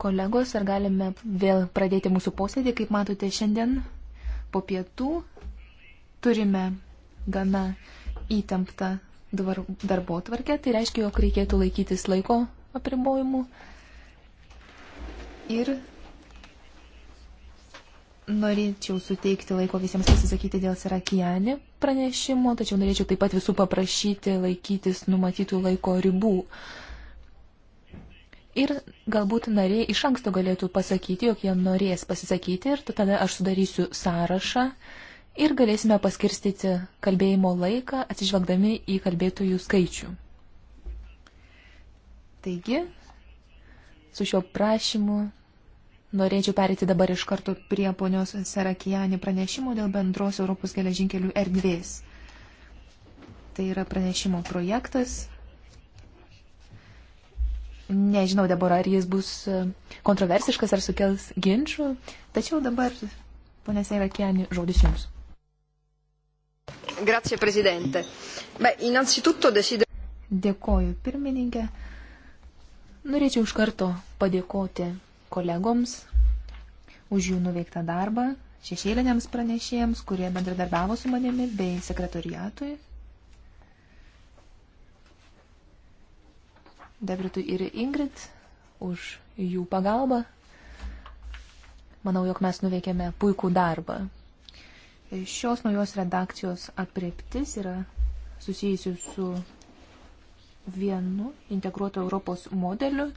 Kolegos, ar galime vėl pradėti mūsų posėdį? Kaip matote, šiandien po pietų turime gana įtemptą darbo tvarkę, tai reiškia, jog reikėtų laikytis laiko apribojimų. Ir norėčiau suteikti laiko visiems pasisakyti dėl Sirakijani pranešimo, tačiau norėčiau taip pat visų paprašyti laikytis numatytų laiko ribų. Uh, ir galbūt nariai iš anksto galėtų pasakyti, jog jie norės pasisakyti ir tada aš sudarysiu sąrašą ir galėsime paskirstyti kalbėjimo laiką atsižvelgdami į kalbėtojų skaičių. Taigi, su šiuo prašymu norėčiau perėti dabar iš karto prie ponios Serakijani pranešimo dėl bendros Europos geležinkelių erdvės. Tai yra pranešimo projektas, Nežinau dabar, ar jis bus e, kontroversiškas, ar sukels ginčių, tačiau dabar, ponė Seirakiani, žodis jums. Grazie, prezidente. Beh, innanzitutto desidero. Dėkoju, pirmininkė. Norėčiau iš karto padėkoti kolegoms už jų nuveiktą darbą, šešėliniams pranešėjams, kurie bendradarbiavo su manimi, bei sekretoriatui Debritui ir Ingrid už jų pagalbą. Manau, jog mes nuveikėme puikų darbą. Šios naujos redakcijos apreptis yra susijusi su vienu integruoto Europos modeliu.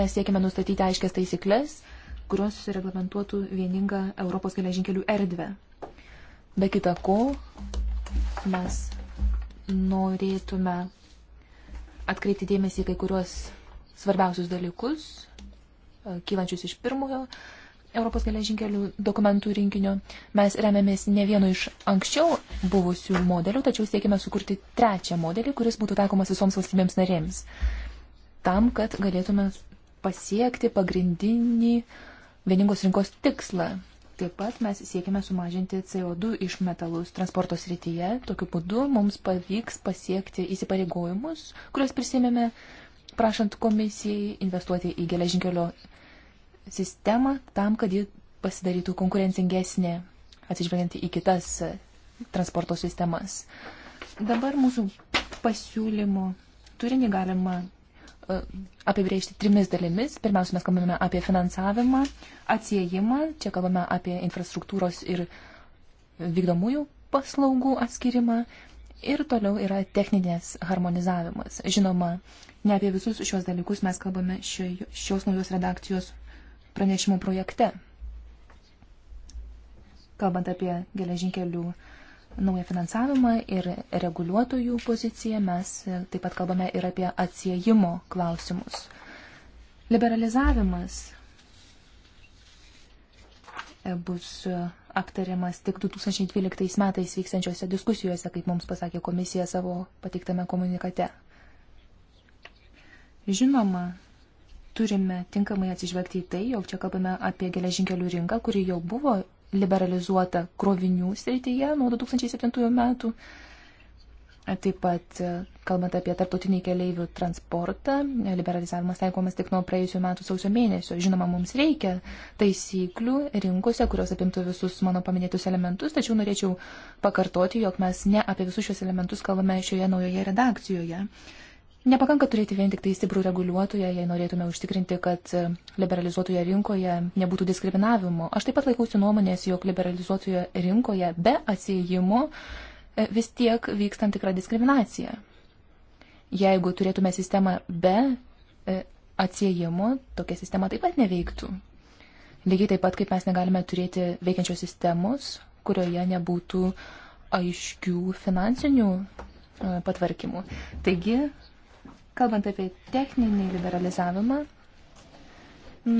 Mes siekime nustatyti aiškias taisyklės, kurios reglamentuotų vieningą Europos geležinkelių erdvę. Be kita ko, mes norėtume atkreipti dėmesį kai kuriuos svarbiausius dalykus, e, kylančius iš pirmojo Europos geležinkelių dokumentų rinkinio. Mes remiamės ne vienu iš anksčiau buvusių modelių, tačiau siekime sukurti trečią modelį, kuris būtų taikomas visoms valstybėms narėms. Tam, kad galėtume pasiekti pagrindinį vieningos rinkos tikslą Taip pat mes siekime sumažinti CO2 iš metalus transporto srityje. Tokiu būdu mums pavyks pasiekti įsipareigojimus, kuriuos prisėmėme prašant komisijai investuoti į geležinkelio sistemą tam, kad ji pasidarytų konkurencingesnė, atsižvelgiant į kitas transporto sistemas. Dabar mūsų pasiūlymo turinį galima apibrėžti trimis dalimis. Pirmiausia, mes kalbame apie finansavimą, atsiejimą, čia kalbame apie infrastruktūros ir vykdomųjų paslaugų atskirimą ir toliau yra techninės harmonizavimas. Žinoma, ne apie visus šios dalykus mes kalbame šios naujos redakcijos pranešimų projekte. Kalbant apie geležinkelių uh, naują finansavimą ir reguliuotojų poziciją, mes taip pat kalbame ir apie atsiejimo klausimus. Liberalizavimas e, bus e, aptariamas tik 2012 metais vykstančiose diskusijose, kaip mums pasakė komisija savo pateiktame komunikate. Žinoma, turime tinkamai atsižvelgti į tai, jog čia kalbame apie geležinkelių rinką, kuri jau buvo liberalizuota krovinių srityje nuo 2007 metų. Taip pat, kalbant apie tarptautinį keleivių transportą, liberalizavimas taikomas tik nuo praėjusių metų sausio mėnesio. Žinoma, mums reikia taisyklių rinkose, kurios apimtų visus mano paminėtus elementus, tačiau norėčiau pakartoti, jog mes ne apie visus šios elementus kalbame šioje naujoje redakcijoje. Uh, Nepakanka turėti vien tik tai stiprų reguliuotoją, jei norėtume užtikrinti, kad e, liberalizuotoje rinkoje nebūtų diskriminavimo. Aš taip pat laikausi nuomonės, jog liberalizuotoje rinkoje be atsijimo e, vis tiek vyks tam tikra diskriminacija. Jeigu turėtume sistemą be e, atsijimo, tokia sistema taip pat neveiktų. Lygiai taip pat, kaip mes negalime turėti veikiančios sistemos, kurioje nebūtų aiškių finansinių patvarkymų. Taigi, Kalbant apie techninį liberalizavimą,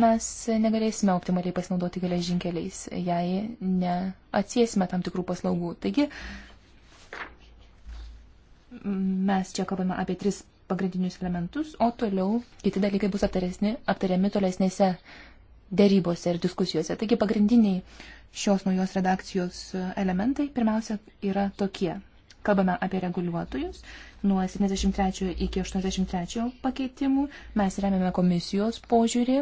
mes negalėsime optimaliai pasinaudoti geležinkeliais, jei neatsiesime tam tikrų paslaugų. Taigi, mes čia kalbame apie tris pagrindinius elementus, o toliau kiti dalykai bus aptaresni, aptariami tolesnėse dėrybose ir diskusijose. Taigi, pagrindiniai šios naujos redakcijos elementai pirmiausia yra tokie kalbame apie reguliuotojus, nuo 73 iki 83 pakeitimų mes remiame komisijos požiūrį,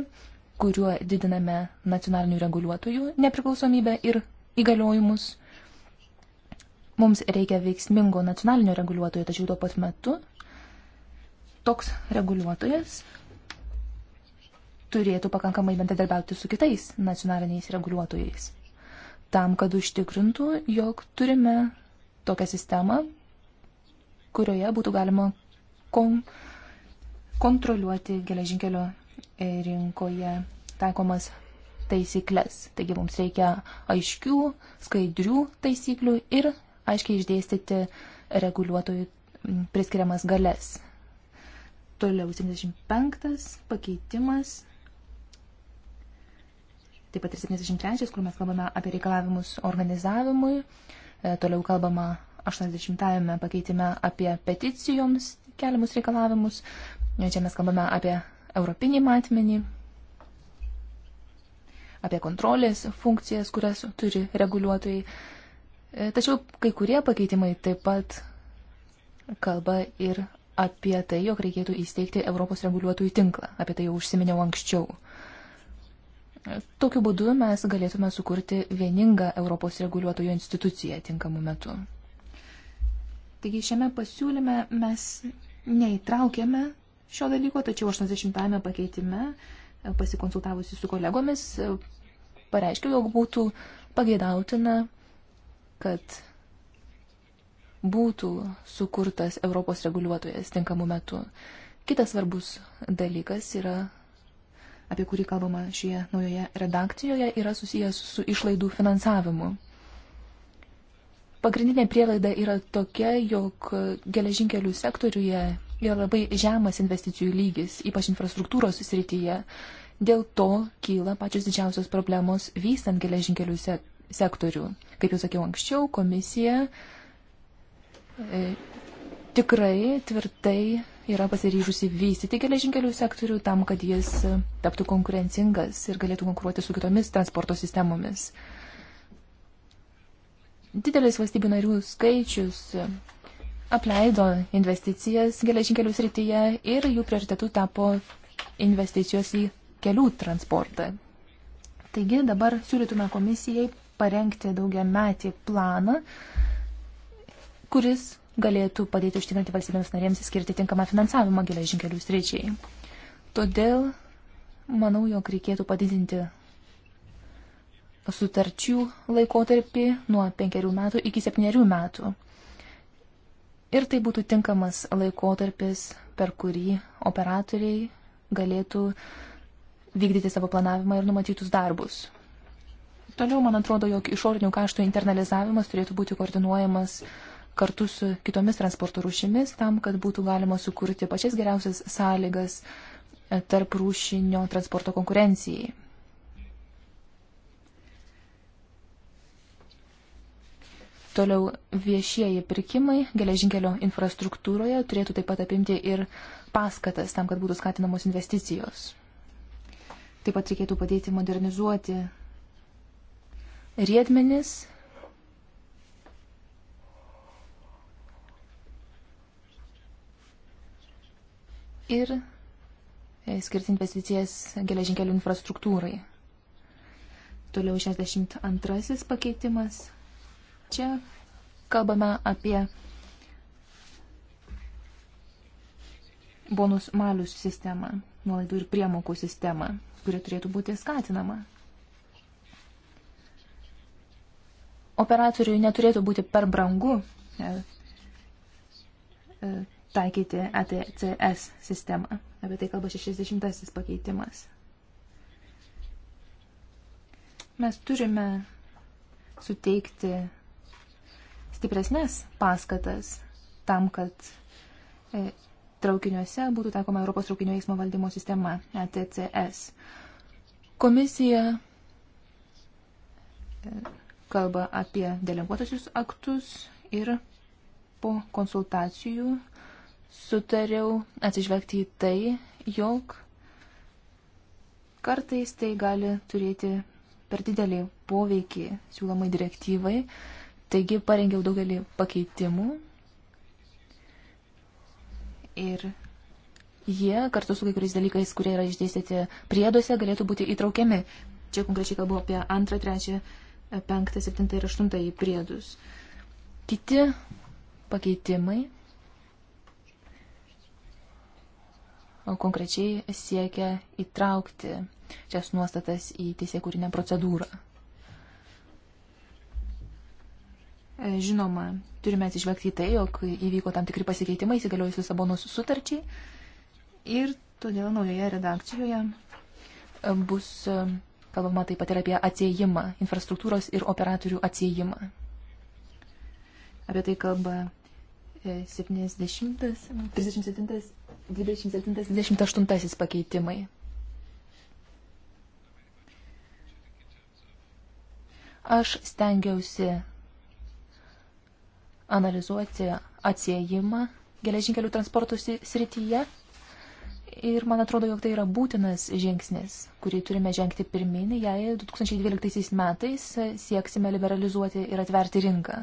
kuriuo didiname nacionalinių reguliuotojų nepriklausomybę ir įgaliojimus. Mums reikia veiksmingo nacionalinio reguliuotojo, tačiau tuo pat metu toks reguliuotojas turėtų pakankamai bendradarbiauti su kitais nacionaliniais reguliuotojais, tam, kad užtikrintų, jog turime tokią sistemą, kurioje būtų galima kon kontroliuoti geležinkelio e, rinkoje taikomas taisyklės. Taigi mums reikia aiškių, skaidrių taisyklių ir aiškiai išdėstyti reguliuotojų priskiriamas galės. Toliau 75 pakeitimas. Taip pat ir 73, kur mes kalbame apie reikalavimus organizavimui. Uh, E, toliau kalbama 80-ame pakeitime apie peticijoms keliamus reikalavimus. E, čia mes kalbame apie europinį matmenį, apie kontrolės funkcijas, kurias turi reguliuotojai. E, tačiau kai kurie pakeitimai taip pat kalba ir apie tai, jog reikėtų įsteigti Europos reguliuotojų tinklą. Apie tai jau užsiminiau anksčiau. Tokiu būdu mes galėtume sukurti vieningą Europos reguliuotojo instituciją tinkamu metu. Taigi šiame pasiūlyme mes neįtraukėme šio dalyko, tačiau 80-ame pakeitime, e, pasikonsultavusi su kolegomis, e, pareiškiau, jog būtų pageidautina, kad būtų sukurtas Europos reguliuotojas tinkamu metu. Kitas svarbus dalykas yra apie kurį kalbama šioje naujoje redakcijoje, yra susijęs su išlaidų finansavimu. Pagrindinė prielaida yra tokia, jog geležinkelių sektoriuje yra labai žemas investicijų lygis, ypač infrastruktūros srityje. Dėl to kyla pačios didžiausios problemos vystant geležinkelių se sektorių. Kaip jau sakiau anksčiau, komisija e, tikrai tvirtai yra pasiryžusi vystyti geležinkelių sektorių tam, kad jis e, taptų konkurencingas ir galėtų konkuruoti su kitomis transporto sistemomis. Didelis valstybių narių skaičius apleido investicijas geležinkelių srityje ir jų prioritetų tapo investicijos į kelių transportą. Taigi dabar siūlytume komisijai parengti daugia metį planą, kuris galėtų padėti užtikrinti valstybėms narėms skirti tinkamą finansavimą geležinkelių sričiai. Todėl manau, jog reikėtų padidinti sutarčių laikotarpį nuo penkerių metų iki septynerių metų. Ir tai būtų tinkamas laikotarpis, per kurį operatoriai galėtų vykdyti savo planavimą ir numatytus darbus. Toliau, man atrodo, jog išorinių kaštų internalizavimas turėtų būti koordinuojamas uh, kartu su kitomis transporto rūšimis tam, kad būtų galima sukurti pačias geriausias sąlygas e, tarp rūšinio transporto konkurencijai. Toliau viešieji pirkimai geležinkelio infrastruktūroje turėtų taip pat apimti ir paskatas tam, kad būtų skatinamos investicijos. Taip pat reikėtų padėti modernizuoti riedmenis ir e, skirti investicijas geležinkelių infrastruktūrai. Toliau 62 pakeitimas. Čia kalbame apie bonus malius sistemą, nuolaidų ir priemokų sistemą, kuri turėtų būti skatinama. Operatoriui neturėtų būti per brangu e, e, taikyti ATCS sistemą. Apie tai kalba 60 pakeitimas. Mes turime suteikti stipresnės paskatas tam, kad e, traukiniuose būtų taikoma Europos traukinio eismo valdymo sistema ETCS. Komisija e, kalba apie deleguotasius aktus ir po konsultacijų sutariau atsižvelgti į tai, jog kartais tai gali turėti per didelį poveikį siūlomai direktyvai, taigi parengiau daugelį pakeitimų ir jie kartu su kai kuriais dalykais, kurie yra išdėstyti prieduose, galėtų būti įtraukiami. Čia konkrečiai kalbu apie antrą, trečią, penktą, septintą ir aštuntą į priedus. Kiti pakeitimai konkrečiai siekia įtraukti šias nuostatas į teisėkūrinę procedūrą. E, žinoma, turime atsižvelgti į tai, jog įvyko tam tikri pasikeitimai įsigaliojus Lisabonos sutarčiai ir todėl naujoje redakcijoje e, bus e, kalbama taip pat ir apie atsiejimą, infrastruktūros ir operatorių atsiejimą. Apie tai kalba 70, 37 27-28 pakeitimai. Aš stengiausi analizuoti atsiejimą geležinkelių transporto srityje ir man atrodo, jog tai yra būtinas žingsnis, kurį turime žengti pirminį, jei 2012 metais sieksime liberalizuoti ir atverti rinką.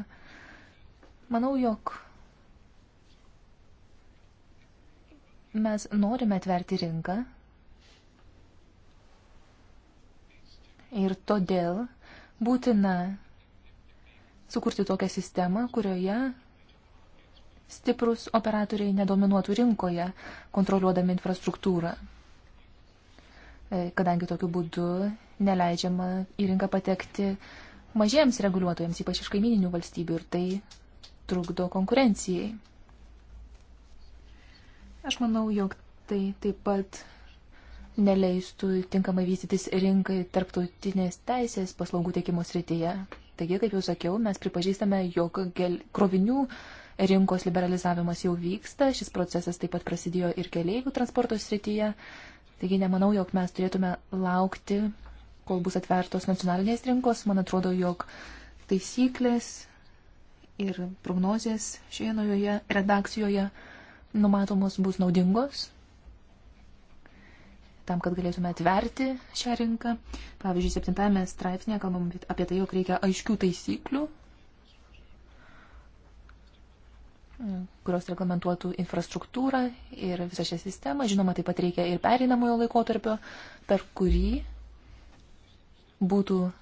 Manau, jog Mes norime atverti rinką ir todėl būtina sukurti tokią sistemą, kurioje stiprus operatoriai nedominuotų rinkoje, kontroliuodami infrastruktūrą. E, kadangi tokiu būdu neleidžiama į rinką patekti mažiems reguliuotojams, ypač iš kaimininių valstybių, ir tai trukdo konkurencijai. Aš manau, jog tai taip pat neleistų tinkamai vystytis rinkai tarptautinės teisės paslaugų teikimo srityje. Taigi, kaip jau sakiau, mes pripažįstame, jog gel... krovinių rinkos liberalizavimas jau vyksta, šis procesas taip pat prasidėjo ir keliaivių transporto srityje. Taigi nemanau, jog mes turėtume laukti, kol bus atvertos nacionalinės rinkos. Man atrodo, jog taisyklės ir prognozijas šioje naujoje redakcijoje numatomos bus naudingos tam, kad galėtume atverti šią rinką. Pavyzdžiui, septintame straipsnėje kalbam apie tai, jog reikia aiškių taisyklių, kurios reglamentuotų infrastruktūrą ir visą šią sistemą. Žinoma, taip pat reikia ir pereinamojo laikotarpio, per kurį būtų e,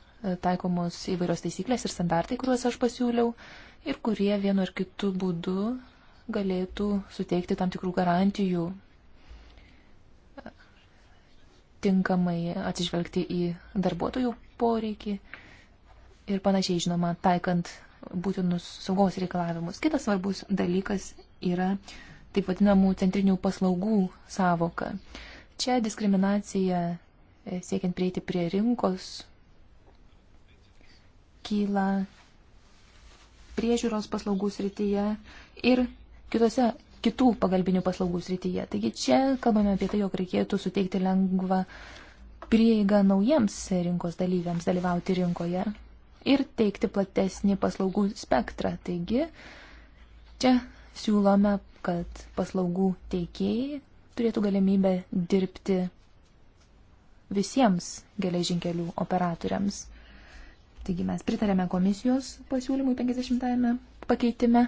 taikomos įvairios taisyklės ir standartai, kuriuos aš pasiūliau ir kurie vienu ar kitu būdu galėtų suteikti tam tikrų garantijų tinkamai atsižvelgti į darbuotojų poreikį ir panašiai, žinoma, taikant būtinus saugos reikalavimus. Kitas svarbus dalykas yra taip vadinamų centrinių paslaugų savoka. Čia diskriminacija e, siekiant prieiti prie rinkos kyla priežiūros paslaugų srityje ir kitose kitų pagalbinių paslaugų srityje. Taigi čia kalbame apie tai, jog reikėtų suteikti lengvą prieigą naujiems rinkos dalyviams dalyvauti rinkoje ir teikti platesnį paslaugų spektrą. Taigi čia siūlome, kad paslaugų teikėjai turėtų galimybę dirbti visiems geležinkelių operatoriams. Taigi mes pritarėme komisijos pasiūlymui 50-ame pakeitime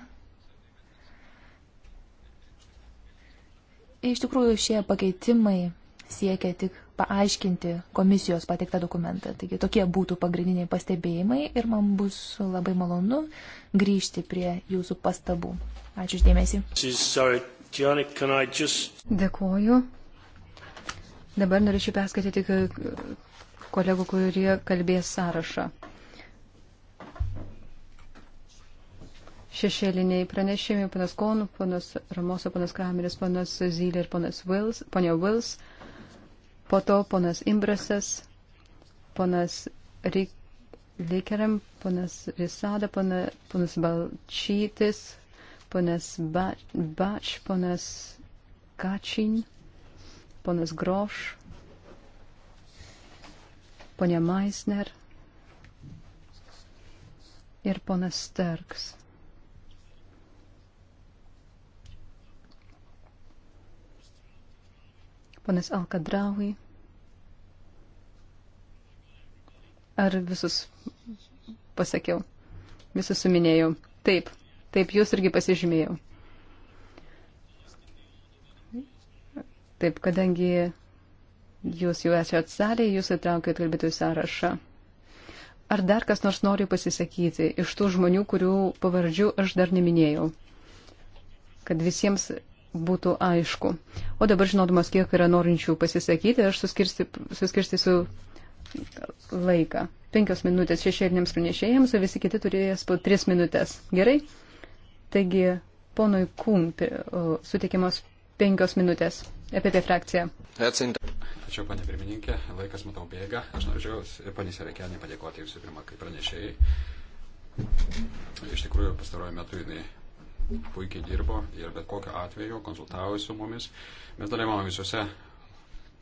Iš tikrųjų, šie pakeitimai siekia tik paaiškinti komisijos pateiktą dokumentą. Taigi tokie būtų pagrindiniai pastebėjimai ir man bus labai malonu grįžti prie jūsų pastabų. Ačiū uždėmesi. Dėkuoju. Dabar norėčiau perskaityti kolegų, kurie kalbės sąrašą. šešėliniai pranešimai, panas Konų, panas Ramoso, panas Krameris, panas Zylė ir panas Wills, ponia Wills, po to panas Imbrasas, panas Likeram, panas Risada, pana, panas Balčytis, panas Bač, Bač, panas Kačin, panas Groš, ponia Meisner ir ponas Sterks. Ponas Alkadraui. Ar visus pasakiau? Visus suminėjau. Taip, taip, jūs irgi pasižymėjau. Taip, kadangi jūs jau esate salėje, jūs įtraukėt kalbėtojų sąrašą. Ar dar kas nors nori pasisakyti iš tų žmonių, kurių pavardžių aš dar neminėjau? Kad visiems būtų aišku. O dabar, žinodamas, kiek yra norinčių pasisakyti, aš suskirstysiu laiką. Penkios minutės šešėliniams pranešėjams, o visi kiti turėjęs po tris minutės. Gerai? Taigi, ponui Kūn suteikiamos penkios minutės. EPP tai frakcija. Ačiū, panė pirmininkė. Laikas, matau, bėga. Aš norėčiau, panė Serekenė, padėkoti visų pirma, kaip pranešėjai. Iš tikrųjų, pastaruoju metu jinai puikiai dirbo ir bet kokiu atveju konsultavosi su mumis. Mes dalyvavome visose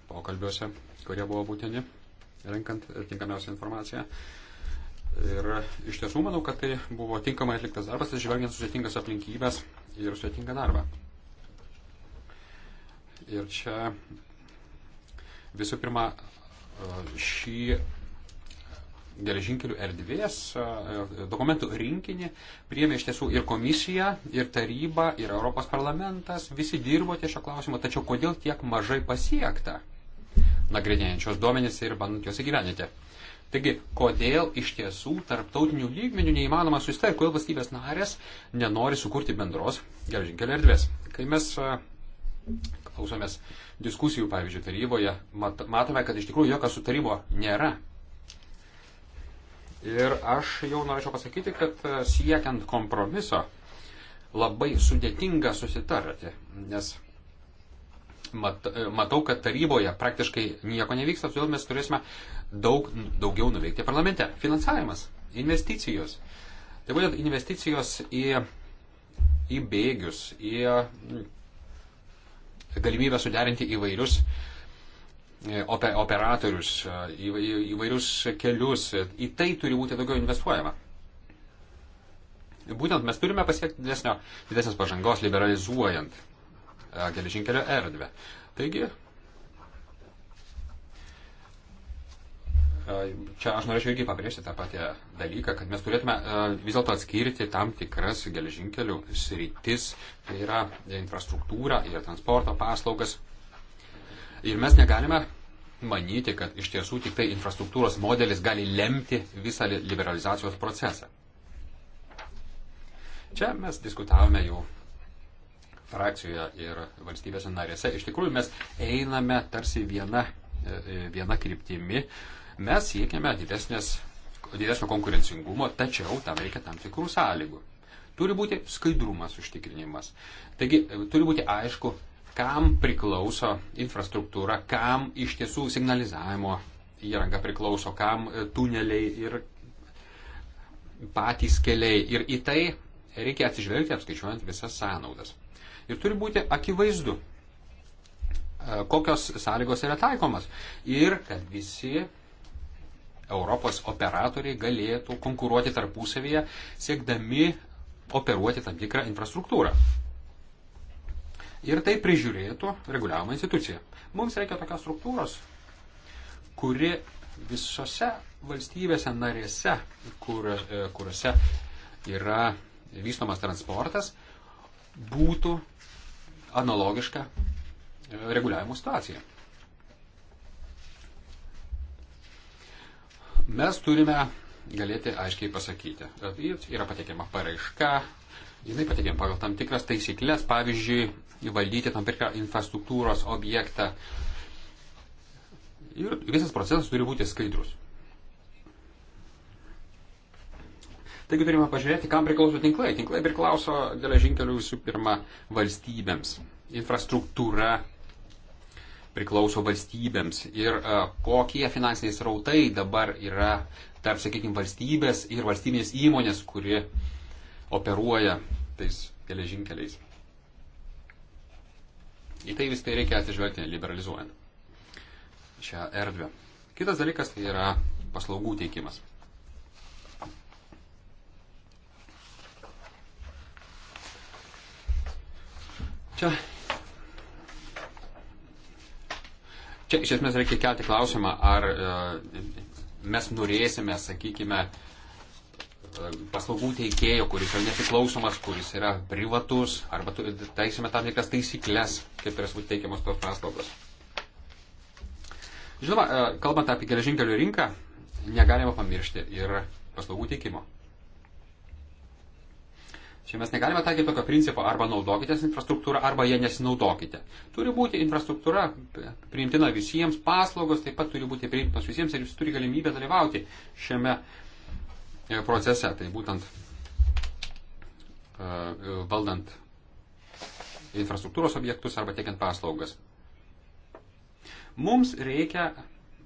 pokalbiuose, kurie buvo būtini, renkant tinkamiausią informaciją. Ir iš tiesų manau, kad tai buvo tinkamai atliktas darbas, išvelgiant sudėtingas aplinkybės ir sudėtingą darbą. Ir čia visų pirma šį geležinkelių erdvės e, dokumentų rinkinį priemė iš tiesų ir komisija, ir taryba, ir Europos parlamentas, visi dirbo ties šio klausimo, tačiau kodėl tiek mažai pasiekta, nagrinėjančios duomenys ir bandant juos įgyveninti. Taigi, kodėl iš tiesų tarptautinių lygmenių neįmanoma susitarti, kodėl valstybės narės nenori sukurti bendros geležinkelio erdvės. Kai mes e, klausomės diskusijų, pavyzdžiui, taryboje, matome, kad iš tikrųjų jokio sutarimo nėra Ir aš jau norėčiau pasakyti, kad e, siekiant kompromiso labai sudėtinga susitarti, nes mat, e, matau, kad taryboje praktiškai nieko nevyksta, todėl mes turėsime daug, daugiau nuveikti parlamente. Finansavimas, investicijos. Tai būtent investicijos į, į bėgius, į galimybę suderinti įvairius uh, E, operatorius, e, įvairius kelius. Į tai turi būti daugiau investuojama. Būtent mes turime pasiekti didesnio, didesnės pažangos liberalizuojant e, geležinkelio erdvę. Taigi, čia aš norėčiau irgi pabrėžti tą patį dalyką, kad mes turėtume vis dėlto atskirti tam tikras geležinkelių sritis, tai yra infrastruktūra ir transporto paslaugas Ir mes negalime manyti, kad iš tiesų tik tai infrastruktūros modelis gali lemti visą liberalizacijos procesą. Čia mes diskutavome jau frakcijoje ir valstybėse narėse. Iš tikrųjų, mes einame tarsi viena, e, e, viena kryptimi. Mes siekiame didesnės, didesnio konkurencingumo, tačiau tam reikia tam tikrų sąlygų. Turi būti skaidrumas užtikrinimas. Taigi, e, turi būti aišku, kam priklauso infrastruktūra, kam iš tiesų signalizavimo įranga priklauso, kam e, tuneliai ir patys keliai. Ir į tai reikia atsižvelgti apskaičiuojant visas sąnaudas. Ir turi būti akivaizdu, e, kokios sąlygos yra taikomas. Ir kad visi Europos operatoriai galėtų konkuruoti tarpusavyje, siekdami operuoti tam tikrą infrastruktūrą ir tai prižiūrėtų reguliavimo institucija. Mums reikia tokios struktūros, kuri visose valstybėse narėse, kur, e, kuriuose yra vystomas transportas, būtų analogiška e, reguliavimo situacija. Mes turime galėti aiškiai pasakyti. Yra pateikiama paraiška, jinai pateikiama pagal tam tikras taisyklės, pavyzdžiui, įvaldyti tam tikrą infrastruktūros objektą. Ir visas procesas turi būti skaidrus. Taigi turime pažiūrėti, kam priklauso tinklai. Tinklai priklauso geležinkelių visų pirma valstybėms. Infrastruktūra priklauso valstybėms. Ir a, e, kokie finansiniai srautai dabar yra tarp, sakykime, valstybės ir valstybinės įmonės, kuri operuoja tais geležinkeliais. Į tai vis tai reikia atsižvelgti liberalizuojant šią erdvę. Kitas dalykas tai yra paslaugų teikimas. Čia. Čia iš esmės reikia kelti klausimą, ar e, mes norėsime, sakykime, e, paslaugų teikėjo, kuris yra nepriklausomas, kuris yra privatus, arba taisime tam tikras taisyklės, kaip turės būti teikiamos tos paslaugos. Žinoma, e, kalbant apie geležinkelių rinką, negalima pamiršti ir paslaugų teikimo. Čia mes negalime taikyti tokio principo arba naudokitės infrastruktūrą, arba jie nesinaudokite. Turi būti infrastruktūra priimtina visiems, paslaugos taip pat turi būti priimtinos visiems ir jūs turi galimybę dalyvauti šiame uh, E, procese, tai būtent e, valdant infrastruktūros objektus arba tiekiant paslaugas. Mums reikia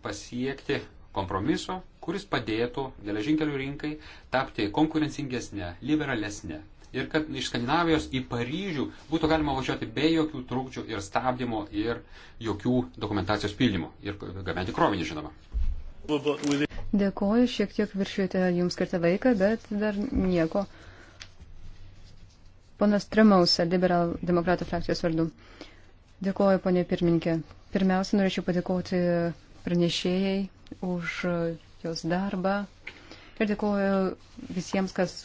pasiekti kompromiso, kuris padėtų geležinkelių rinkai tapti konkurencingesnė, liberalesnė. Ir kad iš Skandinavijos į Paryžių būtų galima važiuoti be jokių trūkdžių ir stabdymo ir jokių dokumentacijos pildymų. Ir gabenti krovinį, žinoma. Dėkoju, šiek tiek viršijote jums skirtą laiką, bet dar nieko. Ponas Tremaus, liberal demokratų frakcijos vardu. Dėkoju, ponė pirmininkė. Pirmiausia, norėčiau padėkoti pranešėjai už jos darbą ir dėkoju visiems, kas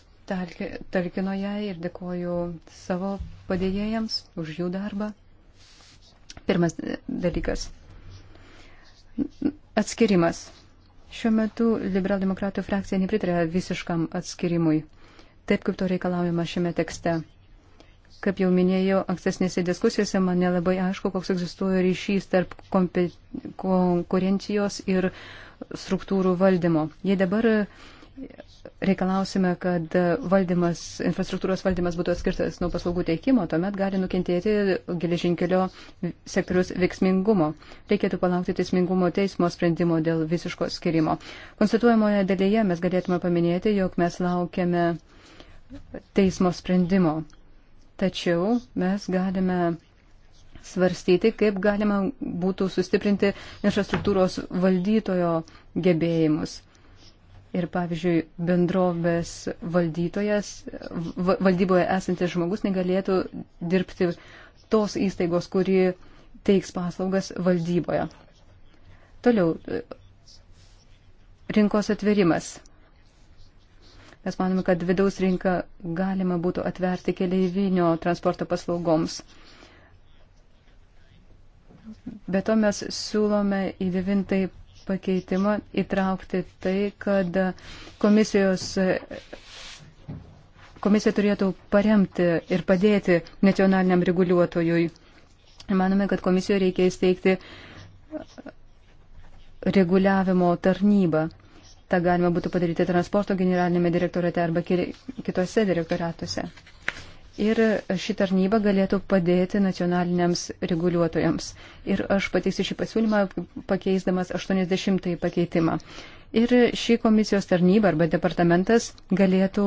talkino jai ir dėkoju savo padėjėjams už jų darbą. Pirmas dalykas. Atskirimas. Šiuo metu liberaldemokratų frakcija nepritarė visiškam atskirimui, taip kaip to reikalaujama šiame tekste. Kaip jau minėjau, ankstesnėse diskusijose man nelabai aišku, koks egzistuoja ryšys tarp konkurencijos ir struktūrų valdymo. Jei dabar uh, reikalausime, kad valdymas, infrastruktūros valdymas būtų atskirtas nuo paslaugų teikimo, tuomet gali nukentėti geležinkelio sektorius veiksmingumo. Reikėtų palaukti teismingumo teismo sprendimo dėl visiško skirimo. Konstatuojamoje dalyje mes galėtume paminėti, jog mes laukiame teismo sprendimo. Tačiau mes galime svarstyti, kaip galima būtų sustiprinti infrastruktūros valdytojo gebėjimus Ir pavyzdžiui, bendrovės valdytojas, valdyboje esantis žmogus negalėtų dirbti tos įstaigos, kuri teiks paslaugas valdyboje. Toliau, rinkos atverimas. Mes manome, kad vidaus rinką galima būtų atverti keleivinio transporto paslaugoms. Be to mes siūlome į devintąjį pakeitimą įtraukti tai, kad komisijos komisija turėtų paremti ir padėti nacionaliniam reguliuotojui. Manome, kad komisijoje reikia įsteigti reguliavimo tarnybą. Ta galima būtų padaryti transporto generalinėme direktorate arba kitose direktoratuose. Ir ši tarnyba galėtų padėti nacionaliniams reguliuotojams. Ir aš pateiksiu šį pasiūlymą pakeisdamas 80-ąjį pakeitimą. Ir ši komisijos tarnyba arba departamentas galėtų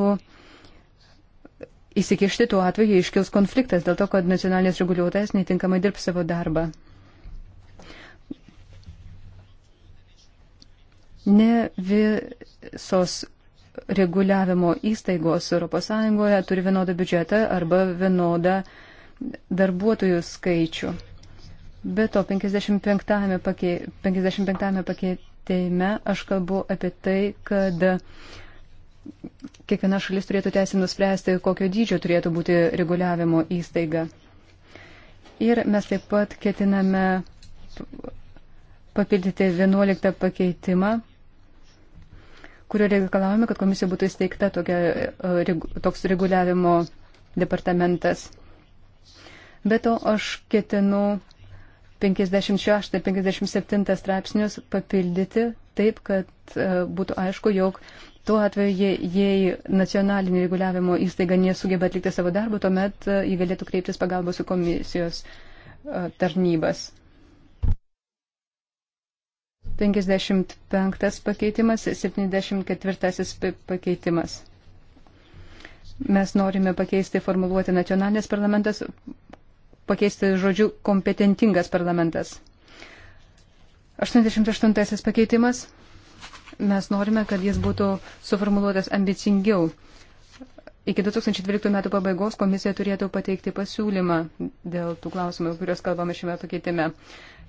įsikišti tuo atveju iškils konfliktas dėl to, kad nacionalinis reguliuotojas netinkamai dirb savo darbą. Ne visos reguliavimo įstaigos ES turi vienodą biudžetą arba vienodą darbuotojų skaičių. Be to, 55-ame pakei, 55 pakeitime aš kalbu apie tai, kad kiekviena šalis turėtų teisę nuspręsti, kokio dydžio turėtų būti reguliavimo įstaiga. Ir mes taip pat ketiname papildyti 11 pakeitimą kurio reikalavome, kad komisija būtų įsteigta tokia, e, toks reguliavimo departamentas. Be to, aš ketinu 56 ir 57 straipsnius papildyti taip, kad e, būtų aišku, jog tuo atveju, jei nacionalinė reguliavimo įstaiga nesugeba atlikti savo darbų, tuomet e, jį galėtų kreiptis pagalbos į komisijos tarnybas. 55 pakeitimas, 74 pakeitimas. Mes norime pakeisti formuluoti nacionalinės parlamentas, pakeisti žodžiu kompetentingas parlamentas. 88 pakeitimas. Mes norime, kad jis būtų suformuluotas ambicingiau. Iki 2012 metų pabaigos komisija turėtų pateikti pasiūlymą dėl tų klausimų, kuriuos kalbame šiame pakeitime.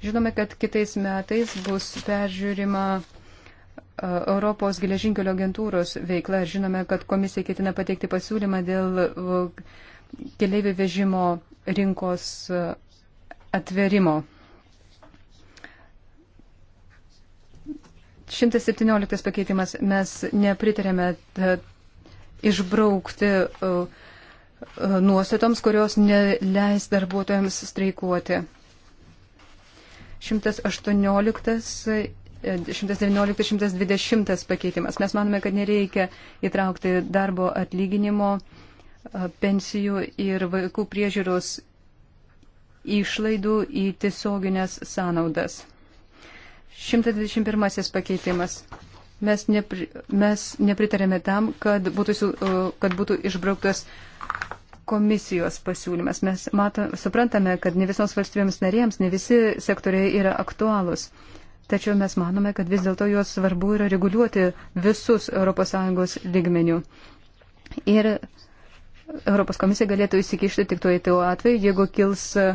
Žinome, kad kitais metais bus peržiūrima e, Europos geležinkelio agentūros veikla. Žinome, kad komisija ketina pateikti pasiūlymą dėl e, keliaivių vežimo rinkos e, atverimo. 117 pakeitimas mes nepritarėme išbraukti e, e, nuostatoms, kurios neleis darbuotojams streikuoti. 118 119-120 e, pakeitimas. Mes manome, kad nereikia įtraukti darbo atlyginimo, pensijų ir vaikų priežiūros išlaidų į tiesioginės sąnaudas. 121 pakeitimas. Mes, nepri, mes nepritarėme tam, kad būtų, e, kad būtų išbrauktas komisijos pasiūlymas. Mes mato, suprantame, kad ne visoms valstybėms narėms ne visi sektoriai yra aktualūs. Tačiau mes manome, kad vis dėlto juos svarbu yra reguliuoti visus ES lygmenių. Ir Europos komisija galėtų įsikišti tik tuo į tai atveju, jeigu kils uh,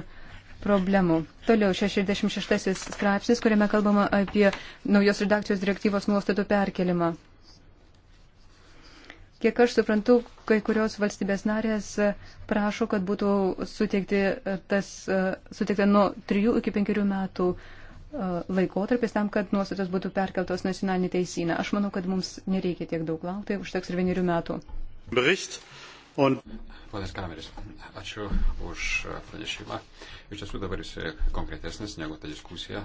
problemų. Toliau 66 straipsnis, kuriame kalbama apie naujos redakcijos direktyvos nuostatų perkelimą. Kiek aš suprantu, kai kurios valstybės narės e, prašo, kad būtų suteikti e, tas, e, suteikta nuo 3 iki 5 metų laikotarpis tam, kad nuostatos būtų perkeltos nacionalinį teisyną. Aš manau, kad mums nereikia tiek daug laukti, užteks ir vienerių metų. Bericht. On... Ponas Kameris, ačiū už pranešimą. Iš tiesų dabar jis konkretesnis negu ta diskusija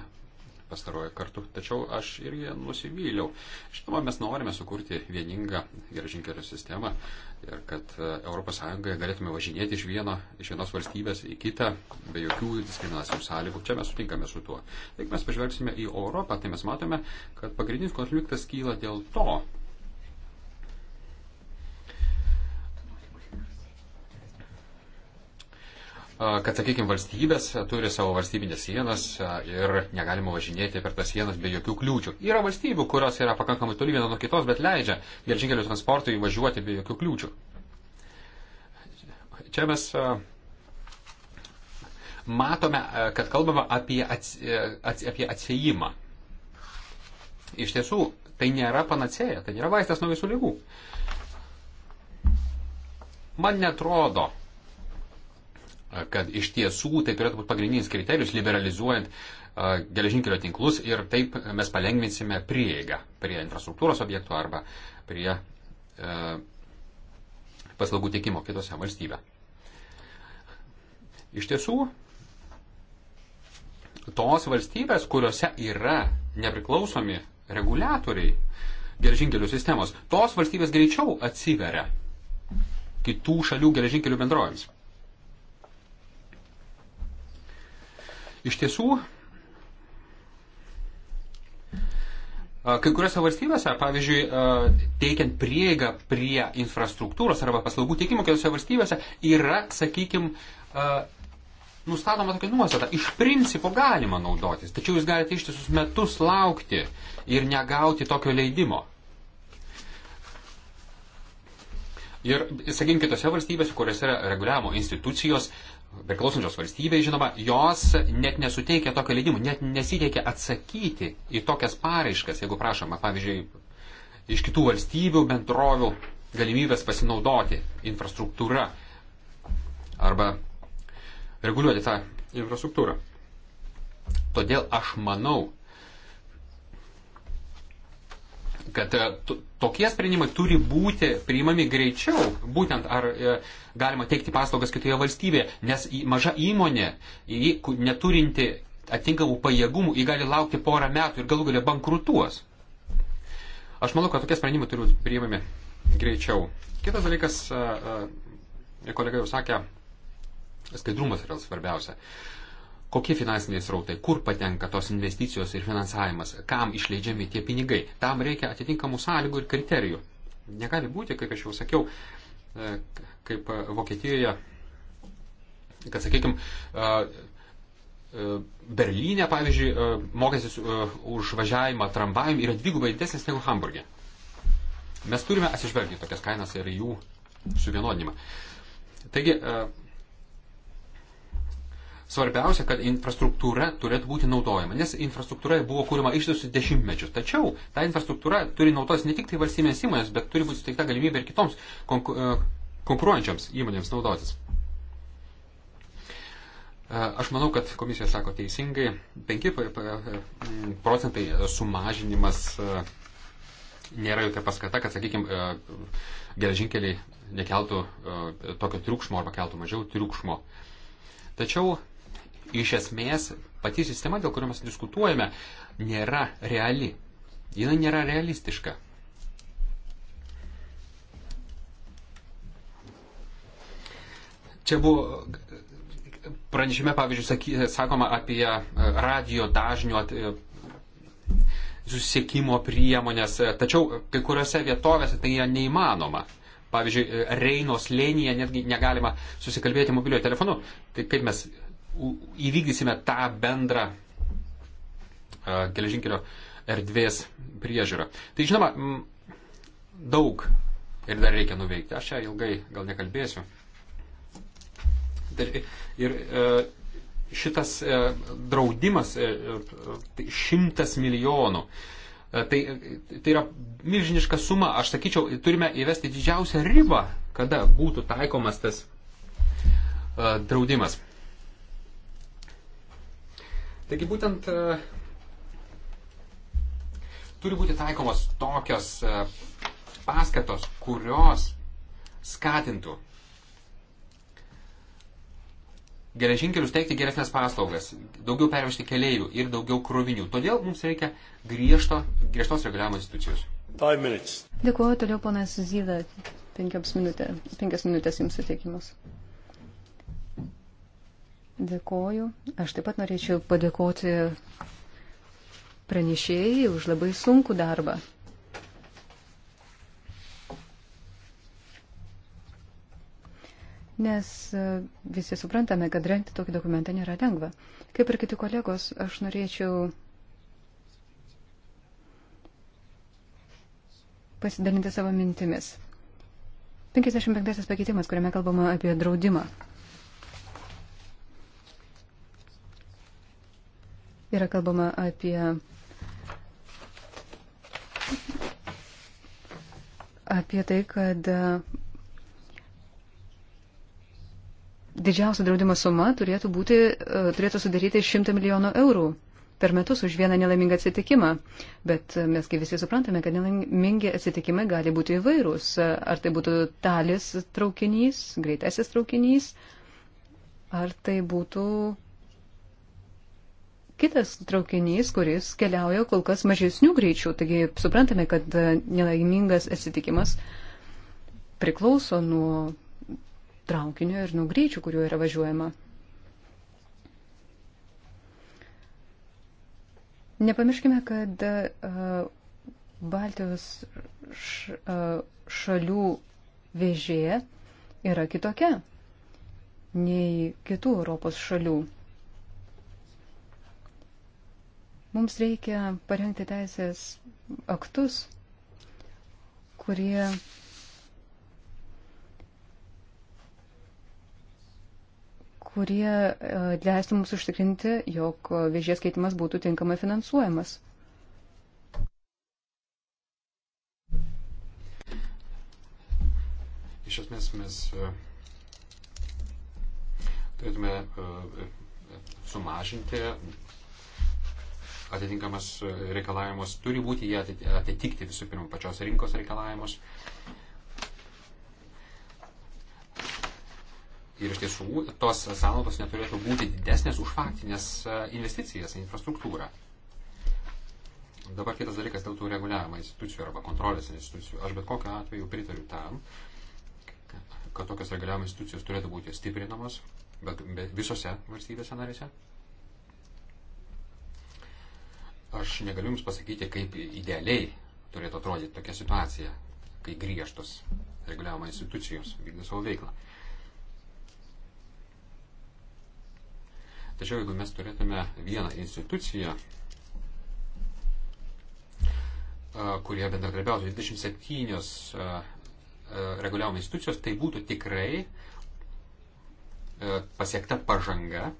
pastarojo kartu. Tačiau aš irgi nusivyliau. Žinoma, mes norime sukurti vieningą geležinkelio sistemą ir kad ES galėtume važinėti iš, vieno, iš vienos valstybės į kitą be jokių diskriminacinių sąlygų. Čia mes sutinkame su tuo. Jeigu mes pažvelgsime į Europą, tai mes matome, kad pagrindinis konfliktas kyla dėl to, kad, sakykime, valstybės turi savo valstybinės sienas ir negalima važinėti per tas sienas be jokių kliūčių. Yra valstybių, kurios yra pakankamai toli viena nuo kitos, bet leidžia geležinkelių transportui važiuoti be jokių kliūčių. Čia mes matome, kad kalbama apie, ats, e, ats, apie atsėjimą. Iš tiesų, tai nėra panacėja, tai nėra vaistas nuo visų lygų. Man netrodo, kad iš tiesų tai turėtų būti pagrindinis kriterijus liberalizuojant geležinkelio tinklus ir taip mes palengvinsime prieigą prie infrastruktūros objektų arba prie e, paslaugų tiekimo kitose valstybė. Iš tiesų, tos valstybės, kuriuose yra nepriklausomi reguliatoriai geležinkelių sistemos, tos valstybės greičiau atsiveria kitų šalių geležinkelių bendrovėms. Iš tiesų, Kai kuriuose valstybėse, pavyzdžiui, teikiant prieigą prie infrastruktūros arba paslaugų teikimo kitose valstybėse yra, sakykime, nustatoma tokia nuostata. Iš principo galima naudotis, tačiau jūs galite ištisus metus laukti ir negauti tokio leidimo. Ir, sakykime, kitose valstybėse, kuriuose yra reguliavimo institucijos, priklausančios valstybei, žinoma, jos net nesuteikia tokio leidimo, net nesiteikia atsakyti į tokias paraiškas, jeigu prašoma, pavyzdžiui, iš kitų valstybių bendrovių galimybės pasinaudoti infrastruktūra arba reguliuoti tą infrastruktūrą. Todėl aš manau, kad e, tokie sprendimai turi būti priimami greičiau, būtent ar e, galima teikti paslaugas kitoje valstybėje, nes maža įmonė, neturinti atinkamų pajėgumų, ji gali laukti porą metų ir galų galia bankrutuos. Aš manau, kad tokie sprendimai turi būti priimami greičiau. Kitas dalykas, e, kolega jau sakė, skaidrumas yra svarbiausia kokie finansiniai srautai, kur patenka tos investicijos ir finansavimas, kam išleidžiami tie pinigai. Tam reikia atitinkamų sąlygų ir kriterijų. Negali būti, kaip aš jau sakiau, e, kaip e, Vokietijoje, kad, sakykime, e, Berlyne, pavyzdžiui, mokestis už važiavimą tramvajum yra dvigubai didesnis negu Hamburgė. Mes turime atsižvelgti tokias kainas ir jų suvienodinimą. Taigi, Svarbiausia, kad infrastruktūra turėtų būti naudojama, nes infrastruktūra buvo kūrima ištisus dešimtmečius. Tačiau ta infrastruktūra turi naudos ne tik tai valstybės įmonės, bet turi būti suteikta galimybė ir kitoms e, konkuruojančiams įmonėms naudotis. E, aš manau, kad komisija sako teisingai, 5 e, procentai sumažinimas nėra jokia paskata, kad, sakykime, geležinkeliai nekeltų tokio triukšmo arba keltų mažiau triukšmo. Tačiau iš esmės pati sistema, dėl kurio mes diskutuojame, nėra reali. Jis nėra realistiška. Čia buvo pranešime, pavyzdžiui, saky, sakoma apie e, radio dažnio e, susisiekimo priemonės, tačiau kai kuriuose vietovėse tai yra neįmanoma. Pavyzdžiui, Reino slėnyje netgi negalima susikalbėti mobiliuoju telefonu. Tai kaip mes įvykdysime tą bendrą geležinkelio erdvės priežiūrą. Tai žinoma, daug ir dar reikia nuveikti. Aš čia ilgai gal nekalbėsiu. Ir e, šitas e, draudimas tai šimtas milijonų. Tai, tai yra milžiniška suma. Aš sakyčiau, turime įvesti didžiausią ribą, kada būtų taikomas tas draudimas. Taigi būtent e, turi būti taikomos tokios e, paskatos, kurios skatintų geležinkelius teikti geresnės paslaugas, daugiau pervežti keleivių ir daugiau krovinių. Todėl mums reikia griežto, griežtos reguliavimo institucijos. Dėkuoju toliau, ponas Zyda, penkios minutės, penkios minutės jums suteikimas. Dėkoju. Aš taip pat norėčiau padėkoti pranešėjai už labai sunkų darbą. Nes e, visi suprantame, kad rengti tokį dokumentą nėra lengva. Kaip ir kiti kolegos, aš norėčiau pasidalinti savo mintimis. 55 pakeitimas, kuriame kalbama apie draudimą. Yra kalbama apie, apie tai, kad e, didžiausia draudimo suma turėtų, būti, e, turėtų sudaryti 100 milijonų eurų per metus už vieną nelaimingą atsitikimą. Bet mes kaip visi suprantame, kad nelaimingi atsitikimai gali būti įvairūs. Ar tai būtų talis traukinys, greitasis traukinys, ar tai būtų kitas traukinys, kuris keliauja kol kas mažesnių greičių. Taigi suprantame, kad nelaimingas atsitikimas priklauso nuo traukinio ir nuo greičių, kuriuo yra važiuojama. Nepamirškime, kad uh, Baltijos uh, šalių vėžė yra kitokia nei kitų Europos šalių. Mums reikia parengti teisės aktus, kurie kurie e, leistų mums užtikrinti, jog vėžės keitimas būtų tinkamai finansuojamas. Iš esmės mes e, turėtume e, sumažinti atitinkamas e, reikalavimus, turi būti jie atitikti visų pirma pačios rinkos reikalavimus. Ir iš tiesų tos sąnaudos neturėtų būti didesnės už faktinės e, investicijas į infrastruktūrą. Dabar kitas dalykas dėl tų reguliavimo institucijų arba kontrolės institucijų. Aš bet kokiu atveju pritariu tam, kad tokios reguliavimo institucijos turėtų būti stiprinamos bet, bet visose valstybėse narėse. Aš negaliu Jums pasakyti, kaip idealiai turėtų atrodyti tokia situacija, kai griežtos reguliavimo institucijos vykdo savo veiklą. Tačiau jeigu mes turėtume vieną instituciją, kurie bendradarbiautų 27 reguliavimo institucijos, tai būtų tikrai pasiekta pažanga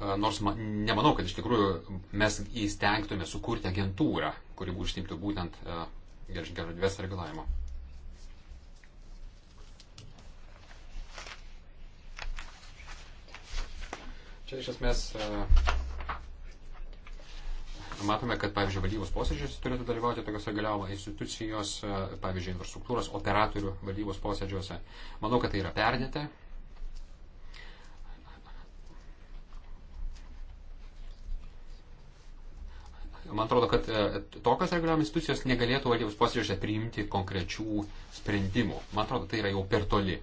E, nors man, nemanau, kad iš tikrųjų mes įstengtume sukurti agentūrą, kuri užsimtų būtent e, geležinkelio erdvės reguliavimo. Čia iš esmės e, matome, kad, pavyzdžiui, valdybos posėdžiuose turėtų dalyvauti tokios reguliavimo institucijos, pavyzdžiui, infrastruktūros operatorių valdybos posėdžiuose. Manau, kad tai yra perdėta man atrodo, kad e, tokios reguliavimo institucijos negalėtų valdybos posėdžiuose priimti konkrečių sprendimų. Man atrodo, tai yra jau per toli. E,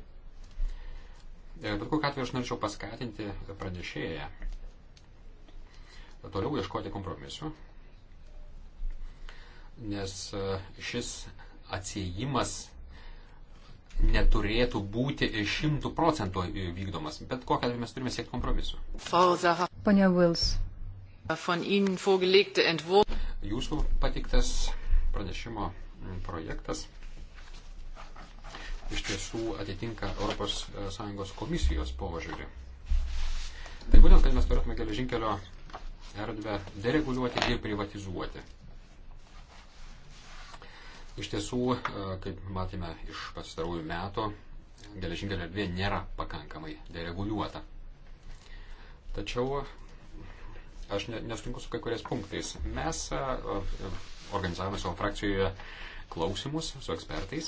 bet kokiu atveju aš norėčiau paskatinti pranešėją toliau ieškoti kompromisu, nes e, šis atsiejimas neturėtų būti šimtų procentų vykdomas. Bet kokią atveju mes turime siekti kompromisu. Pane Vils, Jūsų patiktas pranešimo projektas iš tiesų atitinka ES e, komisijos požiūrį. Tai būtent, kad mes turėtume geležinkelio erdvę dereguliuoti ir privatizuoti. Iš tiesų, e, kaip matėme iš pastarųjų metų, geležinkelio erdvė nėra pakankamai dereguliuota. Tačiau Aš ne, nesutinku su kai kuriais punktais. Mes organizavome savo frakcijoje klausimus su ekspertais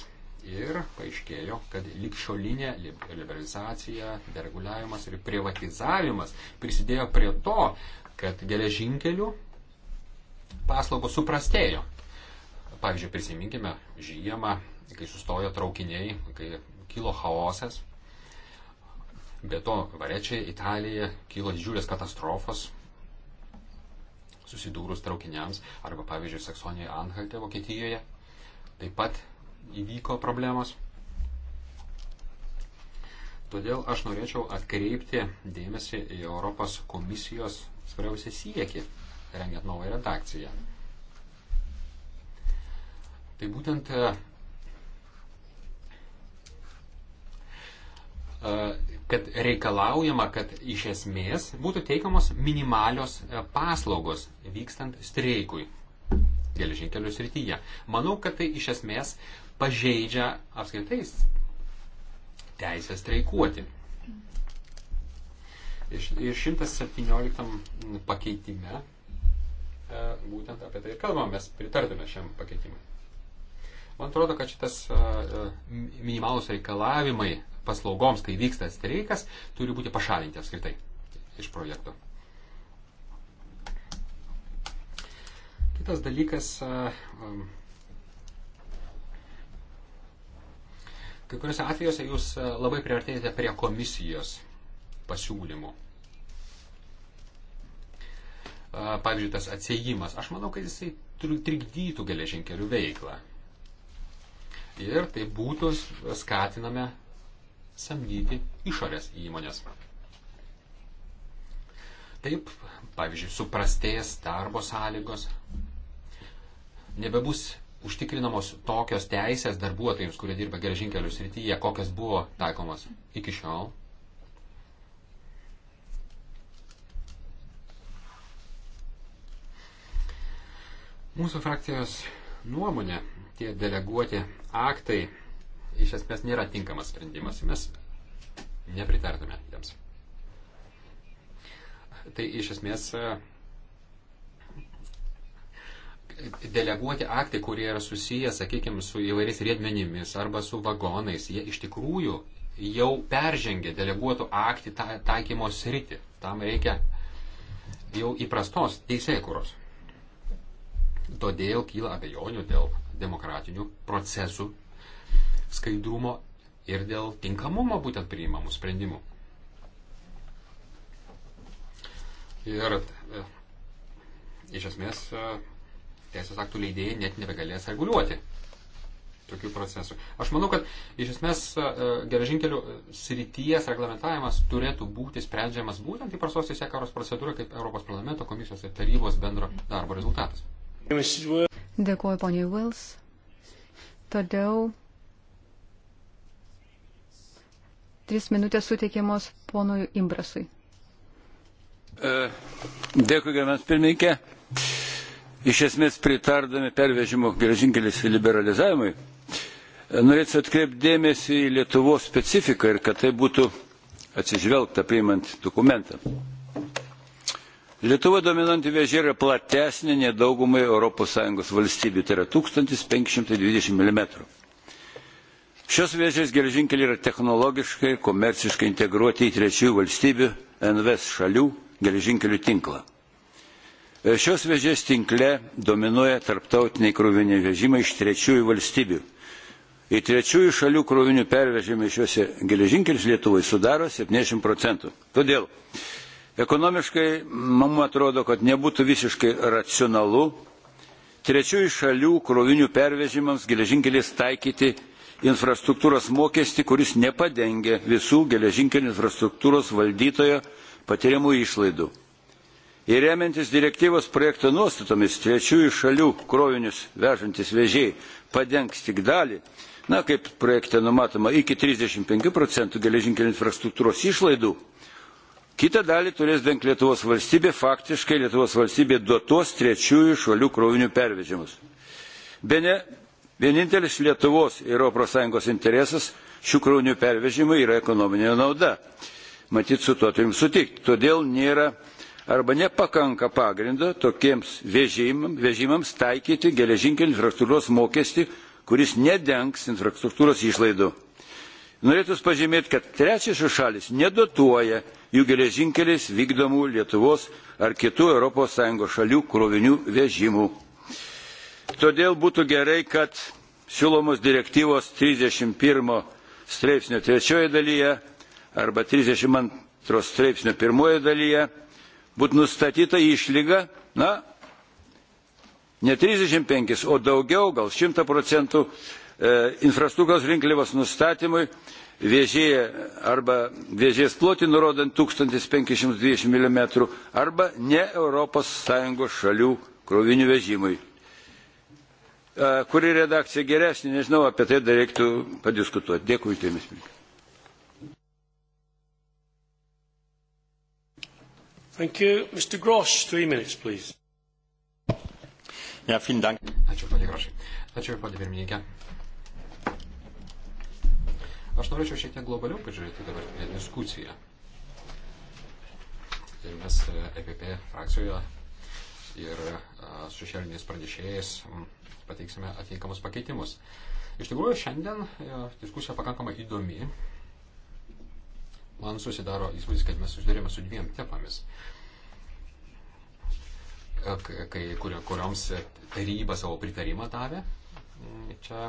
ir paaiškėjo, kad likščiolinė liberalizacija, dereguliavimas ir privatizavimas prisidėjo prie to, kad geležinkelių paslaugos suprastėjo. Pavyzdžiui, prisiminkime žiemą, kai sustojo traukiniai, kai kilo chaosas. Be to, varečiai Italija kilo didžiulės katastrofos, susidūrus traukiniams, arba pavyzdžiui Saksonijoje, Anhalte, Vokietijoje taip pat įvyko problemos. Todėl aš norėčiau atkreipti dėmesį į Europos komisijos svarbiausią siekį, rengiant naują redakciją. Tai būtent e, kad reikalaujama, kad iš esmės būtų teikiamos minimalios e, paslaugos vykstant streikui geležinkelių srityje. Manau, kad tai iš esmės pažeidžia apskaitai teisę streikuoti. Ir 117 pakeitime e, būtent apie tai ir kalbame, mes pritartume šiam pakeitimui. Man atrodo, kad šitas e, minimalus reikalavimai paslaugoms, kai vyksta streikas, turi būti pašalinti apskritai iš projekto. Kitas dalykas, kai kuriuose atvejuose jūs labai priartėjate prie komisijos pasiūlymų. Pavyzdžiui, tas atsiejimas, aš manau, kad jisai trikdytų geležinkelių veiklą. Ir tai būtų skatiname samdyti išorės įmonės. Taip, pavyzdžiui, suprastės darbo sąlygos, nebebus užtikrinamos tokios teisės darbuotojams, kurie dirba geležinkelių srityje, kokios buvo taikomos iki šiol. Mūsų frakcijos nuomonė, tie deleguoti aktai iš esmės nėra tinkamas sprendimas. Mes nepritartume jiems. Tai iš esmės e, deleguoti aktai, kurie yra susiję, sakykime, su įvairiais riedmenimis arba su vagonais, jie iš tikrųjų jau peržengė deleguotų aktį taikymo sritį. Tam reikia jau įprastos teisėkuros. Todėl kyla abejonių dėl demokratinių procesų skaidrumo ir dėl tinkamumo būtent priimamų sprendimų. Ir e, iš esmės e, teisės aktų leidėjai net nebegalės reguliuoti tokių procesų. Aš manau, kad iš esmės e, geležinkelių srities reglamentavimas turėtų būti sprendžiamas būtent įprastos teisėkaros procedūra kaip Europos parlamento komisijos ir tarybos bendro darbo rezultatas. Dėkuoju, poniai Wills. Todėl Tris minutės suteikiamos ponui Imbrasui. E, dėkui, gerbiamas pirmininkė. Iš esmės pritardami pervežimo geležinkelis liberalizavimui, e, norėčiau atkreipti dėmesį į Lietuvos specifiką ir kad tai būtų atsižvelgta priimant dokumentą. Lietuva dominanti vėžė yra platesnė nei daugumai ES valstybių, tai yra 1520 mm. Šios vėžės geležinkeliai yra technologiškai, komerciškai integruoti į trečiųjų valstybių NVS šalių geležinkelių tinklą. E, šios vėžės tinkle dominuoja tarptautiniai kroviniai vežimai iš trečiųjų valstybių. Į trečiųjų šalių krovinių pervežimai šiuose geležinkelius Lietuvai sudaro 70 procentų. Todėl ekonomiškai, man atrodo, kad nebūtų visiškai racionalu trečiųjų šalių krovinių pervežimams geležinkeliais taikyti infrastruktūros mokestį, kuris nepadengia visų geležinkelio infrastruktūros valdytojo patiriamų išlaidų. Ir remiantis direktyvos projekto nuostatomis, trečiųjų šalių krovinius vežantis vežėjai padengs tik dalį, na, kaip projekte numatoma, iki 35 procentų geležinkelio infrastruktūros išlaidų, kitą dalį turės dengti Lietuvos valstybė, faktiškai Lietuvos valstybė duotos trečiųjų šalių krovinių pervežimus. Bene Vienintelis Lietuvos ir ES interesas šių kraunių pervežimai yra ekonominė nauda. Matyt, su tuo turim sutikti. Todėl nėra arba nepakanka pagrindo tokiems vežimams, vežimams taikyti geležinkelio infrastruktūros mokestį, kuris nedengs infrastruktūros išlaidų. Norėtus pažymėti, kad trečiasis šalis nedotuoja jų geležinkeliais vykdomų Lietuvos ar kitų ES šalių krovinių vežimų. Todėl būtų gerai, kad siūlomos direktyvos 31 straipsnio trečioje dalyje arba 32 straipsnio pirmoje dalyje būtų nustatyta išlyga, na, ne 35, o daugiau, gal 100 procentų e, infrastruktūros rinkliavos nustatymui vėžėje arba vėžės plotį nurodant 1520 mm arba ne Europos Sąjungos šalių krovinių vežimui kuri redakcija geresnė, nežinau, apie tai dar reiktų padiskutuoti. Dėkui, tėmis. Tai Thank you. Mr. Grosh, three minutes, please. Ja, vielen Dank. Ačiū, ponė Grošai. Ačiū, ponė pirmininkė. Aš norėčiau šiek tiek globaliau pažiūrėti dabartinę diskusiją. Ir tai mes EPP e frakcijoje ir su šešėliniais pranešėjais pateiksime atinkamus pakeitimus. Iš tikrųjų, šiandien e, diskusija pakankamai įdomi. Man susidaro įspūdis, kad mes susidurėme su dviem temomis, e, kai, kurio, kurioms taryba savo pritarimą davė. Mm, čia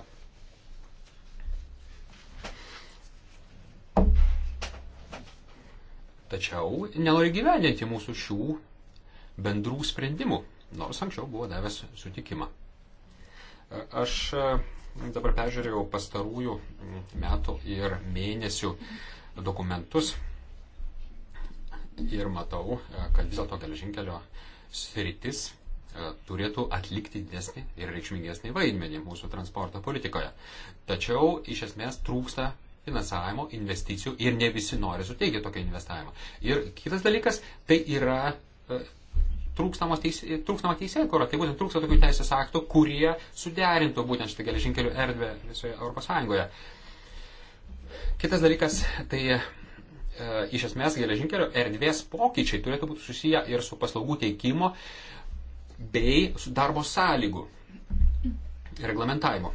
tačiau nenori gyvendinti mūsų šių bendrų sprendimų, nors anksčiau buvo davęs sutikimą. Aš e, dabar peržiūrėjau pastarųjų metų ir mėnesių dokumentus ir matau, e, kad vis dėlto geležinkelio sritis e, turėtų atlikti didesnį ir reikšmingesnį vaidmenį mūsų transporto politikoje. Tačiau iš esmės trūksta finansavimo, investicijų ir ne visi nori suteikti tokio investavimo. Ir kitas dalykas, tai yra trūkstama teisė, teisėkura. Tai būtent trūksta tokių teisės aktų, kurie suderintų būtent šitą geležinkelių erdvę visoje ES. Kitas dalykas, tai e, iš esmės geležinkelio erdvės pokyčiai turėtų būti susiję ir su paslaugų teikimo bei su darbo sąlygų reglamentavimo.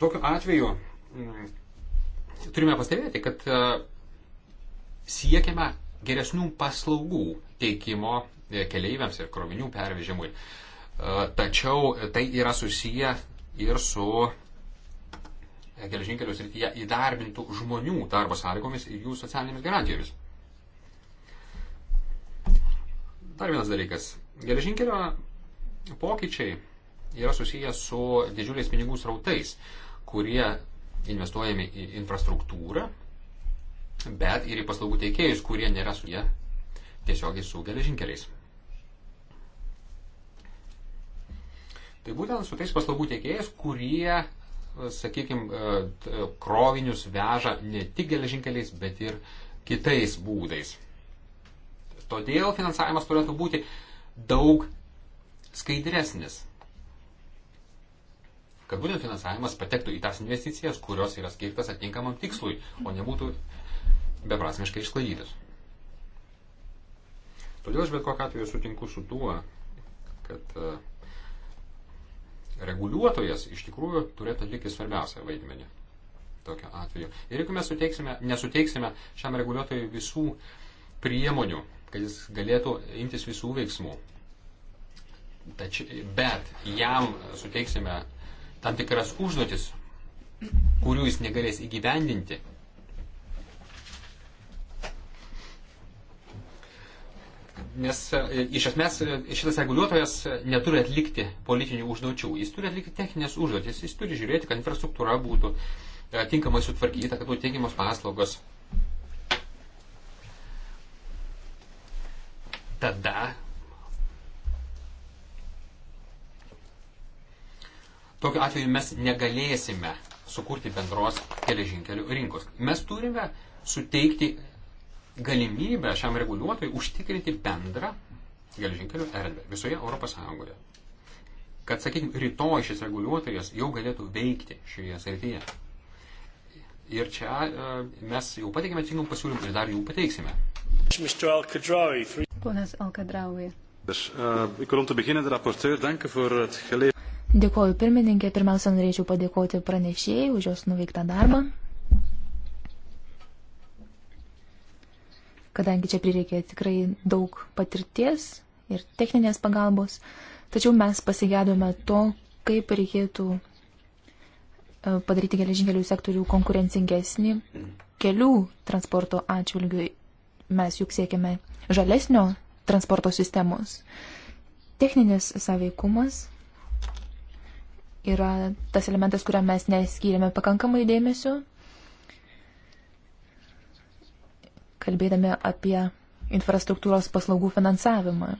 Tokiu atveju mm, turime pastebėti, kad e, siekiame geresnių paslaugų teikimo e, keleiviams ir krovinių pervežimui. E, tačiau tai yra susiję ir su geležinkelių srityje įdarbintų žmonių darbo sąlygomis ir jų socialinėmis garantijomis. Dar vienas dalykas. Geležinkelio pokyčiai yra susijęs su didžiuliais pinigų srautais, kurie investuojame į infrastruktūrą, bet ir į paslaugų teikėjus, kurie nėra su jie tiesiogiai su geležinkeliais. Tai būtent su tais paslaugų teikėjais, kurie, sakykime, krovinius veža ne tik geležinkeliais, bet ir kitais būdais. Todėl finansavimas turėtų būti daug skaidresnis kad būtent finansavimas patektų į tas investicijas, kurios yra skirtas atinkamam tikslui, o nebūtų beprasmiškai išklaidytas. Todėl aš bet kokiu atveju sutinku su tuo, kad e, reguliuotojas iš tikrųjų turėtų atlikti svarbiausią vaidmenį tokiu atveju. Ir jeigu mes suteiksime, nesuteiksime šiam reguliuotojui visų priemonių, kad jis galėtų imtis visų veiksmų, tačiau, bet jam suteiksime tam tikras užduotis, kurių jis negalės įgyvendinti. Nes e, iš esmės e, šitas reguliuotojas neturi atlikti politinių užduočių, jis turi atlikti techninės užduotis, jis turi žiūrėti, kad infrastruktūra būtų e, tinkamai sutvarkyta, kad būtų teikiamos paslaugos. Tada Tokiu atveju mes negalėsime sukurti bendros geležinkelių rinkos. Mes turime suteikti galimybę šiam reguliuotojui užtikrinti bendrą geležinkelių erdvę visoje Europos Sąjungoje. Kad, sakykime, rytoj šis reguliuotojas jau galėtų veikti šioje srityje. Ir čia e, mes jau pateikėme tinkamų pasiūlymų ir dar jų pateiksime. Ponas Alkadraui. Uh, ik wil om te beginnen de rapporteur danken voor het geleverde. Dėkoju pirmininkė, pirmiausia, norėčiau padėkoti pranešėjai už jos nuveiktą darbą. Kadangi čia prireikė tikrai daug patirties ir techninės pagalbos, tačiau mes pasigėdome to, kaip reikėtų e, padaryti geležinkelių sektorių konkurencingesnį kelių transporto atžvilgių. Mes juk siekiame žalesnio transporto sistemos. Techninis saveikumas yra tas elementas, kuriam mes neskyrėme pakankamai dėmesio, kalbėdami apie infrastruktūros paslaugų finansavimą.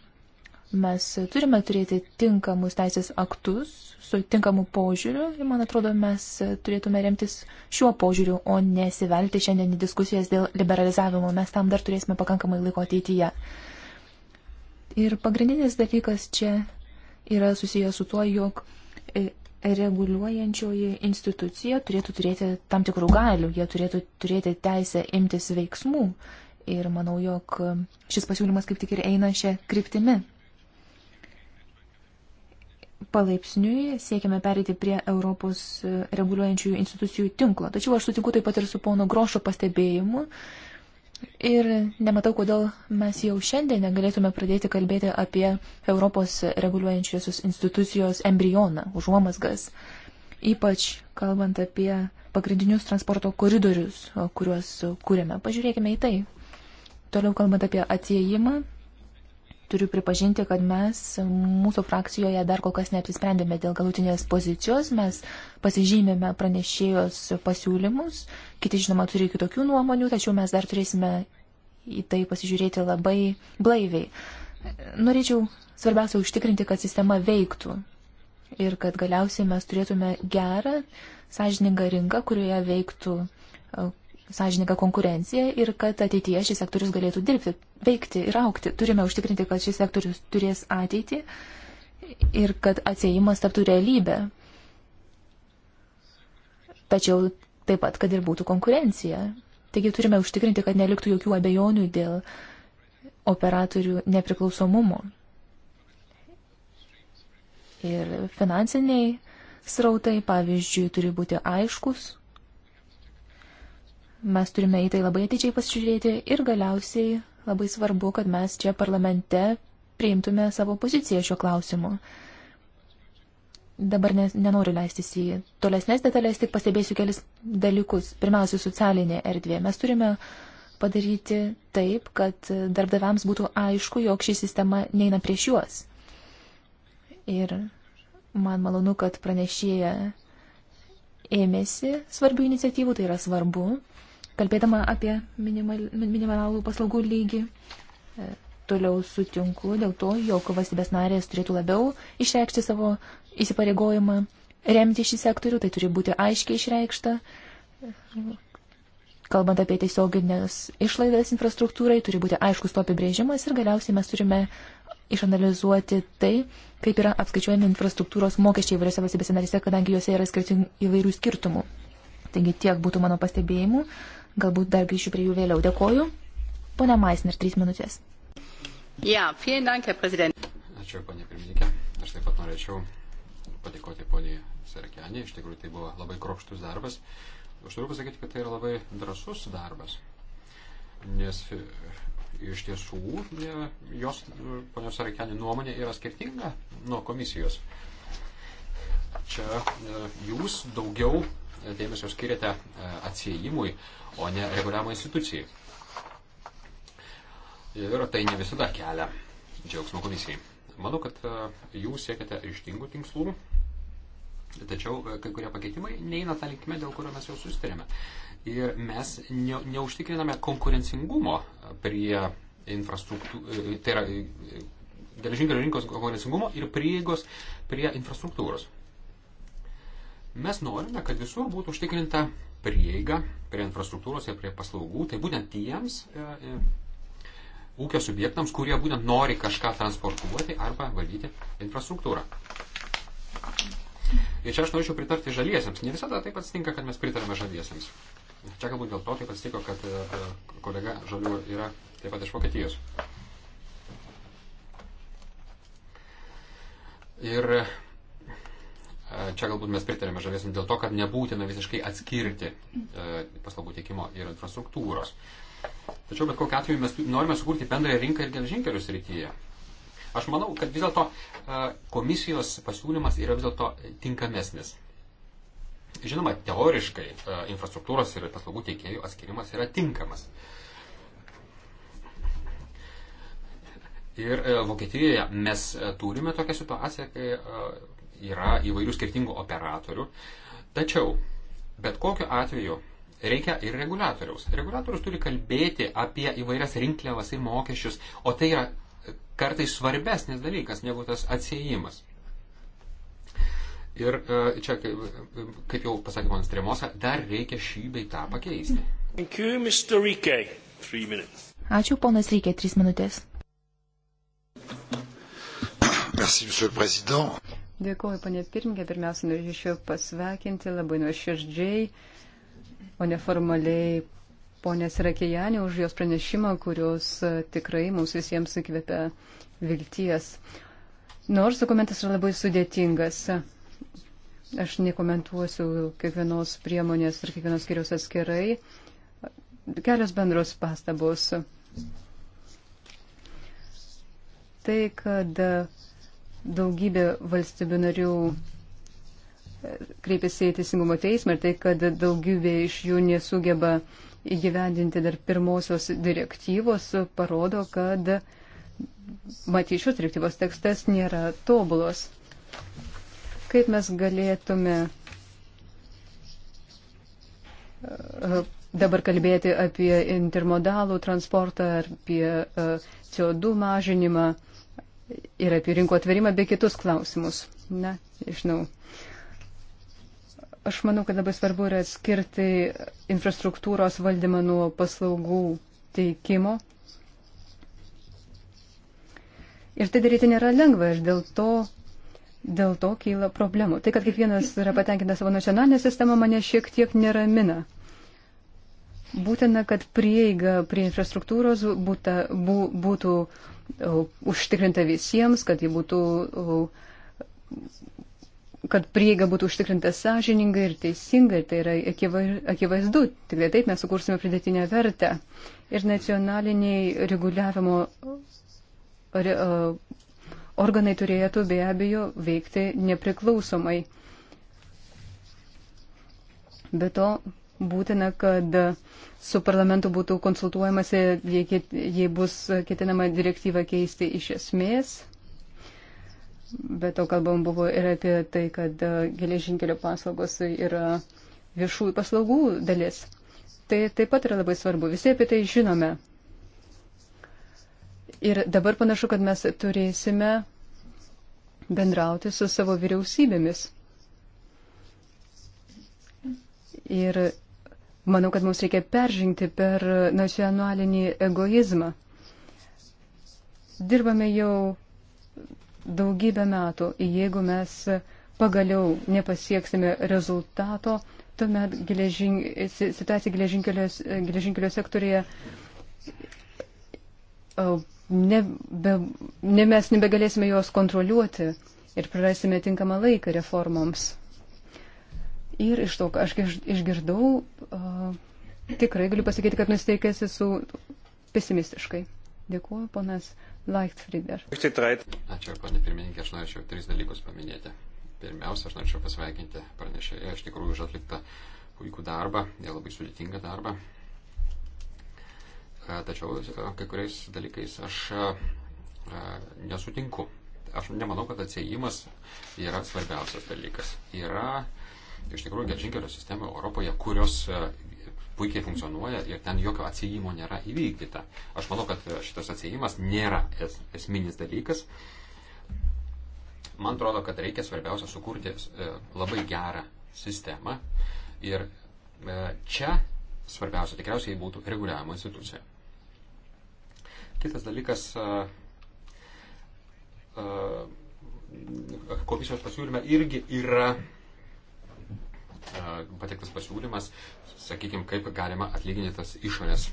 Mes turime turėti tinkamus teisės aktus su tinkamu požiūriu ir, man atrodo, mes turėtume remtis šiuo požiūriu, o nesivelti šiandien į diskusijas dėl liberalizavimo. Mes tam dar turėsime pakankamai laiko ateityje. Ir pagrindinis dalykas čia yra susijęs su tuo, jog reguliuojančioji institucija turėtų turėti tam tikrų galių, jie turėtų turėti teisę imtis veiksmų. Ir manau, jog šis pasiūlymas kaip tik ir eina šią kryptimį. Palaipsniui siekiame pereiti prie Europos reguliuojančiųjų institucijų tinklo. Tačiau aš sutinku taip pat ir su pono Grošo pastebėjimu, Ir nematau, kodėl mes jau šiandien negalėtume pradėti kalbėti apie Europos reguliuojančiosios institucijos embrioną, užuomasgas, ypač kalbant apie pagrindinius transporto koridorius, kuriuos kūrėme. Pažiūrėkime į tai. Toliau kalbant apie atsiejimą, turiu pripažinti, kad mes mūsų frakcijoje dar kol kas neapsisprendėme dėl galutinės pozicijos, mes pasižymėme pranešėjos pasiūlymus, kiti žinoma turi kitokių nuomonių, tačiau mes dar turėsime į tai pasižiūrėti labai blaiviai. Norėčiau svarbiausia užtikrinti, kad sistema veiktų ir kad galiausiai mes turėtume gerą, sąžiningą rinką, kurioje veiktų sąžininką konkurenciją ir kad ateityje šis sektorius galėtų dirbti, veikti ir aukti. Turime užtikrinti, kad šis sektorius turės ateitį ir kad atsėjimas taptų realybę. Tačiau taip pat, kad ir būtų konkurencija. Taigi turime užtikrinti, kad neliktų jokių abejonių dėl operatorių nepriklausomumo. Ir finansiniai srautai, pavyzdžiui, turi būti aiškus Mes turime į tai labai atidžiai pasižiūrėti ir galiausiai labai svarbu, kad mes čia parlamente priimtume savo poziciją šiuo klausimu. Dabar ne, nenoriu leistis į tolesnės detalės, tik pastebėsiu kelis dalykus. Pirmiausia, socialinė erdvė. Mes turime padaryti taip, kad darbdaviams būtų aišku, jog ši sistema neina prieš juos. Ir man malonu, kad pranešėja ėmėsi svarbių iniciatyvų, tai yra svarbu kalbėdama apie minimal, minimalų paslaugų lygį. E, toliau sutinku dėl to, jog valstybės narės turėtų labiau išreikšti savo įsipareigojimą remti šį sektorių, tai turi būti aiškiai išreikšta. Kalbant apie tiesioginės išlaidas infrastruktūrai, turi būti aiškus to apibrėžimas ir galiausiai mes turime išanalizuoti tai, kaip yra apskaičiuojami infrastruktūros mokesčiai įvairiose valstybėse narėse, kadangi juose yra skirting, įvairių skirtumų. Taigi tiek būtų mano pastebėjimų. Galbūt dar grįšiu prie jų vėliau. Dėkoju. Pone Maisner, trys minutės. Ja, vielen Dank, Herr Präsident. Ačiū, ponė pirmininkė. Aš taip pat norėčiau padėkoti poniai Sarakianė. Iš tikrųjų, tai buvo labai kropštus darbas. Aš turiu pasakyti, kad tai yra labai drasus darbas. Nes e, iš tiesų jos, ponios Sarakianė, nuomonė yra skirtinga nuo komisijos. Čia e, jūs daugiau dėmesio skiriate e, atsiejimui, o ne reguliavimo institucijai. Ir tai ne visada kelia džiaugsmo komisijai. Manau, kad e, jūs siekiate ryštingų tinkslų, tačiau e, kai kurie pakeitimai neina tą linkmę, dėl kurio mes jau susitarėme. Ir mes ne, neužtikriname konkurencingumo prie infrastruktūros, tai yra geležinkelio rinkos konkurencingumo ir prieigos prie infrastruktūros. Mes norime, kad visur būtų užtikrinta prieiga prie infrastruktūros ir prie paslaugų, tai būtent tiems e, e, ūkio subjektams, kurie būtent nori kažką transportuoti arba valdyti infrastruktūrą. Ir čia aš norėčiau pritarti žaliesiams. Ne visada taip atsitinka, kad mes pritarame žaliesiams. Čia galbūt dėl to taip atsitiko, kad e, e kolega žalių yra taip pat iš Vokietijos. Ir E, čia galbūt mes pritarėme žaliesim dėl to, kad nebūtina visiškai atskirti e, paslaugų tiekimo ir infrastruktūros. Tačiau bet kokiu atveju mes norime sukurti bendrąją rinką ir geležinkelių srityje. Aš manau, kad vis dėlto e, komisijos pasiūlymas yra vis dėlto tinkamesnis. Žinoma, teoriškai infrastruktūros ir paslaugų teikėjų atskirimas yra tinkamas. Ir Vokietijoje mes turime tokią situaciją, kai yra įvairių skirtingų operatorių. Tačiau, bet kokiu atveju, reikia ir reguliatoriaus. Reguliatorius turi kalbėti apie įvairias rinkliavas ir mokesčius, o tai yra kartais svarbesnis dalykas negu tas atsiejimas. Ir e, čia, kaip jau pasakė ponas Tremosa, dar reikia šį bei tą pakeisti. Ačiū, ponas Rykė, trys minutės. Merci, Dėkuoju, panė pirmininkė. Pirmiausia, norėčiau pasveikinti labai nuoširdžiai, o neformaliai ponės Rakijanė už jos pranešimą, kurios e, tikrai mums visiems įkvepia vilties. Nors dokumentas yra labai sudėtingas. Aš nekomentuosiu kiekvienos priemonės ir kiekvienos skiriaus atskirai. Kelios bendros pastabos. Tai, kad daugybė valstybių narių e, kreipėsi į Teisingumo teismą ir tai, kad daugybė iš jų nesugeba įgyvendinti dar pirmosios direktyvos, parodo, kad matyčios direktyvos tekstas nėra tobulos. Kaip mes galėtume e, dabar kalbėti apie intermodalų transportą, apie e, CO2 mažinimą? ir apie rinko atverimą bei kitus klausimus. Na, žinau. Aš manau, kad labai svarbu yra atskirti infrastruktūros valdymą nuo paslaugų teikimo. Ir tai daryti nėra lengva ir dėl to, dėl to kyla problemų. Tai, kad kiekvienas yra patenkintas savo nacionalinę sistemą, mane šiek tiek neramina. Būtina, kad prieiga prie infrastruktūros būta, bū, būtų Uh, užtikrinta visiems, kad ji būtų, uh, kad prieiga būtų užtikrinta sąžiningai ir teisingai, tai yra akivaizdu, tik tai taip mes sukursime pridėtinę vertę. Ir nacionaliniai reguliavimo uh, re, organai turėtų be abejo veikti nepriklausomai. Be to, būtina, kad su parlamentu būtų konsultuojamasi, jei, jei bus ketinama direktyvą keisti iš esmės. Bet to kalbam buvo ir apie tai, kad e, geležinkelio paslaugos yra viešųjų paslaugų dalis. Tai taip pat yra labai svarbu. Visi apie tai žinome. Ir dabar panašu, kad mes turėsime bendrauti su savo vyriausybėmis. Ir Manau, kad mums reikia peržengti per nacionalinį egoizmą. Dirbame jau daugybę metų, jeigu mes pagaliau nepasieksime rezultato, tuomet geležin, situacija geležinkelio sektorija ne, be, ne mes nebegalėsime jos kontroliuoti ir prarasime tinkamą laiką reformoms. Ir iš to, ką aš išgirdau, tikrai galiu pasakyti, kad nusiteikęs esu pesimistiškai. Dėkuoju, ponas Leichtfrieder. Ačiū, ponė pirmininkė, aš norėčiau tris dalykus paminėti. Pirmiausia, aš norėčiau pasveikinti pranešėją iš tikrųjų už atliktą puikų darbą, jie labai sudėtingą darbą. Tačiau kai kuriais dalykais aš nesutinku. Aš nemanau, kad atsiejimas yra svarbiausias dalykas. Yra Tai iš tikrųjų, geležinkelio sistema Europoje, kurios e, puikiai funkcionuoja ir ten jokio atsijimo nėra įvykdyta. Aš manau, kad e, šitas atsijimas nėra es, esminis dalykas. Man atrodo, kad reikia svarbiausia sukurti e, labai gerą sistemą ir čia svarbiausia tikriausiai būtų reguliavimo institucija. Kitas dalykas, komisijos pasiūlyme irgi yra pateiktas pasiūlymas, sakykime, kaip galima atlyginti tas išorės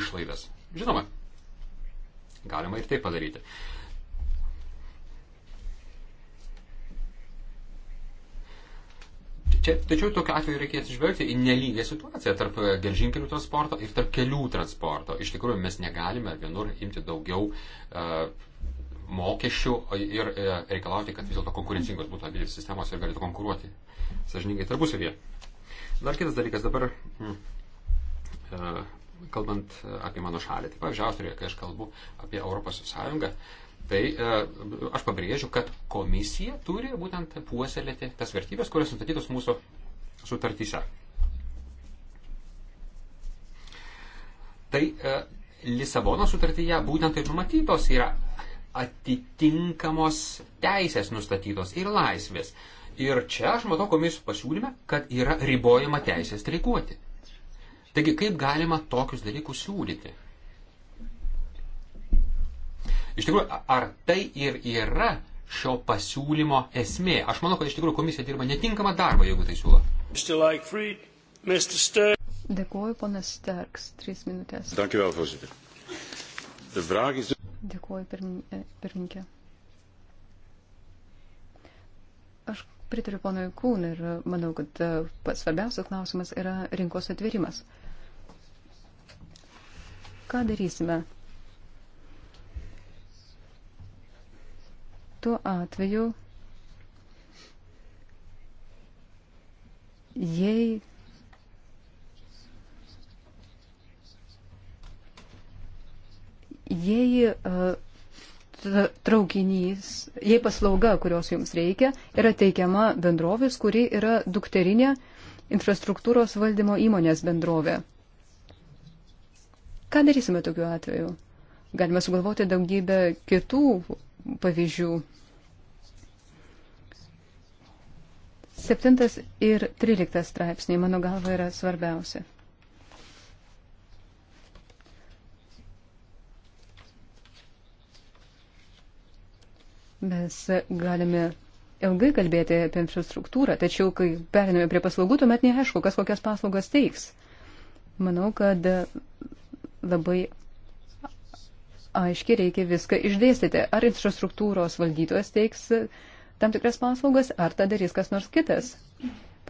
išlaidas. Žinoma, galima ir tai padaryti. Čia, tačiau tokiu atveju reikia atsižvelgti į nelygę situaciją tarp gelžinkelių transporto ir tarp kelių transporto. Iš tikrųjų, mes negalime vienur imti daugiau uh, mokesčių ir e, reikalauti, kad vis dėlto konkurencingos būtų abi sistemos ir galėtų konkuruoti sažiningai tarpusavyje. Dar kitas dalykas dabar, mm, e, kalbant apie mano šalį, tai pavyzdžiui, Austrijoje, kai aš kalbu apie Europos Sąjungą, tai e, aš pabrėžiu, kad komisija turi būtent puoselėti tas vertybės, kurios nustatytos mūsų sutartyse. Tai Lisabono sutartyje būtent tai numatytos yra atitinkamos teisės nustatytos ir laisvės. Ir čia aš matau komisijos pasiūlyme, kad yra ribojama teisė streikuoti. Taigi, kaip galima tokius dalykus siūlyti? Iš tikrųjų, ar tai ir yra šio pasiūlymo esmė? Aš manau, kad iš tikrųjų komisija dirba netinkamą darbą, jeigu tai siūlo. Dėkuoju, ponas Sterks, trys minutės. Dankjewel, voorzitter. De vraag is Dėkuoju, e, pirmininkė. Aš pritariu ponui Kūn ir manau, kad e, pats svarbiausias klausimas yra rinkos atvirimas. Ką darysime? Tuo atveju, jei jei e, traukinys, jei paslauga, kurios jums reikia, yra teikiama bendrovės, kuri yra dukterinė infrastruktūros valdymo įmonės bendrovė. Ką darysime tokiu atveju? Galime sugalvoti daugybę kitų pavyzdžių. Septintas ir tryliktas straipsniai, mano galva, yra svarbiausia. Mes galime ilgai kalbėti apie infrastruktūrą, tačiau kai periname prie paslaugų, tuomet neaišku, kas kokias paslaugas teiks. Manau, kad labai aiškiai reikia viską išdėstyti. Ar infrastruktūros valdytojas teiks tam tikras paslaugas, ar tą darys kas nors kitas.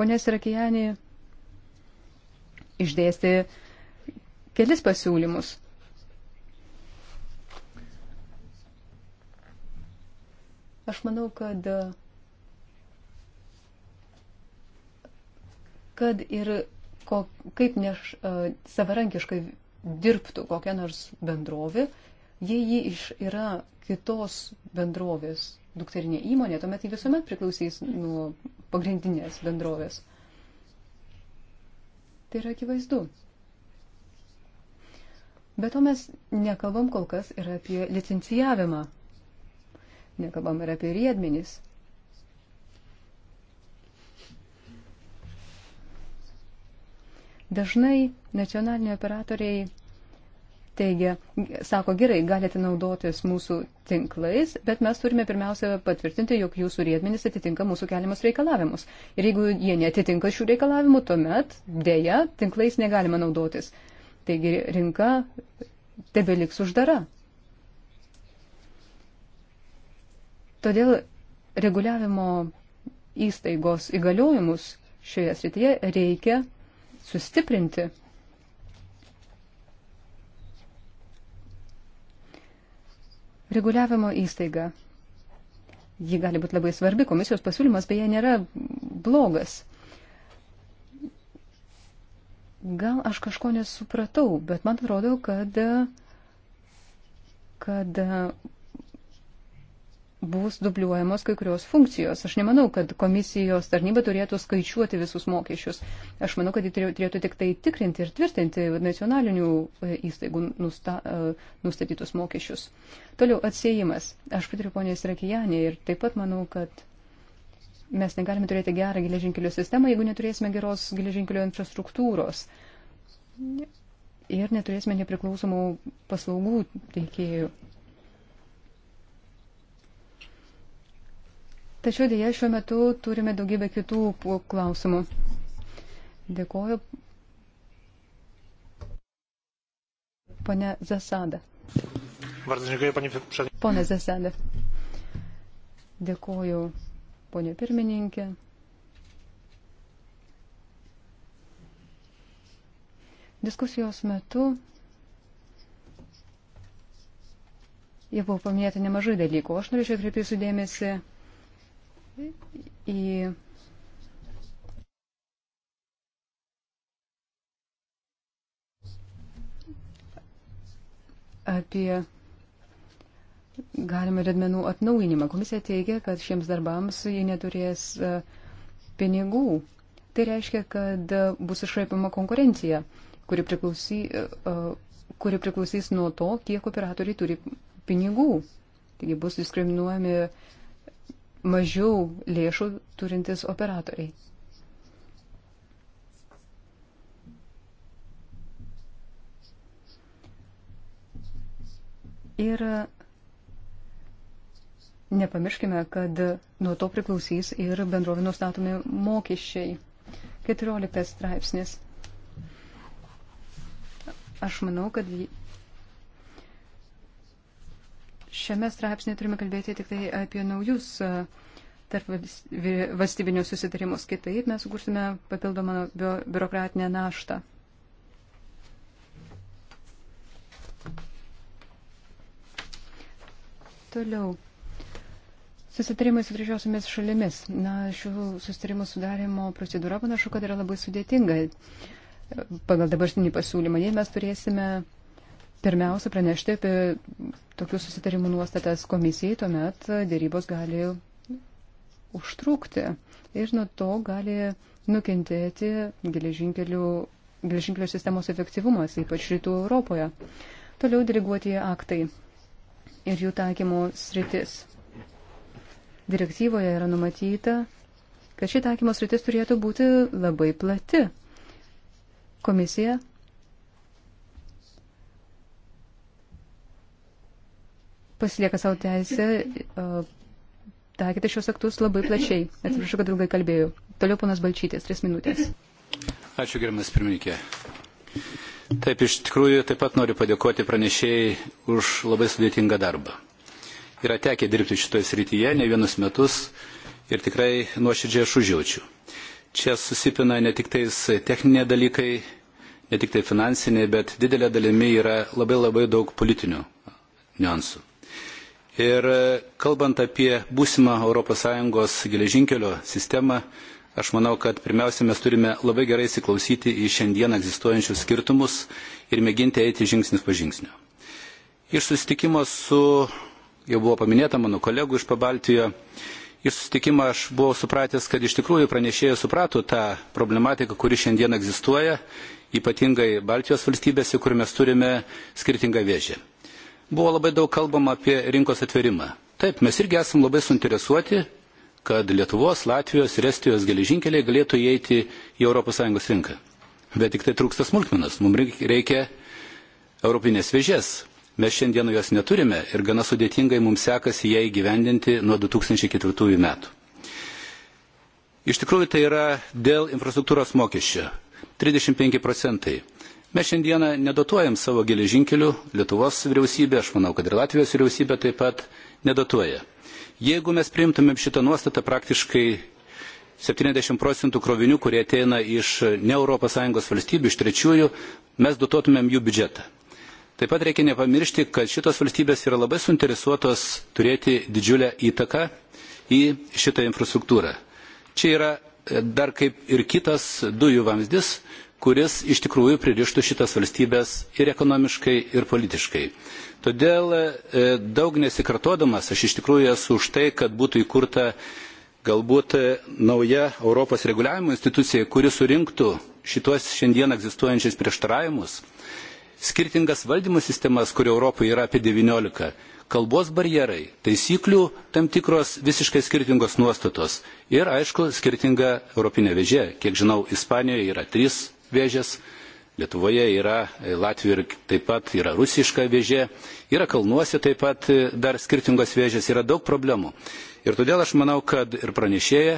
Pone Sirakijani išdėstė kelis pasiūlymus. Aš manau, kad, kad ir ko, kaip neš savarankiškai dirbtų kokia nors bendrovė, jei ji iš, yra kitos bendrovės dukterinė įmonė, tuomet ji visuomet priklausys nuo pagrindinės bendrovės. Tai yra akivaizdu. Bet to mes nekalbam kol kas ir apie licencijavimą nekalbam ir apie riedmenis. Dažnai nacionaliniai operatoriai teigia, sako, gerai, galite naudotis mūsų tinklais, bet mes turime pirmiausia patvirtinti, jog jūsų riedmenys atitinka mūsų keliamus reikalavimus. Ir jeigu jie netitinka šių reikalavimų, tuomet dėja tinklais negalima naudotis. Taigi rinka tebeliks uždara. Todėl reguliavimo įstaigos įgaliojimus šioje srityje reikia sustiprinti. Reguliavimo įstaiga. Ji gali būti labai svarbi. Komisijos pasiūlymas beje nėra blogas. Gal aš kažko nesupratau, bet man atrodo, kad, kad bus dubliuojamos kai kurios funkcijos. Aš nemanau, kad komisijos tarnyba turėtų skaičiuoti visus mokesčius. Aš manau, kad ji turėtų tik tai tikrinti ir tvirtinti nacionalinių e, įstaigų nusta, e, nustatytus mokesčius. Toliau atsiejimas. Aš pritariu ponės Rakijanė ir taip pat manau, kad mes negalime turėti gerą geležinkelio sistemą, jeigu neturėsime geros geležinkelio infrastruktūros. Ir neturėsime nepriklausomų paslaugų teikėjų. Tačiau dėja šiuo metu turime daugybę kitų klausimų. Dėkoju. Pane Zasada. Pone Zasada. Dėkoju, ponė pirmininkė. Diskusijos metu jau buvo paminėta nemažai dalykų. Aš norėčiau atkreipti sudėmėsi į apie galimą redmenų atnaujinimą. Komisija teigia, kad šiems darbams jie neturės e, pinigų. Tai reiškia, kad e, bus išraipama konkurencija, kuri, priklausy, e, kuri priklausys nuo to, kiek operatoriai turi pinigų. Taigi bus diskriminuojami uh, mažiau lėšų turintis operatoriai. Ir nepamirškime, kad nuo to priklausys ir bendrovė nustatomi mokesčiai. 14 straipsnis. Aš manau, kad Šiame straipsnėje turime kalbėti tik tai apie naujus e, tarp valstybinius susitarimus. Kitaip mes sukursime papildomą biurokratinę naštą. Toliau. Susitarimai su trečiosiomis šalimis. Na, šių susitarimų sudarimo procedūra panašu, kad yra labai sudėtinga. Pagal dabartinį pasiūlymą, jei mes turėsime pirmiausia pranešti apie tokių susitarimų nuostatas komisijai, tuomet dėrybos gali užtrukti ir nuo to gali nukentėti geležinkelių, geležinkelių sistemos efektyvumas, ypač rytų Europoje. Toliau deleguoti aktai ir jų taikymo sritis. Direktyvoje yra numatyta, kad ši taikymo sritis turėtų būti labai plati. Komisija pasilieka savo teisę e, taikyti šios aktus labai plačiai. Atsiprašau, kad ilgai kalbėjau. Toliau ponas Balčytis, tris minutės. Ačiū, gerbiamas pirmininkė. Taip, iš tikrųjų, taip pat noriu padėkoti pranešėjai už labai sudėtingą darbą. Yra tekę dirbti šitoje srityje ne vienus metus ir tikrai nuoširdžiai aš užjaučiu. Čia susipina ne tik tais techniniai dalykai, ne tik tai finansiniai, bet didelė dalimi yra labai labai daug politinių niuansų. Ir e, kalbant apie būsimą ES geležinkelio sistemą, aš manau, kad pirmiausia mes turime labai gerai įsiklausyti į šiandien egzistuojančius skirtumus ir mėginti eiti žingsnis po žingsnio. Iš susitikimo su, jau buvo paminėta mano kolegų iš Pabaltijo, iš susitikimo aš buvau supratęs, kad iš tikrųjų pranešėjai suprato tą problematiką, kuri šiandien egzistuoja, ypatingai Baltijos valstybėse, kur mes turime skirtingą vėžį buvo labai daug kalbama apie rinkos atverimą. Taip, mes irgi esam labai suinteresuoti, kad Lietuvos, Latvijos ir Estijos geležinkeliai galėtų įeiti į ES rinką. Bet tik tai trūksta smulkmenas. Mums reikia europinės vežės. Mes šiandien jos neturime ir gana sudėtingai mums sekasi ją įgyvendinti nuo 2004 metų. Iš tikrųjų tai yra dėl infrastruktūros mokesčio. 35 procentai. Mes šiandieną nedatuojam savo geležinkelių, Lietuvos vyriausybė, aš manau, kad ir Latvijos vyriausybė taip pat nedatuoja. Jeigu mes priimtumėm šitą nuostatą, praktiškai 70 procentų krovinių, kurie ateina iš ne ES valstybių, iš trečiųjų, mes dotuotumėm jų biudžetą. Taip pat reikia nepamiršti, kad šitos valstybės yra labai suinteresuotos turėti didžiulę įtaką į šitą infrastruktūrą. Čia yra dar kaip ir kitas dujų vamzdis, kuris iš tikrųjų pririštų šitas valstybės ir ekonomiškai, ir politiškai. Todėl e, daug nesikartodamas aš iš tikrųjų esu už tai, kad būtų įkurta galbūt e, nauja Europos reguliavimo institucija, kuri surinktų šitos šiandien egzistuojančiais prieštaravimus, skirtingas valdymo sistemas, kur Europoje yra apie 19, kalbos barjerai, taisyklių tam tikros visiškai skirtingos nuostatos ir, aišku, skirtinga europinė vežė. Kiek žinau, Ispanijoje yra trys vėžės. Lietuvoje yra, e, Latvijoje taip pat yra rusiška vėžė, yra kalnuose taip pat e, dar skirtingos vėžės, yra daug problemų. Ir todėl aš manau, kad ir pranešėja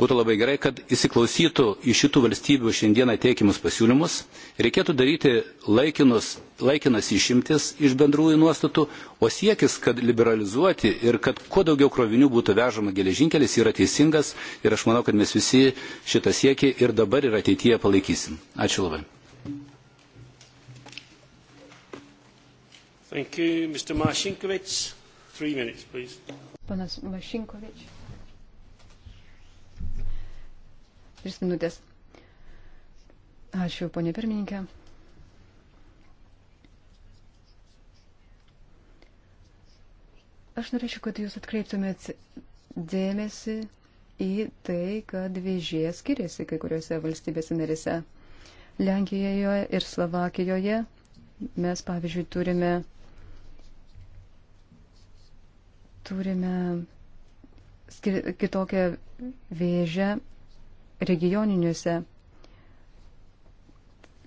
būtų labai gerai, kad įsiklausytų į šitų valstybių šiandieną teikimus pasiūlymus, reikėtų daryti laikinus, laikinas išimtis iš bendrųjų nuostatų, o siekis, kad liberalizuoti ir kad kuo daugiau krovinių būtų vežama geležinkelis yra teisingas ir aš manau, kad mes visi šitą siekį ir dabar ir ateityje palaikysim. Ačiū labai. Thank you, Mr. Marcinkovic. Three minutes, please. Panas Marcinkovic. Tris minutės. Ačiū, ponė pirmininkė. Aš norėčiau, kad jūs atkreiptumėt dėmesį į tai, kad vėžė skiriasi kai kuriuose valstybėse narėse. Lenkijoje ir Slovakijoje mes, pavyzdžiui, turime, turime skir, kitokią vėžę regioniniuose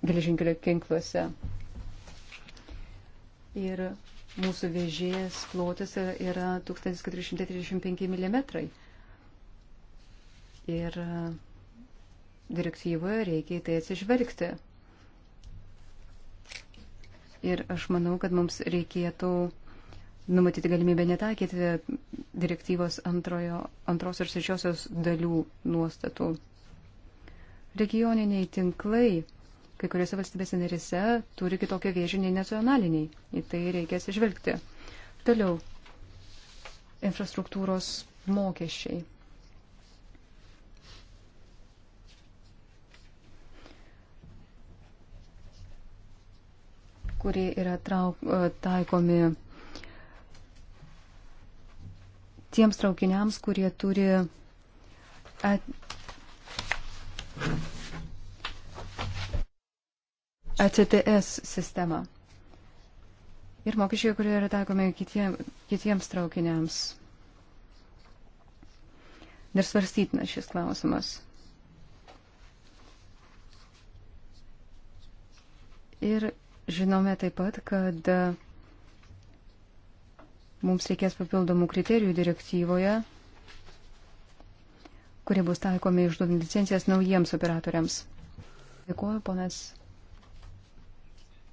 geležinkelio kinkluose. Ir mūsų vežėjas plotis yra 1435 mm. Ir direktyvoje reikia į tai atsižvelgti. Ir aš manau, kad mums reikėtų numatyti galimybę netaikyti direktyvos antrojo, antros ir šešiosios dalių nuostatų Regioniniai tinklai kai kuriuose valstybėse narise turi kitokią vėžį nei nacionaliniai. Į tai reikės išvelgti. Toliau. Infrastruktūros mokesčiai. kurie yra trauk, e, taikomi tiems traukiniams, kurie turi at, ACTS sistemą ir mokesčiai, kurie yra taikomi kitie, kitiems traukiniams. Dar svarstytina šis klausimas. Ir žinome taip pat, kad mums reikės papildomų kriterijų direktyvoje kurie bus taikomi išduodant licencijas naujiems operatoriams. Dėkuoju, ponas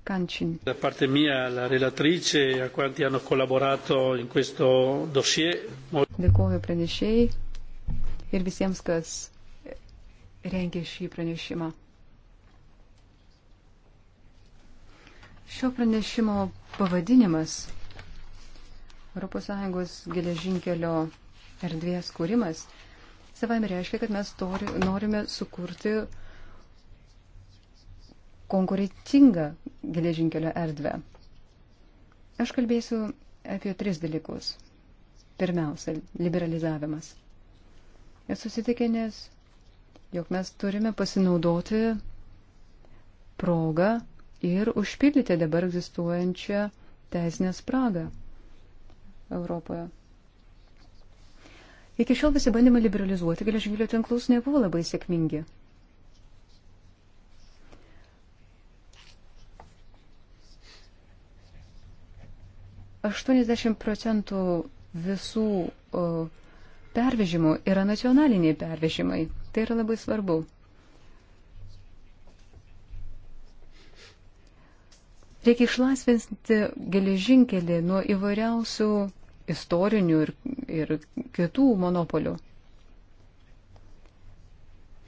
Kancin. Da parte mia, la relatrice, e a quanti hanno collaborato in questo dossier. Dėkuoju pranešėjai ir visiems, kas rengė šį pranešimą. Šio pranešimo pavadinimas ES geležinkelio erdvės kūrimas savame reiškia, kad mes tori, norime sukurti konkurencingą geležinkelio erdvę. Aš kalbėsiu apie tris dalykus. Pirmiausia, liberalizavimas. Esu susitikinęs, jog mes turime pasinaudoti progą ir užpildyti dabar egzistuojančią teisinę spragą Europoje. Iki šiol visi bandymai liberalizuoti geležinkelio tinklus nebuvo labai sėkmingi. Aštuoniasdešimt procentų visų o, pervežimų yra nacionaliniai pervežimai. Tai yra labai svarbu. Reikia išlaisvinti geležinkelį nuo įvairiausių istorinių ir, ir kitų monopolių.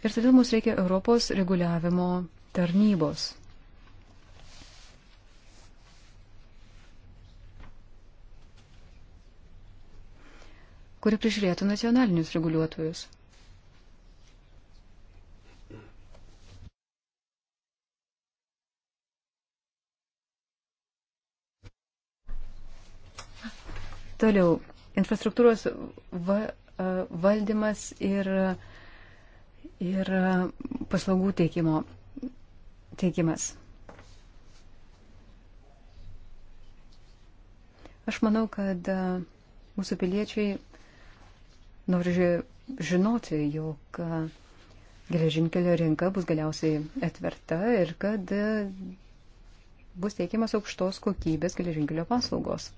Ir todėl mums reikia Europos reguliavimo tarnybos. kuri prižiūrėtų nacionalinius reguliuotojus. Toliau, infrastruktūros va, valdymas ir, ir paslaugų teikimo, teikimas. Aš manau, kad mūsų piliečiai nori žinoti, jog geležinkelio rinka bus galiausiai atverta ir kad bus teikiamas aukštos kokybės geležinkelio paslaugos.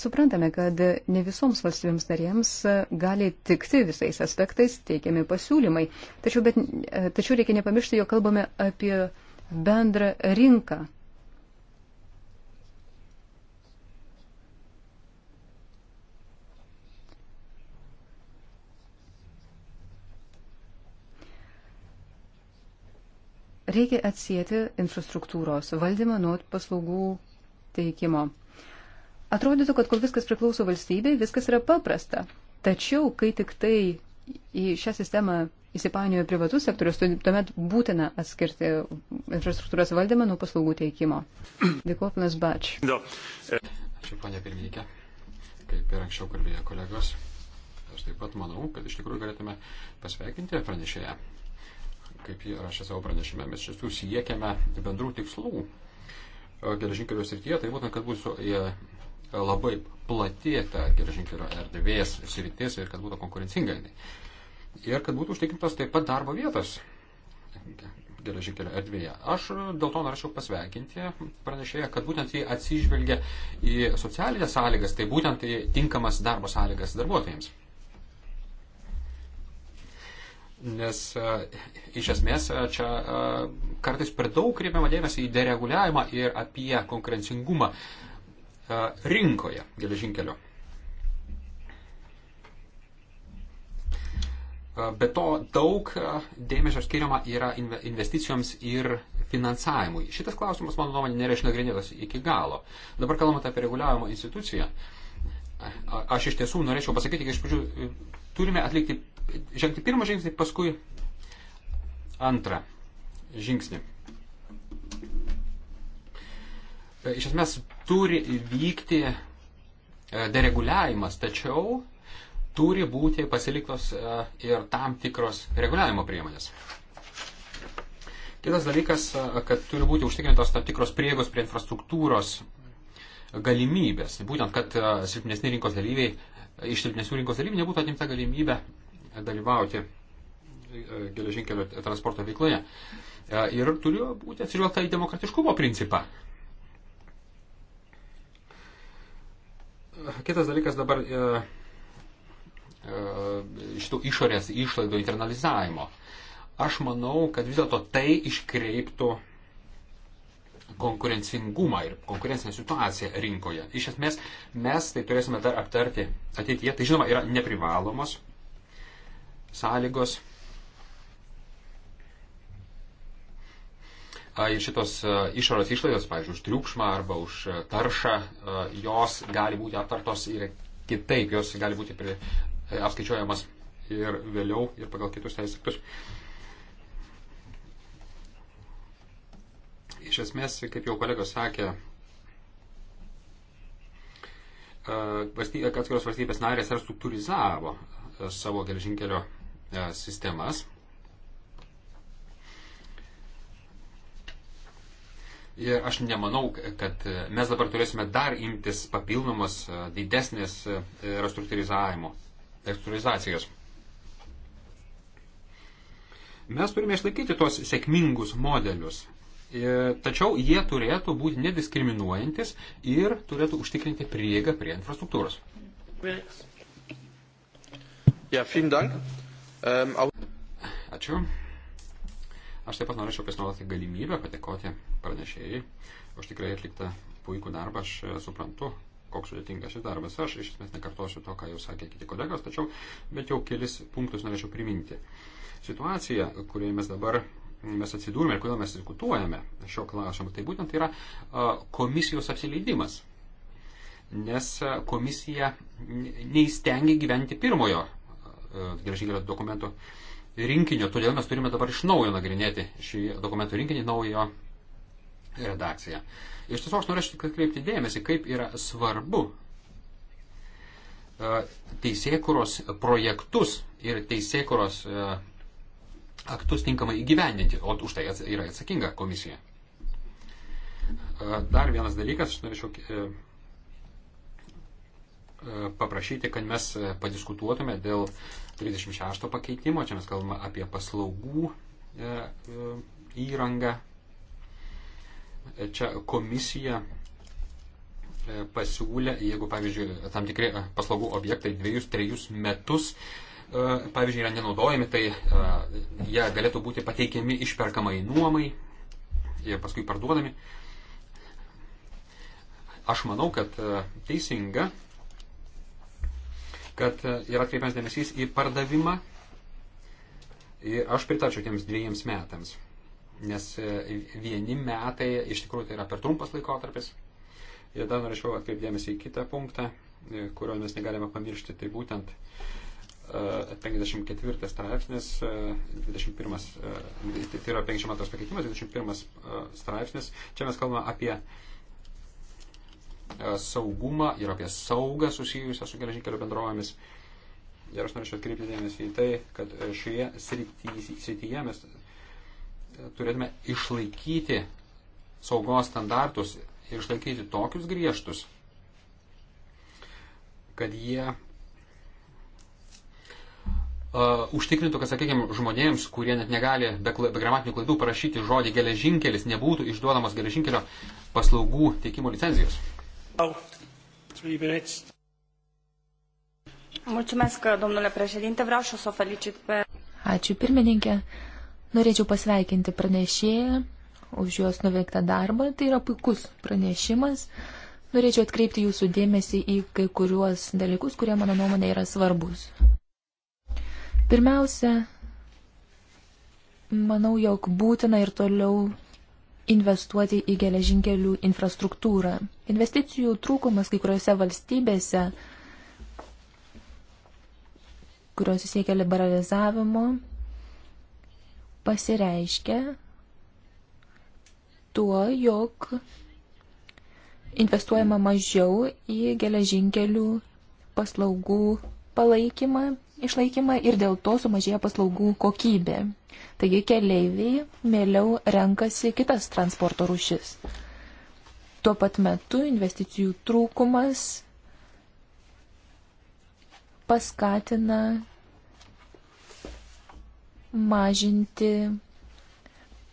Suprantame, kad ne visoms valstybėms narėms e, gali tikti visais aspektais teikiami pasiūlymai, tačiau, bet, e, tačiau reikia nepamiršti, jo kalbame apie bendrą rinką. Reikia atsijėti infrastruktūros valdymą nuo paslaugų teikimo. Atrodytų, kad kol viskas priklauso valstybei, viskas yra paprasta. Tačiau, kai tik tai į šią sistemą įsipainioja privatus sektorius, tuomet būtina atskirti infrastruktūros valdymą nuo paslaugų teikimo. Dėkuoju, panas Bač. Ačiū, ponė pirmininkė. Kaip ir anksčiau kalbėjo kolegos, aš taip pat manau, kad iš tikrųjų galėtume pasveikinti pranešėją. Kaip jį rašė savo pranešime, mes iš tiesų siekiame bendrų tikslų geležinkelių srityje, tai būtent, kad bus labai plati ta geležinkelio erdvės sritis ir kad būtų konkurencinga jinai. Ir kad būtų užtikrintos taip pat darbo vietos geležinkelio erdvėje. Aš dėl to norėčiau pasveikinti pranešėją, kad būtent jie atsižvelgia į socialinės sąlygas, tai būtent į tinkamas darbo sąlygas darbuotojams. Nes e, iš esmės e, čia e, kartais per daug kreipiama dėmesį į dereguliavimą ir apie konkurencingumą. Uh, rinkoje geležinkelio. Be to daug dėmesio skiriama yra investicijoms ir finansavimui. Šitas klausimas, mano nuomonė, nėra išnagrinėtas iki galo. Dabar kalbant apie reguliavimo instituciją, aš iš tiesų norėčiau pasakyti, kad iš pradžių e, turime atlikti, žengti pirmą žingsnį, paskui antrą žingsnį. E, iš esmės turi vykti e, dereguliavimas, tačiau turi būti pasiliktos e, ir tam tikros reguliavimo priemonės. Kitas dalykas, kad turi būti užtikrintos tam tikros prieigos prie infrastruktūros galimybės. Būtent, kad silpnesni rinkos dalyviai, iš silpnesnių rinkos dalyvių nebūtų atimta galimybė dalyvauti geležinkelio transporto veikloje. Ir turi būti atsižvelgta į demokratiškumo principą. Kitas dalykas dabar e, e, šitų išorės išlaidų internalizavimo. Aš manau, kad vis dėlto tai iškreiptų konkurencingumą ir konkurencinę situaciją rinkoje. Iš esmės, mes tai turėsime dar aptarti ateityje. Tai žinoma, yra neprivalomos sąlygos šitos išoros išlaidos, pavyzdžiui, už triukšmą arba už taršą, jos gali būti aptartos ir kitaip, jos gali būti prie, apskaičiuojamas ir vėliau, ir pagal kitus teisės aktus. Iš esmės, kaip jau kolegos sakė, atskiros valstybės narės restruktūrizavo savo geležinkelio sistemas Ir aš nemanau, kad mes dabar turėsime dar imtis papildomas e, didesnės e, restruktūrizavimo, restruktūrizacijos. Mes turime išlaikyti tuos sėkmingus modelius, e, tačiau jie turėtų būti nediskriminuojantis ir turėtų užtikrinti prieigą prie infrastruktūros. Ja, ähm, Ačiū. Aš taip pat norėčiau pasinaudoti galimybę patekoti pranešėjai už tikrai atliktą puikų darbą. Aš e, suprantu, koks sudėtingas šis darbas. Aš iš esmės nekartosiu to, ką jau sakė kiti kolegos, tačiau bent jau kelis punktus norėčiau priminti. Situacija, kurioje mes dabar mes atsidūrėme ir kodėl mes diskutuojame šio klausimu, tai būtent tai yra komisijos apsileidimas. Nes komisija neįstengia gyventi pirmojo geležinkelio dokumento rinkinio, todėl mes turime dabar iš naujo nagrinėti šį dokumentų rinkinį, naujo redakciją. Iš tiesų aš norėčiau tik atkreipti dėmesį, kaip yra svarbu e, teisėkuros projektus ir teisėkuros e, aktus tinkamai įgyvendinti, o už tai yra atsakinga komisija. E, dar vienas dalykas, aš norėčiau paprašyti, kad mes padiskutuotume dėl 36 pakeitimo, čia mes kalbame apie paslaugų įrangą čia komisija e, pasiūlė, jeigu, pavyzdžiui, tam tikri e, paslaugų objektai dviejus, trejus metus, e, pavyzdžiui, yra nenaudojami, tai jie galėtų būti pateikiami išperkamai nuomai ir paskui parduodami. Aš manau, kad teisinga, kad yra atkreipiamas dėmesys į pardavimą ir aš pritarčiau tiems dviejiems metams nes e, vieni metai iš tikrųjų tai yra per trumpas laikotarpis. Ir dar norėčiau atkreipdėmėsi į kitą punktą, e, kurio mes negalime pamiršti, tai būtent 54 e, straipsnis, 21, tai yra 52 pakeitimas, 21 straipsnis. Čia mes kalbame apie saugumą ir apie saugą susijusią su geležinkelio bendrovėmis. Ir aš norėčiau atkreipti dėmesį į tai, kad šioje srityje mes turėtume išlaikyti saugos standartus ir išlaikyti tokius griežtus, kad jie uh, užtikrintų, kad, sakykime, žmonėms, kurie net negali be, be gramatinių klaidų parašyti žodį geležinkelis, nebūtų išduodamos geležinkelio paslaugų teikimo licenzijos. Mulțumesc, domnule președinte, vreau și o să o felicit pe... Ačiū pirmininkė. Norėčiau pasveikinti pranešėją už jos nuveiktą darbą. Tai yra puikus pranešimas. Norėčiau atkreipti jūsų dėmesį į kai kuriuos dalykus, kurie mano nuomonė yra svarbus. Pirmiausia, manau, jog būtina ir toliau investuoti į geležinkelių infrastruktūrą. Investicijų trūkumas kai kuriuose valstybėse, kurios siekia liberalizavimo, pasireiškia tuo, jog investuojama mažiau į geležinkelių paslaugų palaikymą, išlaikymą ir dėl to sumažėja paslaugų kokybė. Taigi keleiviai mėliau renkasi kitas transporto rušis. Tuo pat metu investicijų trūkumas paskatina mažinti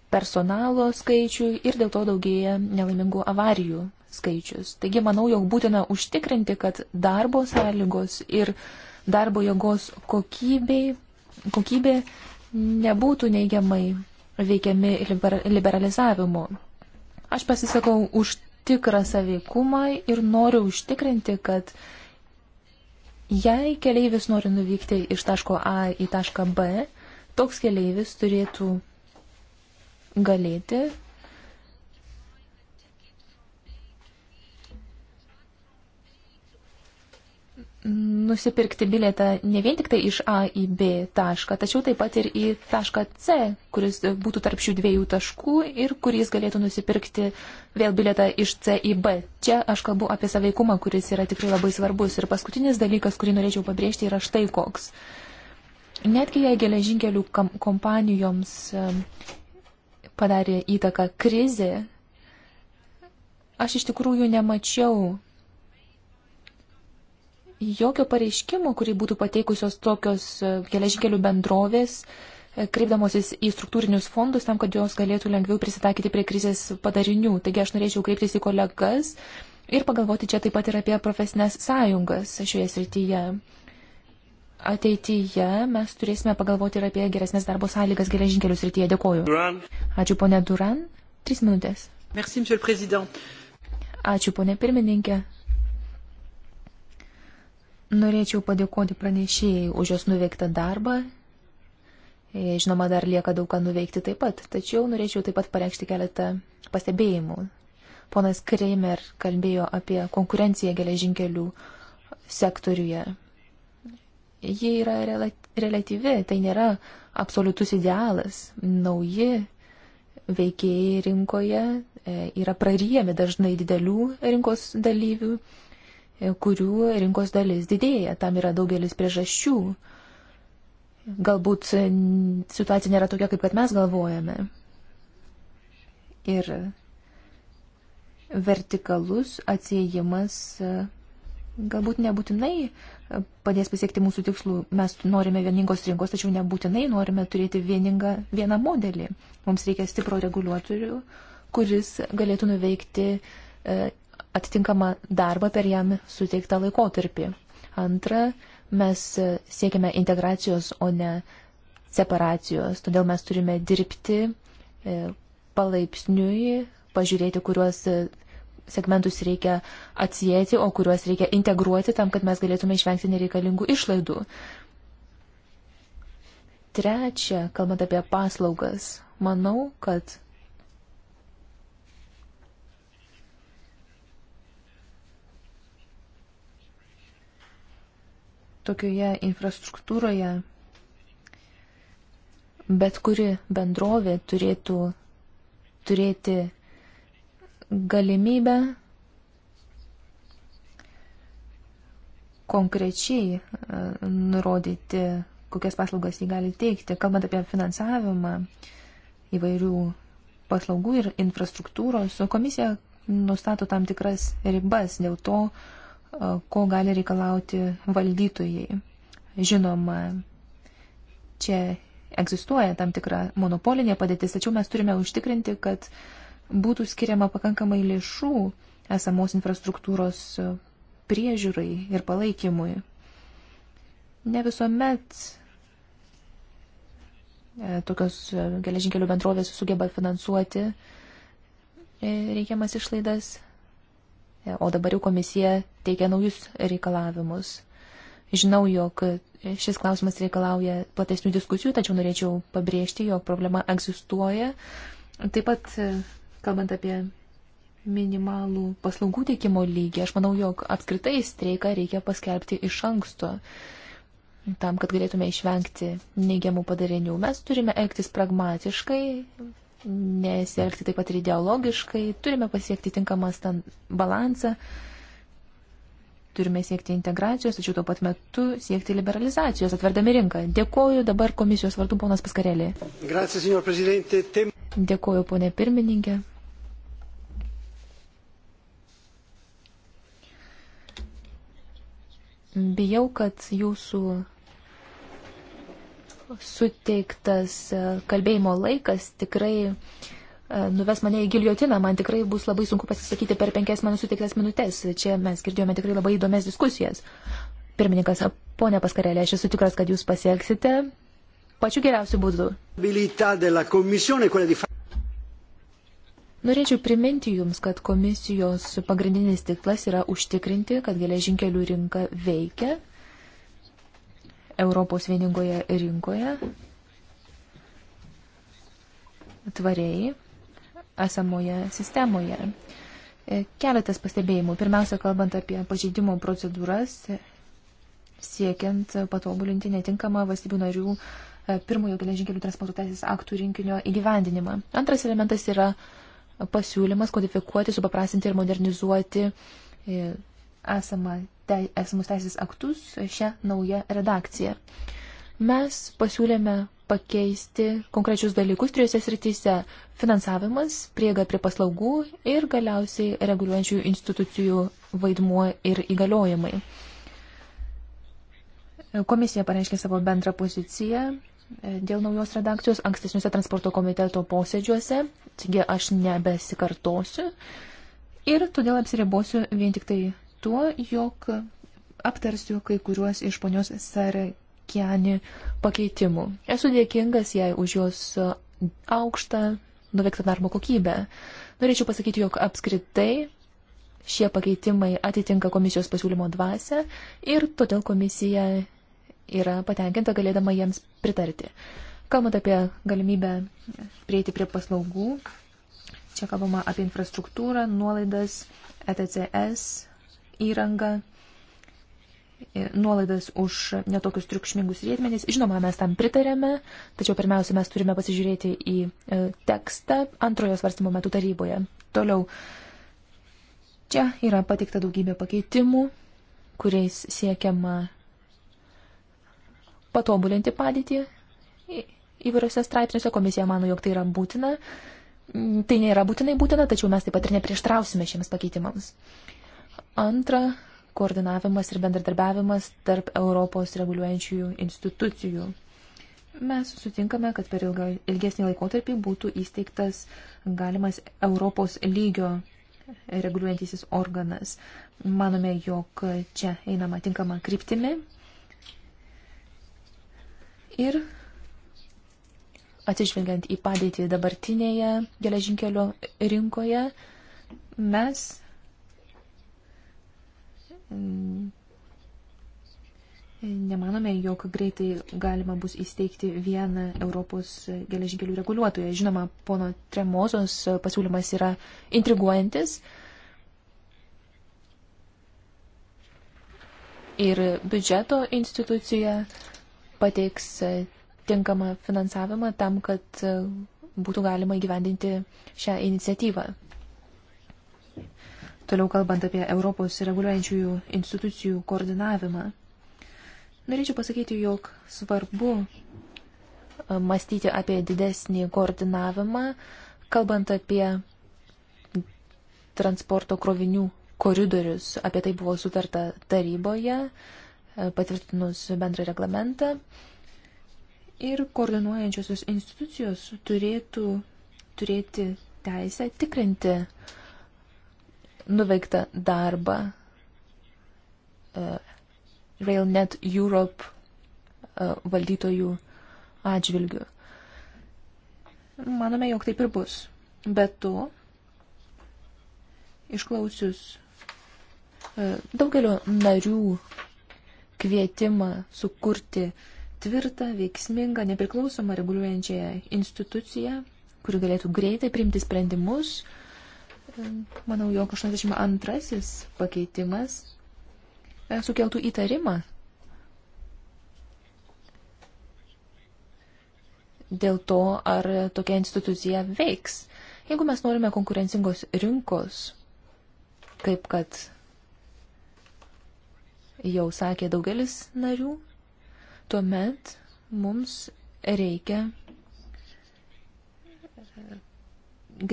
personalo skaičių ir dėl to daugėja nelaimingų avarijų skaičius. Taigi manau, jog būtina užtikrinti, kad darbo sąlygos ir darbo jėgos kokybei, kokybė nebūtų neigiamai veikiami liber, liberalizavimu. Aš pasisakau už tikrą saveikumą ir noriu užtikrinti, kad jei keleivis nori nuvykti iš taško A į tašką B, toks keleivis turėtų galėti nusipirkti bilietą ne vien tik tai iš A į B tašką, tačiau taip pat ir į tašką C, kuris būtų tarp šių dviejų taškų ir kuris galėtų nusipirkti vėl bilietą iš C į B. Čia aš kalbu apie saveikumą, kuris yra tikrai labai svarbus. Ir paskutinis dalykas, kurį norėčiau pabrėžti, yra štai koks. Uh, Netgi jei geležinkelių kompanijoms padarė įtaką krizė, aš iš tikrųjų nemačiau jokio pareiškimo, kurį būtų pateikusios tokios e, geležinkelių bendrovės, e, kreipdamosis į struktūrinius fondus tam, kad jos galėtų lengviau prisitaikyti prie krizės padarinių. Taigi aš norėčiau kreiptis į kolegas ir pagalvoti čia taip pat ir apie profesinės sąjungas šioje srityje ateityje mes turėsime pagalvoti ir apie geresnės darbo sąlygas geležinkelių srityje. Dėkoju. Duran. Ačiū, ponė Duran. Tris minutės. Merci, Ačiū, ponė pirmininkė. Norėčiau padėkoti pranešėjai už jos nuveiktą darbą. E, žinoma, dar lieka daug ką nuveikti taip pat, tačiau norėčiau taip pat pareikšti keletą pastebėjimų. Ponas Kreimer kalbėjo apie konkurenciją geležinkelių sektoriuje ji yra relatyvi, tai nėra absoliutus idealas. Nauji veikėjai rinkoje e, yra praryjami dažnai didelių rinkos dalyvių, e, kurių rinkos dalis didėja. Tam yra daugelis priežasčių. Galbūt situacija nėra tokia, kaip kad mes galvojame. Ir vertikalus atsiejimas e, galbūt nebūtinai padės pasiekti mūsų tikslų. Mes norime vieningos rinkos, tačiau nebūtinai norime turėti vieningą vieną modelį. Mums reikia stipro reguliuotojų, kuris galėtų nuveikti e, atitinkamą darbą per jam suteiktą laikotarpį. Antra, mes siekiame integracijos, o ne separacijos, todėl mes turime dirbti e, palaipsniui, pažiūrėti, kuriuos segmentus reikia atsijėti, o kuriuos reikia integruoti tam, kad mes galėtume išvengti nereikalingų išlaidų. Trečia, kalbant apie paslaugas, manau, kad tokioje infrastruktūroje bet kuri bendrovė turėtų turėti galimybę konkrečiai e, nurodyti, kokias paslaugas jį gali teikti. Kalbant apie finansavimą įvairių paslaugų ir infrastruktūros, komisija nustato tam tikras ribas dėl to, e, ko gali reikalauti valdytojai. Žinoma, čia egzistuoja tam tikra monopolinė padėtis, tačiau mes turime užtikrinti, kad uh, būtų skiriama pakankamai lėšų esamos infrastruktūros priežiūrai ir palaikymui. Ne visuomet e, tokios e, geležinkelių bendrovės sugeba finansuoti e, reikiamas išlaidas, o dabar jau komisija teikia naujus reikalavimus. Žinau, jog šis klausimas reikalauja platesnių diskusijų, tačiau norėčiau pabrėžti, jog problema egzistuoja. Taip pat Kalbant apie minimalų paslaugų teikimo lygį, aš manau, jog apskritai streiką reikia paskelbti iš anksto, tam, kad galėtume išvengti neigiamų padarinių. Mes turime elgtis pragmatiškai, nesielgti taip pat ir ideologiškai, turime pasiekti tinkamą balansą, turime siekti integracijos, tačiau tuo pat metu siekti liberalizacijos, atverdami rinką. Dėkoju dabar komisijos vardu ponas Paskarelė. Grazie, Dėkuoju, ponė pirmininkė. Bijau, kad jūsų suteiktas e, kalbėjimo laikas tikrai e, nuves mane į giliotiną, man tikrai bus labai sunku pasisakyti per penkias man suteiktas minutės. Čia mes girdėjome tikrai labai įdomias diskusijas. Pirmininkas, ponė Paskarelė, aš esu tikras, kad jūs pasielgsite pačiu geriausiu būdu. Norėčiau priminti Jums, kad komisijos pagrindinis tiklas yra užtikrinti, kad geležinkelių rinka veikia Europos vieningoje rinkoje tvariai esamoje sistemoje. E, keletas pastebėjimų. Pirmiausia, kalbant apie pažeidimo procedūras, siekiant patobulinti netinkamą valstybių narių E, pirmojo geležinkelių transporto teisės aktų rinkinio įgyvendinimą. Antras elementas yra pasiūlymas kodifikuoti, supaprastinti ir modernizuoti e, esamą, te, esamus teisės aktus šią naują redakciją. Mes pasiūlėme pakeisti konkrečius dalykus trijose srityse - finansavimas, prieiga prie paslaugų ir galiausiai reguliuojančių institucijų vaidmuo ir įgaliojimai. Komisija pareiškė savo bendrą poziciją E, dėl naujos redakcijos ankstesniuose transporto komiteto posėdžiuose, taigi aš nebesikartosiu ir todėl apsiribosiu vien tik tai tuo, jog aptarsiu kai kuriuos iš ponios Sarakiani pakeitimų. Esu dėkingas jai už jos aukštą nuveiktą darbo kokybę. Norėčiau pasakyti, jog apskritai šie pakeitimai atitinka komisijos pasiūlymo dvasę ir todėl komisija yra patenkinta galėdama jiems pritarti. Kalbant apie galimybę prieiti prie paslaugų, čia kalbama apie infrastruktūrą, nuolaidas, ETCS įrangą, nuolaidas už netokius triukšmingus riedmenys. Žinoma, mes tam pritarėme, tačiau pirmiausia, mes turime pasižiūrėti į e, tekstą antrojo svarstymo metu taryboje. Toliau, čia yra pateikta daugybė pakeitimų, kuriais siekiama patobulinti padėtį įvairiose straipsniuose. Komisija mano, jog tai yra būtina. Mm, tai nėra būtinai būtina, tačiau mes taip pat ir neprieštrausime šiems pakeitimams. Antra, koordinavimas ir bendradarbiavimas tarp Europos reguliuojančiųjų institucijų. Mes sutinkame, kad per ilga, ilgesnį laikotarpį būtų įsteigtas galimas Europos lygio reguliuojantisis organas. Manome, jog čia einama tinkama kryptimi Ir atsižvelgiant į padėtį dabartinėje geležinkelio rinkoje, mes mm, nemanome, jog greitai galima bus įsteigti vieną Europos geležinkelių reguliuotoją. Žinoma, pono Tremozos pasiūlymas yra intriguojantis. Ir biudžeto institucija pateiks e, tinkamą finansavimą tam, kad e, būtų galima įgyvendinti šią iniciatyvą. Toliau kalbant apie Europos reguliuojančiųjų institucijų koordinavimą, norėčiau pasakyti, jog svarbu e, mąstyti apie didesnį koordinavimą, kalbant apie transporto krovinių koridorius. Apie tai buvo sutarta taryboje patvirtinus bendrą reglamentą. Ir koordinuojančiosios institucijos turėtų turėti teisę tikrinti nuveiktą darbą e, RailNet Europe e, valdytojų atžvilgių. Manome, jog taip ir bus. Bet tu, išklausius e, daugelio narių kvietimą sukurti tvirtą, veiksmingą, nepriklausomą reguliuojančią instituciją, kuri galėtų greitai priimti sprendimus. Manau, jog 82 pakeitimas e, sukeltų įtarimą dėl to, ar tokia institucija veiks. Jeigu mes norime konkurencingos rinkos, kaip kad jau sakė daugelis narių, tuomet mums reikia e,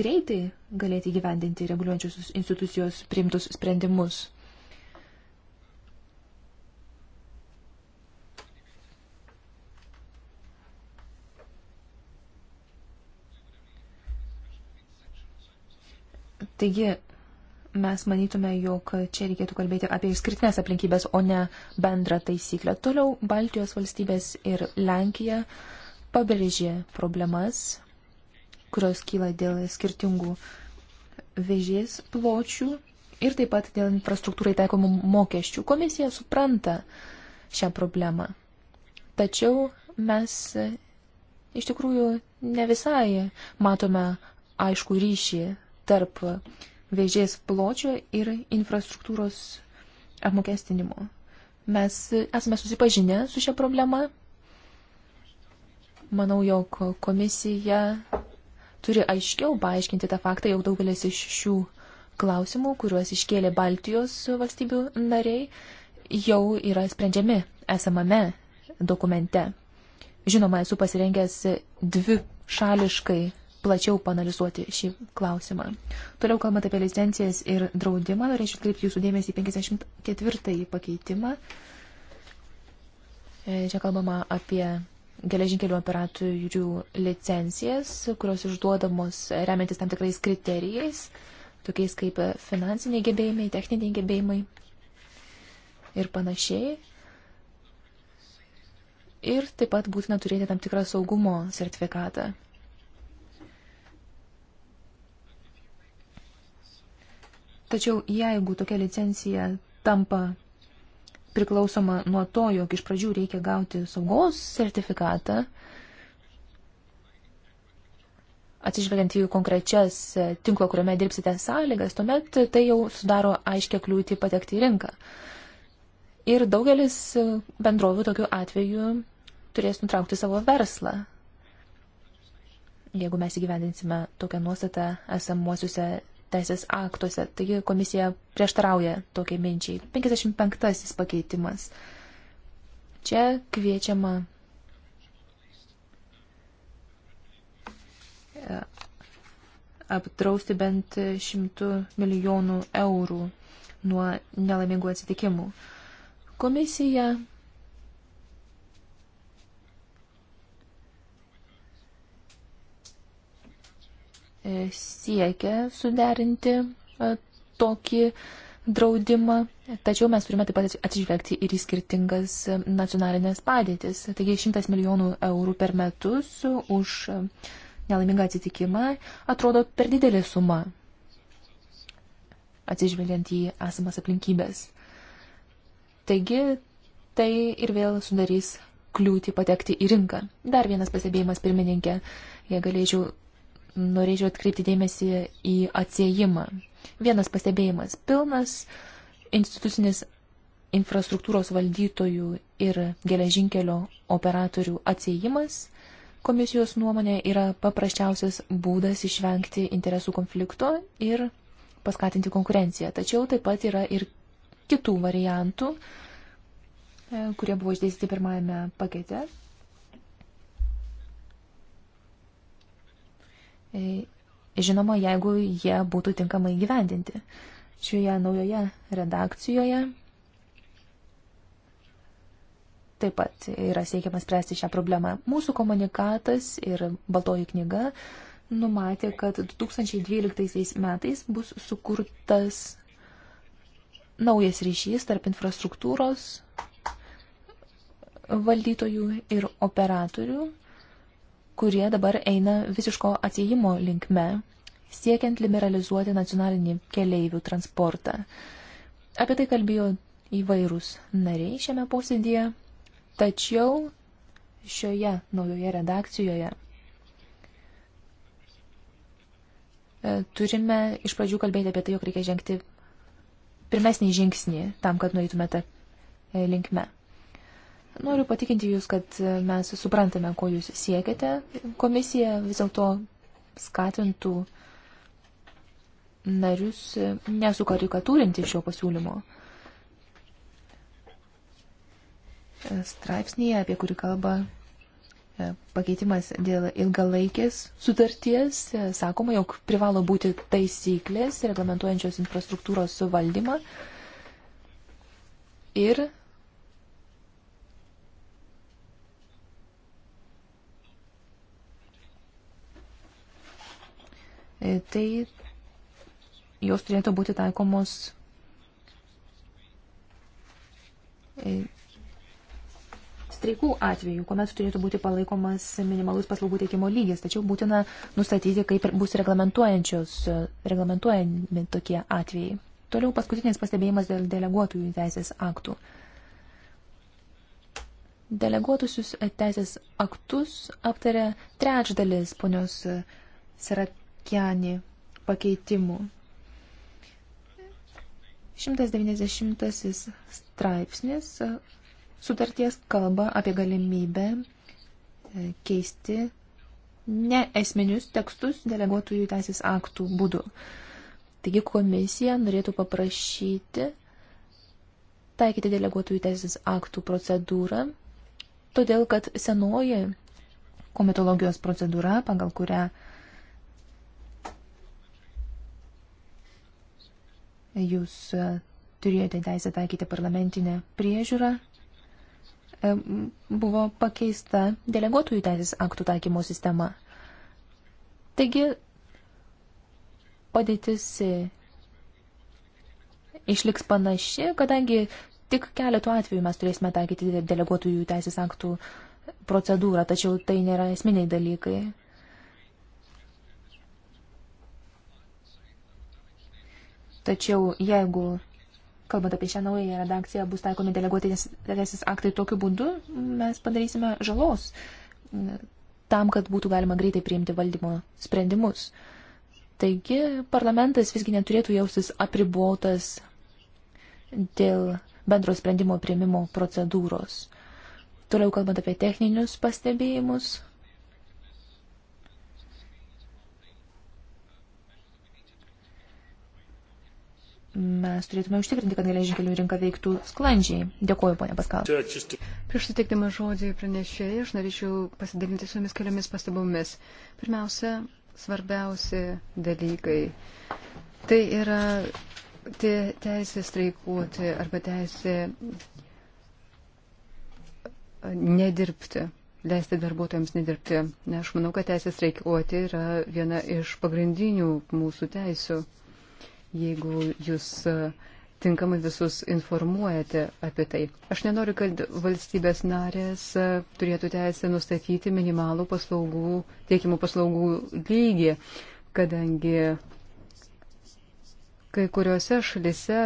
greitai galėti gyvendinti reguliuojančios institucijos priimtus sprendimus. Taigi, mes manytume, jog čia reikėtų kalbėti apie išskirtinės aplinkybės, o ne bendrą taisyklę. Toliau Baltijos valstybės ir Lenkija pabrėžė problemas, kurios kyla dėl skirtingų vežės pločių ir taip pat dėl infrastruktūrai taikomų mokesčių. Komisija supranta šią problemą. Tačiau mes iš tikrųjų ne visai matome aišku ryšį tarp uh, vežės pločio ir infrastruktūros apmokestinimo. Mes esame susipažinę su šią problemą. Manau, jog komisija turi aiškiau paaiškinti tą faktą, jog daugelis iš šių klausimų, kuriuos iškėlė Baltijos valstybių nariai, jau yra sprendžiami esamame dokumente. Žinoma, esu pasirengęs dvi šališkai plačiau panalizuoti šį klausimą. Toliau kalbant apie licencijas ir draudimą, norėčiau atkreipti jūsų dėmesį į 54 pakeitimą. E, čia kalbama apie geležinkelių operatorių licencijas, kurios išduodamos remiantis tam tikrais kriterijais, tokiais kaip finansiniai gebėjimai, techniniai gebėjimai ir panašiai. Ir taip pat būtina turėti tam tikrą saugumo sertifikatą. Tačiau jeigu tokia licencija tampa priklausoma nuo to, jog iš pradžių reikia gauti saugos sertifikatą, atsižvelgiant į jų konkrečias tinklo, kuriame dirbsite sąlygas, tuomet tai jau sudaro aiškę kliūtį patekti į rinką. Ir daugelis bendrovių tokiu atveju turės nutraukti savo verslą. Jeigu mes įgyvendinsime tokią nuostatą esamuosiuose teisės aktuose. Taigi komisija prieštarauja tokiai minčiai. 55 pakeitimas. Čia kviečiama e, apdrausti bent 100 milijonų eurų nuo nelaimingų atsitikimų. Komisija E, siekia suderinti e, tokį draudimą, tačiau mes turime taip pat atsižvelgti ir į skirtingas nacionalinės padėtis. Taigi 100 milijonų eurų per metus už nelaimingą atsitikimą atrodo per didelė suma, atsižvelgiant į esamas aplinkybės. Taigi tai ir vėl sudarys kliūtį patekti į rinką. Dar vienas pastebėjimas pirmininkė, jei galėčiau norėčiau atkreipti dėmesį į atsiejimą. Vienas pastebėjimas - pilnas institucinis infrastruktūros valdytojų ir geležinkelio operatorių atsiejimas komisijos nuomonė yra paprasčiausias būdas išvengti interesų konflikto ir paskatinti konkurenciją. Tačiau taip pat yra ir kitų variantų, e, kurie buvo išdėstyti pirmajame pakete. E, žinoma, jeigu jie būtų tinkamai gyvendinti. Šioje naujoje redakcijoje taip pat yra siekiama spręsti šią problemą. Mūsų komunikatas ir Baltoji knyga numatė, kad 2012 metais bus sukurtas naujas ryšys tarp infrastruktūros valdytojų ir operatorių kurie dabar eina visiško atsijimo linkme, siekiant liberalizuoti nacionalinį keleivių transportą. Apie tai kalbėjo įvairūs nariai šiame posėdėje, tačiau šioje naujoje redakcijoje e, turime iš pradžių kalbėti apie tai, jog reikia žengti pirmesnį žingsnį tam, kad nueitume tą e, linkme. Noriu patikinti Jūs, kad mes suprantame, ko Jūs siekiate. Komisija vis dėlto skatintų narius nesukarikatūrinti šio pasiūlymo. Straipsnėje, apie kurį kalba e, pakeitimas dėl ilgalaikės sutarties, e, sakoma, jog privalo būti taisyklės reglamentuojančios infrastruktūros suvaldymą ir E, tai jos turėtų būti taikomos e, streikų atveju, kuomet turėtų būti palaikomas minimalus paslaugų teikimo lygis, tačiau būtina nustatyti, kaip bus reglamentuojami tokie atvejai. Toliau paskutinis pastebėjimas dėl deleguotųjų teisės aktų. Deleguotusius teisės aktus aptarė trečdalis ponios Serat Kiani pakeitimų. 190 straipsnis e, sutarties kalba apie galimybę e, keisti neesminius tekstus deleguotųjų teisės aktų būdu. Taigi komisija norėtų paprašyti taikyti deleguotųjų teisės aktų procedūrą, todėl kad senoji komitologijos procedūra, pagal kurią uh, Jūs e, turėjote teisę taikyti parlamentinę priežiūrą. E, buvo pakeista deleguotojų teisės aktų taikymo sistema. Taigi, padėtis e, išliks panaši, kadangi tik keletų atvejų mes turėsime taikyti deleguotųjų teisės aktų procedūrą, tačiau tai nėra esminiai dalykai. Tačiau jeigu, kalbant apie šią naują redakciją, bus taikomi deleguotinės teisės aktai tokiu būdu, mes padarysime žalos tam, kad būtų galima greitai priimti valdymo sprendimus. Taigi parlamentas visgi neturėtų jaustis apribuotas dėl bendro sprendimo prieimimo procedūros. Toliau kalbant apie techninius pastebėjimus, mes turėtume užtikrinti, kad geležinkelių rinka veiktų sklandžiai. Dėkuoju, ponė Paskal. Prieš sutikdama žodį pranešėjai, aš norėčiau pasidalinti su jumis keliomis pastabomis. Pirmiausia, svarbiausi dalykai. Tai yra te, teisė streikuoti arba teisė nedirbti, leisti darbuotojams nedirbti. Aš manau, kad teisė streikuoti yra viena iš pagrindinių mūsų teisų jeigu jūs e, tinkamai visus informuojate apie tai. Aš nenoriu, kad valstybės narės e, turėtų teisę nustatyti minimalų paslaugų, teikimų paslaugų lygį, kadangi kai kuriuose šalise,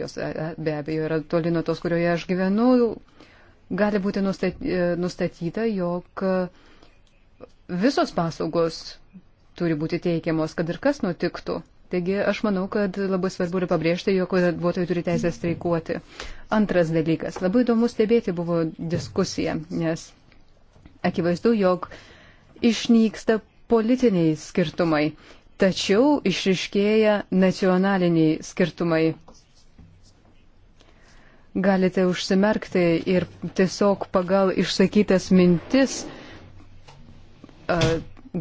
jos e, be abejo yra toli nuo tos, kurioje aš gyvenu, gali būti nustatyta, jog visos paslaugos turi būti teikiamos, kad ir kas nutiktų. Taigi aš manau, kad labai svarbu yra pabrėžti, jog darbuotojai turi teisę streikuoti. Antras dalykas. Labai įdomu stebėti buvo diskusija, nes akivaizdu, jog išnyksta politiniai skirtumai, tačiau išriškėja nacionaliniai skirtumai. Galite užsimerkti ir tiesiog pagal išsakytas mintis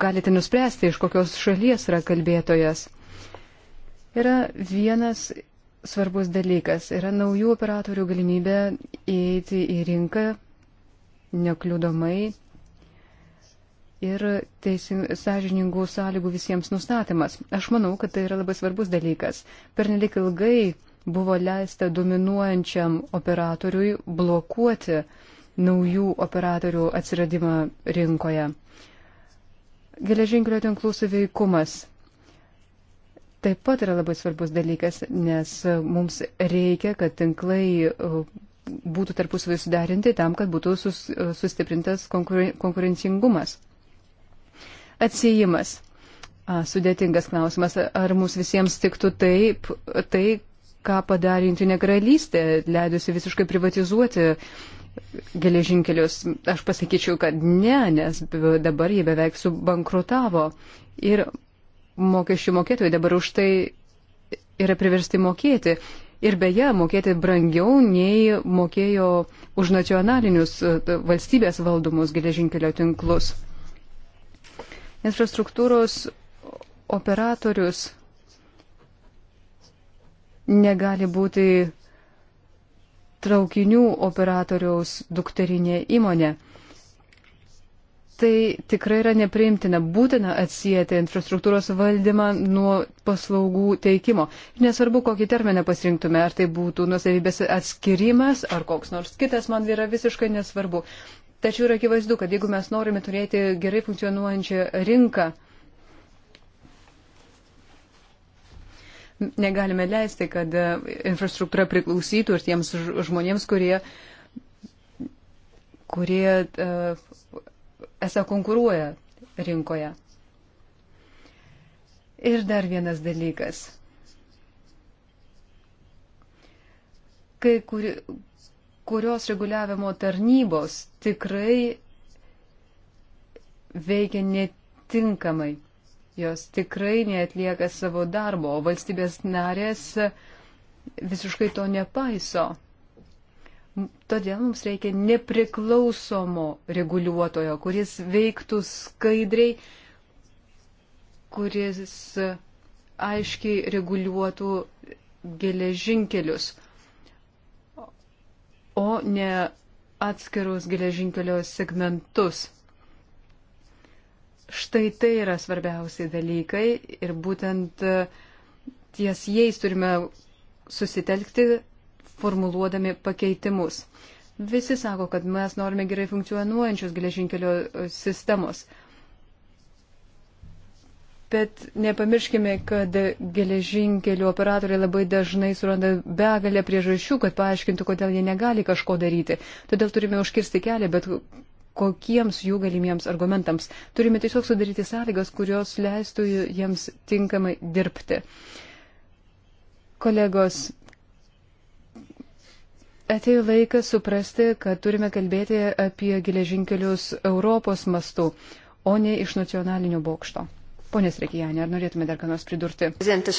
galite nuspręsti, iš kokios šalies yra kalbėtojas yra vienas svarbus dalykas. Yra naujų operatorių galimybė įeiti į rinką nekliudomai ir sąžiningų sąlygų visiems nustatymas. Aš manau, kad tai yra labai svarbus dalykas. Per nelik ilgai buvo leista dominuojančiam operatoriui blokuoti naujų operatorių atsiradimą rinkoje. Geležinkelio tinklų suveikumas taip pat yra labai svarbus dalykas, nes mums reikia, kad tinklai uh, būtų tarpusavai sudarinti tam, kad būtų sus, uh, sustiprintas konkurencingumas. Atsijimas. A, sudėtingas klausimas. Ar mums visiems tiktų taip, tai, ką padarė Jungtinė karalystė, leidusi visiškai privatizuoti geležinkelius? Aš pasakyčiau, kad ne, nes dabar jie beveik subankrutavo. Ir mokesčių mokėtojai dabar už tai yra priversti mokėti. Ir beje, mokėti brangiau nei mokėjo už nacionalinius e, valstybės valdomus geležinkelio tinklus. Infrastruktūros operatorius negali būti traukinių operatoriaus dukterinė įmonė tai tikrai yra nepriimtina. Būtina atsijėti infrastruktūros valdymą nuo paslaugų teikimo. Nesvarbu, kokį terminą pasirinktume, ar tai būtų nusavybės atskirimas, ar koks nors kitas, man yra visiškai nesvarbu. Tačiau yra akivaizdu, kad jeigu mes norime turėti gerai funkcionuojančią rinką, negalime leisti, kad infrastruktūra priklausytų ir tiems žmonėms, kurie, kurie uh, esą konkuruoja rinkoje. Ir dar vienas dalykas. Kai kuri, kurios reguliavimo tarnybos tikrai veikia netinkamai. Jos tikrai neatlieka savo darbo, o valstybės narės visiškai to nepaiso. Todėl mums reikia nepriklausomo reguliuotojo, kuris veiktų skaidriai, kuris aiškiai reguliuotų geležinkelius, o ne atskirus geležinkelio segmentus. Štai tai yra svarbiausiai dalykai ir būtent ties jais turime susitelkti formuluodami pakeitimus. Visi sako, kad mes norime gerai funkcionuojančios geležinkelio e, sistemos. Bet nepamirškime, kad geležinkelių operatoriai labai dažnai suranda begalę priežasčių, kad paaiškintų, kodėl jie negali kažko daryti. Todėl turime užkirsti kelią, bet kokiems jų galimiems argumentams. Turime tiesiog sudaryti sąlygas, kurios leistų jiems tinkamai dirbti. Kolegos, Atėjo laikas suprasti, kad turime kalbėti apie geležinkelius Europos mastu, o ne iš nacionalinio bokšto. Pone Srekijanė, ar norėtume dar ką nors pridurti? Eh,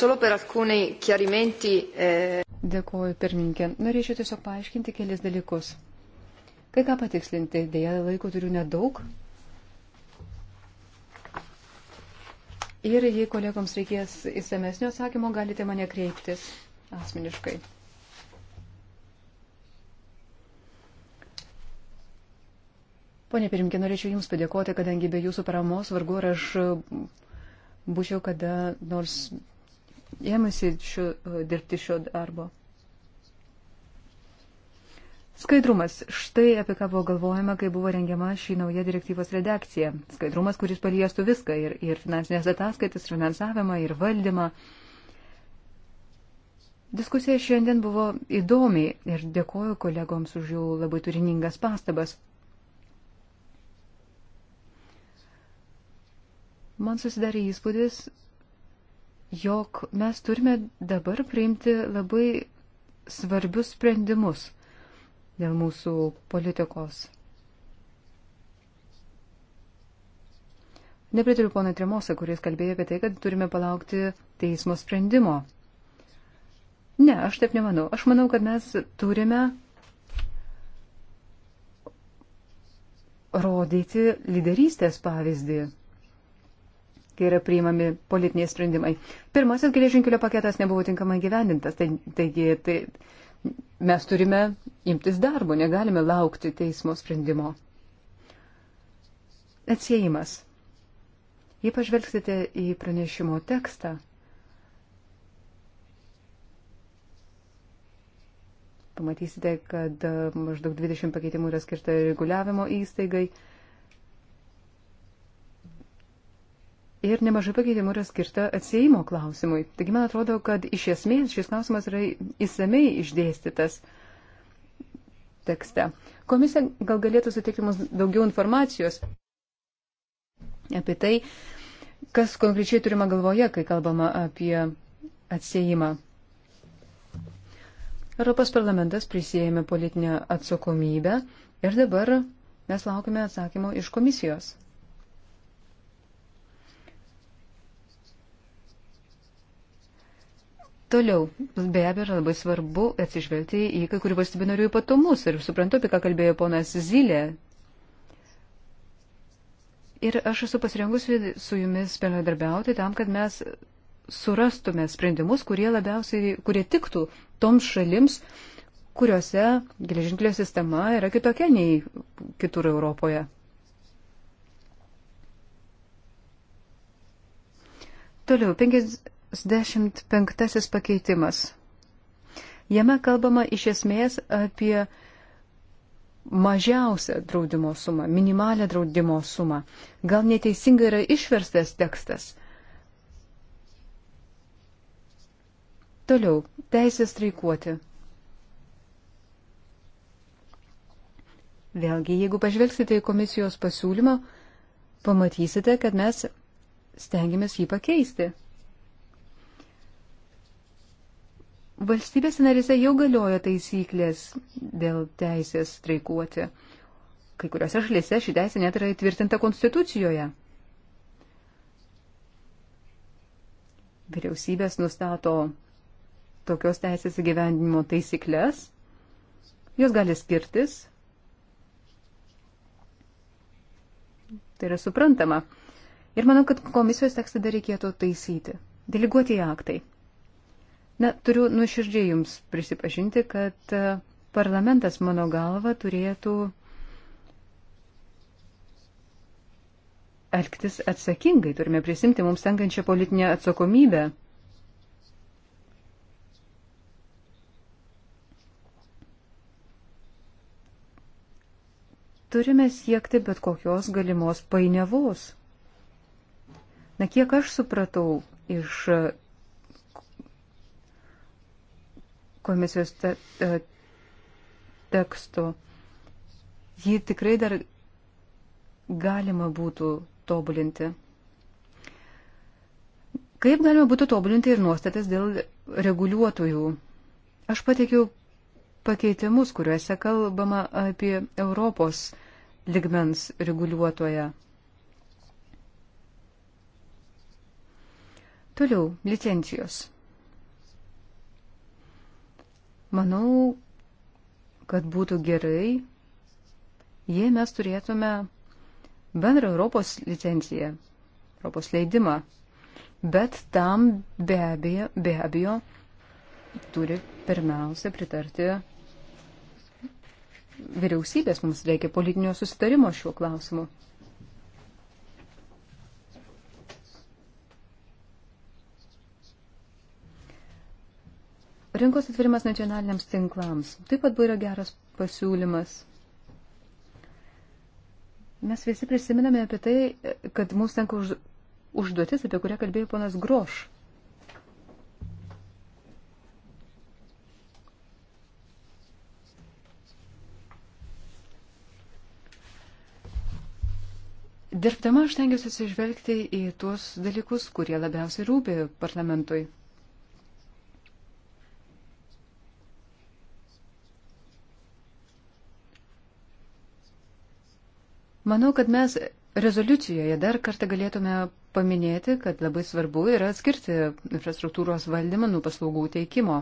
Dėkuoju, pirmininkė. Norėčiau tiesiog paaiškinti kelias dalykus. Kai ką patikslinti, dėja laiko turiu nedaug. Ir jei kolegoms reikės įsamesnio atsakymo, galite mane kreiptis asmeniškai. Pone Pirimkė, norėčiau Jums padėkoti, kadangi be Jūsų paramos vargu ar aš e, būčiau kada nors ėmasi šio, e, dirbti šio darbo. Skaidrumas. Štai apie ką buvo galvojama, kai buvo rengiama šį naują direktyvos redakciją. Skaidrumas, kuris paliestų viską ir, ir finansinės ataskaitas, finansavimą, ir valdymą. Diskusija šiandien buvo įdomi ir dėkoju kolegoms už jų labai turiningas pastabas. man susidarė įspūdis, jog mes turime dabar priimti labai svarbius sprendimus dėl mūsų politikos. Nepritariu ponai Tremosa, kuris kalbėjo apie tai, kad turime palaukti teismo sprendimo. Ne, aš taip nemanau. Aš manau, kad mes turime rodyti lyderystės pavyzdį kai yra priimami politiniai sprendimai. Pirmasis geležinkelio paketas nebuvo tinkamai gyvendintas, tai, taigi tai, mes turime imtis darbo, negalime laukti teismo sprendimo. Atsiejimas. Jei pažvelgsite į pranešimo tekstą, pamatysite, kad e, maždaug 20 pakeitimų yra skirta reguliavimo įstaigai. Ir nemažai pakeitimų yra skirta atsėjimo klausimui. Taigi man atrodo, kad iš esmės šis klausimas yra įsamei išdėstytas tekste. Komisija gal galėtų suteikti mums daugiau informacijos apie tai, kas konkrečiai turima galvoje, kai kalbama apie atsėjimą. Europos parlamentas prisėmė politinę atsakomybę ir dabar mes laukime atsakymo iš komisijos. Toliau, be abejo, yra labai svarbu atsižvelgti į kai kurių valstybių narių ypatumus ir suprantu, apie ką kalbėjo ponas Zylė. Ir aš esu pasirengusi su jumis bendradarbiauti tam, kad mes surastume sprendimus, kurie labiausiai, kurie tiktų toms šalims, kuriuose geležinkelio sistema yra kitokia nei kitur Europoje. Toliau, 50. 165 pakeitimas. Jame kalbama iš esmės apie mažiausią draudimo sumą, minimalę draudimo sumą. Gal neteisingai yra išverstas tekstas. Toliau, teisė streikuoti. Vėlgi, jeigu pažvelgsite į komisijos pasiūlymą, pamatysite, kad mes stengiamės jį pakeisti. Valstybės narėse jau galioja taisyklės dėl teisės streikuoti. Kai kuriuose šalyse ši teisė net yra įtvirtinta konstitucijoje. Vyriausybės nustato tokios teisės įgyvendinimo taisyklės. Jos gali skirtis. Tai yra suprantama. Ir manau, kad komisijos tekstą dar reikėtų taisyti. Deleguoti aktai. Na, turiu nuoširdžiai Jums prisipažinti, kad e, parlamentas mano galva turėtų elgtis atsakingai, turime prisimti mums tenkančią politinę atsakomybę. Turime siekti bet kokios galimos painiavos. Na kiek aš supratau iš komisijos te, te, tekstu. Jį tikrai dar galima būtų tobulinti. Kaip galima būtų tobulinti ir nuostatas dėl reguliuotojų? Aš pateikiau pakeitimus, kuriuose kalbama apie Europos ligmens reguliuotoją. Toliau, licencijos. Manau, kad būtų gerai, jei mes turėtume bendrą Europos licenciją, Europos leidimą. Bet tam be abejo, be abejo turi pirmiausia pritarti vyriausybės, mums reikia politinio susitarimo šiuo klausimu. Rinkos atvirimas nacionaliniams tinklams taip pat buvo geras pasiūlymas. Mes visi prisiminame apie tai, kad mums tenka už, užduotis, apie kurią kalbėjo ponas Groš. Dirbdama aš tengiuosi atsižvelgti į tuos dalykus, kurie labiausiai rūpi parlamentui. Manau, kad mes rezoliucijoje dar kartą galėtume paminėti, kad labai svarbu yra atskirti infrastruktūros valdymą nuo paslaugų teikimo.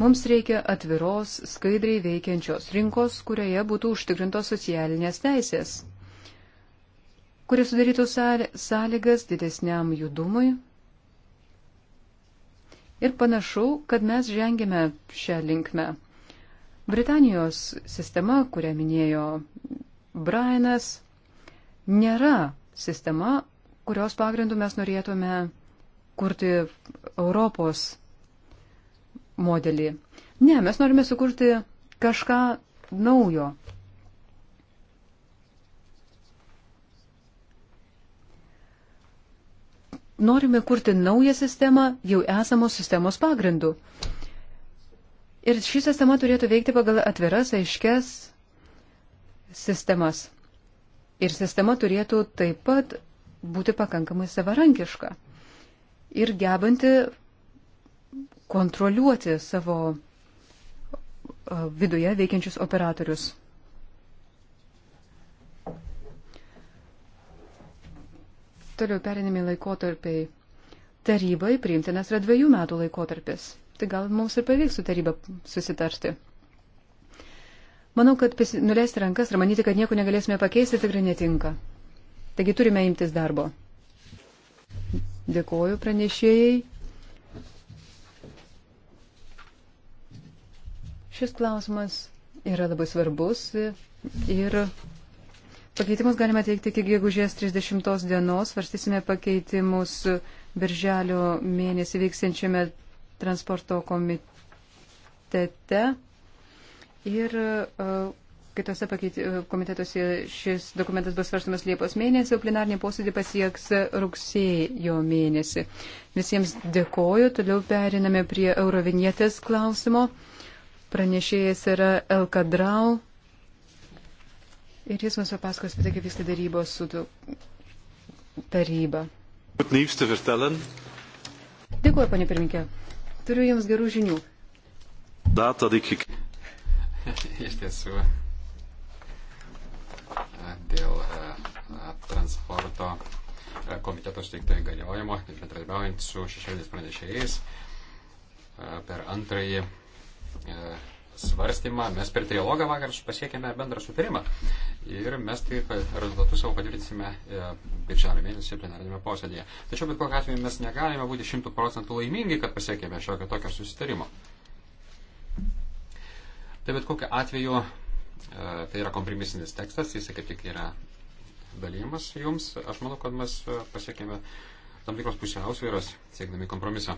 Mums reikia atviros, skaidriai veikiančios rinkos, kurioje būtų užtikrintos socialinės teisės, kuris sudarytų sąlygas didesniam judumui Ir panašu, kad mes žengėme šią linkmę. Britanijos sistema, kurią minėjo Brianas, nėra sistema, kurios pagrindų mes norėtume kurti Europos modelį. Ne, mes norime sukurti kažką naujo. norime kurti naują sistemą jau esamos sistemos pagrindų. Ir ši sistema turėtų veikti pagal atviras, aiškes sistemas. Ir sistema turėtų taip pat būti pakankamai savarankiška ir gebanti kontroliuoti savo viduje veikiančius operatorius. Toliau perinami laikotarpiai. Tarybai priimtinas yra dviejų metų laikotarpis. Tai gal mums ir pavyks su taryba susitarti. Manau, kad nuleisti rankas ir manyti, kad nieko negalėsime pakeisti, tikrai netinka. Taigi turime imtis darbo. Dėkoju pranešėjai. Šis klausimas yra labai svarbus ir Pakeitimus galime teikti iki gegužės 30 dienos. Varstysime pakeitimus birželio mėnesį vyksiančiame transporto komitete. Ir e, kitose e, komitetuose šis dokumentas bus svarstamas Liepos mėnesį, o plenarnį posėdį pasieks rugsėjo mėnesį. Visiems dėkoju. Toliau periname prie Eurovinietės klausimo. Pranešėjas yra Elkadrau. Ir jis mums papasakos apie tai, kaip vyksta darybos su taryba. Dėkuoju, panė pirminkė. Turiu Jums gerų žinių. Data iki. Iš tiesų. Dėl e, transporto e, komiteto suteikto įgaliojimo, bendradarbiaujant su šešėlis pranešėjais, e, per antrąjį svarstymą, mes per trilogą vakar pasiekėme bendrą sutarimą ir mes taip rezultatus savo patvirtinsime e, birželio mėnesį plenarinėme posėdėje. Tačiau bet kokiu atveju mes negalime būti šimtų procentų laimingi, kad pasiekėme šiokio tokio susitarimo. Tai bet kokiu atveju e, tai yra kompromisinis tekstas, jis kaip tik yra dalymas jums. Aš manau, kad mes e, pasiekėme tam tikros pusiausvėros siekdami kompromiso.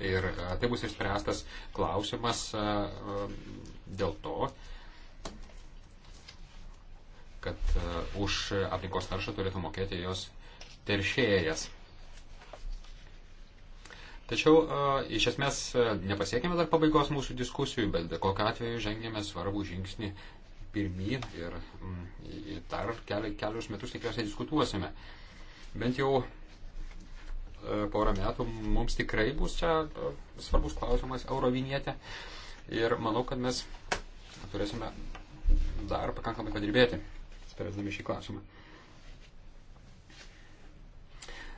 Ir e, tai bus išspręstas klausimas e, e, dėl to, kad už aplinkos taršą turėtų mokėti jos teršėjas. Tačiau iš esmės nepasiekėme dar pabaigos mūsų diskusijų, bet kokiu atveju žengėme svarbų žingsnį pirmyn ir mm, dar keli, kelius metus tikriausiai diskutuosime. Bent jau E, porą metų mums tikrai bus čia e, svarbus klausimas Eurovinietė. Ir manau, kad mes turėsime dar pakankamai padirbėti, spręsdami šį klausimą.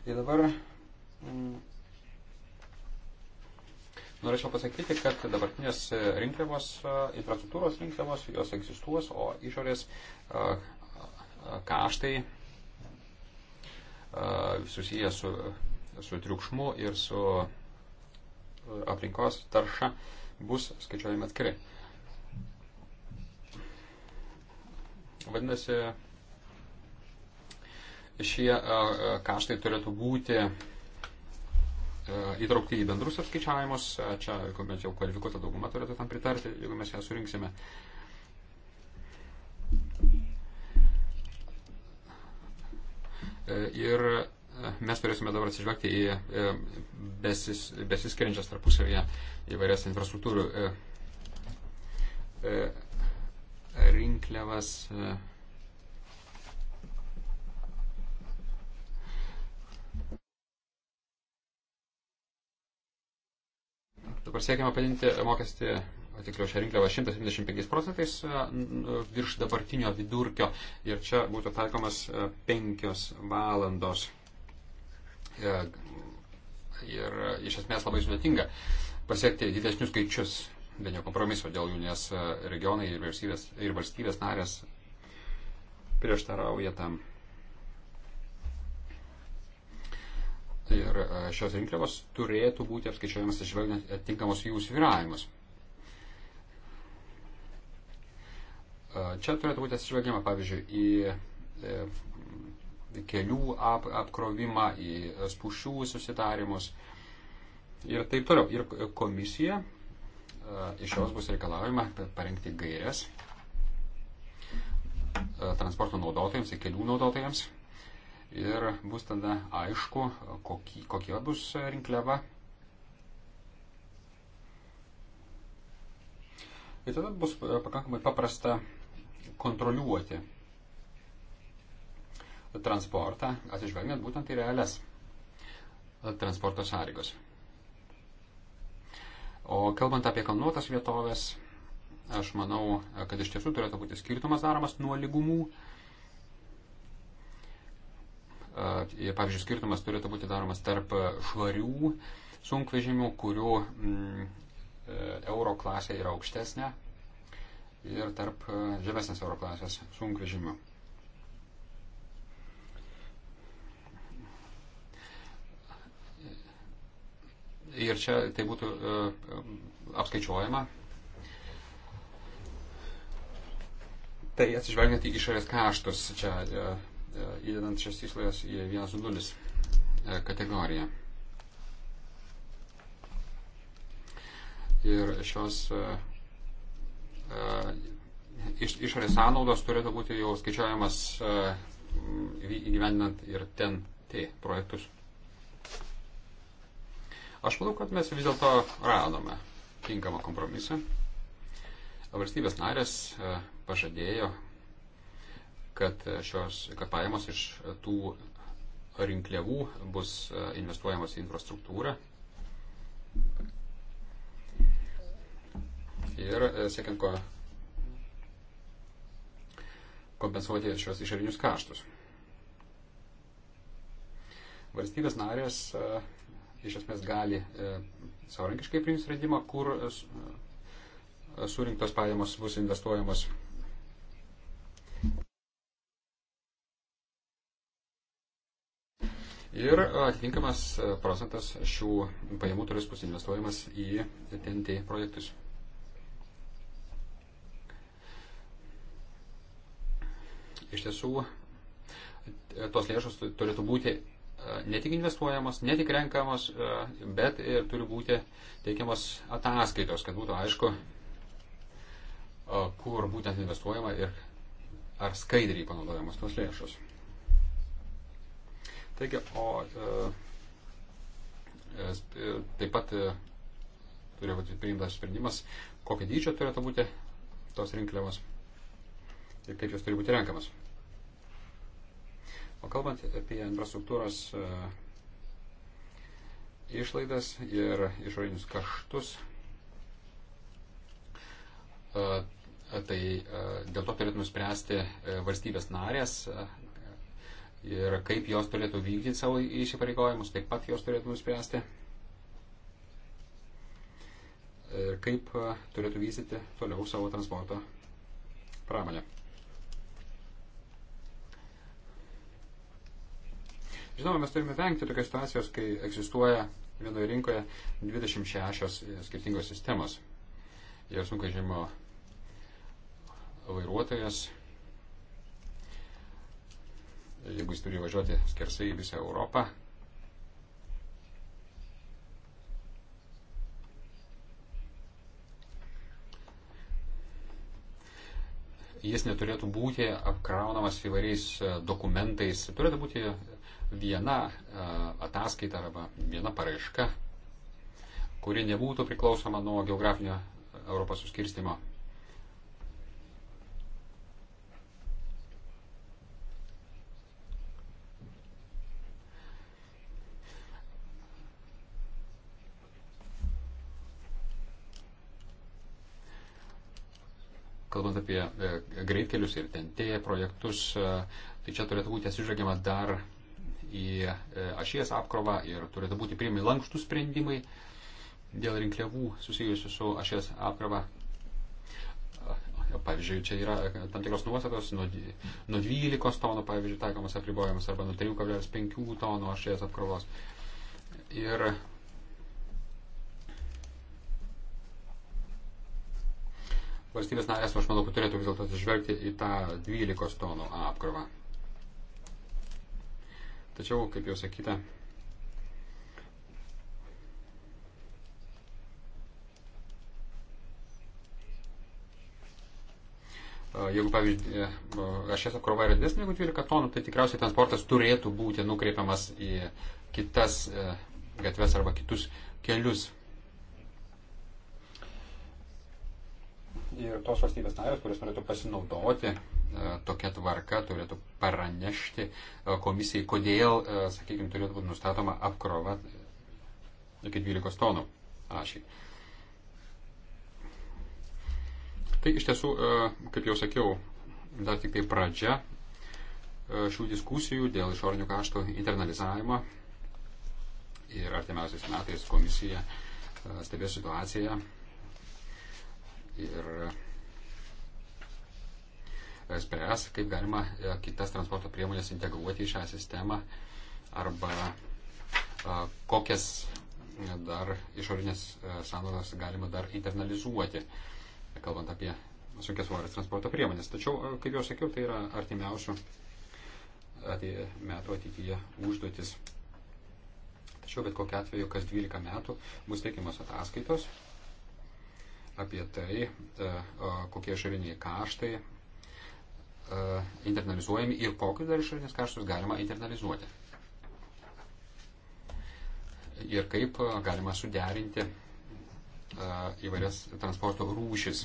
Ir dabar mm, norėčiau pasakyti, kad dabartinės rinkliavos, e, infrastruktūros rinkliavos, jos egzistuos, o išorės kaštai susijęs su su triukšmu ir su e, aplinkos tarša bus skaičiuojami atskirai. Vadinasi, šie e, e, kaštai turėtų būti įtraukti į bendrus apskaičiavimus. Čia, jeigu mes jau kvalifikuota dauguma turėtų tam pritarti, jeigu mes ją surinksime. Ir mes turėsime dabar atsižvelgti į e, besis, besiskiriančias tarpusavėje įvairias infrastruktūrų e, e, rinkliavas. Dabar siekiama padinti mokestį tiksliau šią rinkliavą 175 procentais virš dabartinio vidurkio ir čia būtų taikomas 5 valandos ir e, iš esmės labai sudėtinga pasiekti didesnius skaičius be nekompromiso dėl jų, nes e, regionai ir valstybės, ir valstybės narės prieštarauja tam. Ir e, šios rinkliavos turėtų būti apskaičiuojamas išvelgiant atitinkamus jų sviravimus. Čia turėtų būti atsižvelgiama, pavyzdžiui, į kelių ap, apkrovimą, į spušių susitarimus ir taip toliau. Ir komisija e, iš jos bus reikalaujama parengti gairias e, transporto naudotojams ir kelių naudotojams. Ir bus tada aišku, kokie, kokie bus rinkliava. Ir tada bus pakankamai paprasta kontroliuoti transportą, atsižvelgiant būtent į realias e, transporto sąlygos. O kalbant apie kalnuotas vietovės, aš manau, e, kad iš tiesų turėtų būti skirtumas daromas nuo lygumų. E, pavyzdžiui, skirtumas turėtų būti daromas tarp švarių sunkvežimių, kurių mm, euro klasė yra aukštesnė, ir tarp žemesnės euro klasės sunkvežimių. Ir čia tai būtų e, apskaičiuojama. Tai atsižvelgiant į išorės kaštus, čia e, e, įdedant šias išlaidas į 1.0 kategoriją. Ir šios iš, išorės sąnaudos turėtų būti jau skaičiuojamas įgyvendinant ir ten T projektus. Aš manau, kad mes vis dėlto radome tinkamą kompromisą. Valstybės narės e, pažadėjo, kad, e, šios, kad pajamos iš e, tų rinkliavų bus investuojamos į infrastruktūrą. Ir siekiant ko kompensuoti šios išorinius kaštus. Valstybės narės iš esmės gali e, savarankiškai priimti sprendimą, kur e, e, surinktos pajamos bus investuojamos. Ir atitinkamas procentas šių pajamų turės bus investuojamas į TNT projektus. Iš tiesų, tos lėšos turėtų būti ne tik investuojamos, ne tik renkamos, e, bet ir turi būti teikiamos ataskaitos, kad būtų aišku, kur būtent investuojama ir ar skaidriai panaudojamos tos lėšos. Taigi, o e, e, taip pat turi būti priimtas sprendimas, kokio dydžio turėtų būti tos rinkliavos ir kaip jos turi būti renkamas. O kalbant apie infrastruktūros e, išlaidas ir išorinius kaštus, e, tai e, dėl to turėtų nuspręsti valstybės narės ir kaip jos turėtų vykdyti savo įsipareigojimus, taip pat jos turėtų nuspręsti, kaip turėtų vystyti toliau savo transporto pramonę. Žinoma, mes turime vengti tokios situacijos, kai egzistuoja vienoje rinkoje 26 e, skirtingos sistemos. Ir sunkvežimo vairuotojas, jeigu jis turi važiuoti skersai visą Europą, jis neturėtų būti apkraunamas įvairiais e, dokumentais. Turėtų būti viena e, ataskaita arba viena paraiška, kuri nebūtų priklausoma nuo geografinio e, Europos suskirstimo kalbant apie e, greitkelius ir tentėję projektus, e, tai čia turėtų būti atsižvelgiama dar į e, ašies apkrovą ir turėtų būti priimami lankstų sprendimai dėl rinkliavų susijusių su ašies apkrova. Pavyzdžiui, čia yra tam tikros nuostatos nuo, nuo 12 tonų, pavyzdžiui, taikomas apribojimas arba nuo 3,5 tonų ašies apkrovos. Ir valstybės narės, aš manau, kad turėtų vis dėlto atsižvelgti į tą 12 tonų apkrovą. Tačiau, kaip jau sakyta, Jeigu, pavyzdžiui, ašies e, apkrova yra didesnė negu 12 tonų, tai tikriausiai transportas turėtų būti nukreipiamas į kitas e, gatves arba kitus kelius. Ir tos valstybės narės, kurios norėtų pasinaudoti e, tokia tvarka, turėtų paranešti e, komisijai, kodėl, e, sakykime, turėtų būti nustatoma apkrova iki 12 tonų ašiai. Tai iš tiesų, kaip jau sakiau, dar tik tai pradžia šių diskusijų dėl išorinių kaštų internalizavimo. Ir artimiausiais metais komisija stebės situaciją ir e, spręs, kaip galima e, kitas transporto priemonės integruoti į šią sistemą arba e, kokias dar išorinės sąnaudas galima dar internalizuoti, kalbant apie sunkia svorės transporto priemonės. Tačiau, kaip jau sakiau, tai yra artimiausių metų ateityje užduotis. Tačiau bet kokia atveju, kas 12 metų bus teikiamas ataskaitos apie tai, e, kokie išoriniai kaštai e, internalizuojami ir kokius dar išorinius kaštus galima internalizuoti. Ir kaip e, galima suderinti įvairias transporto rūšis.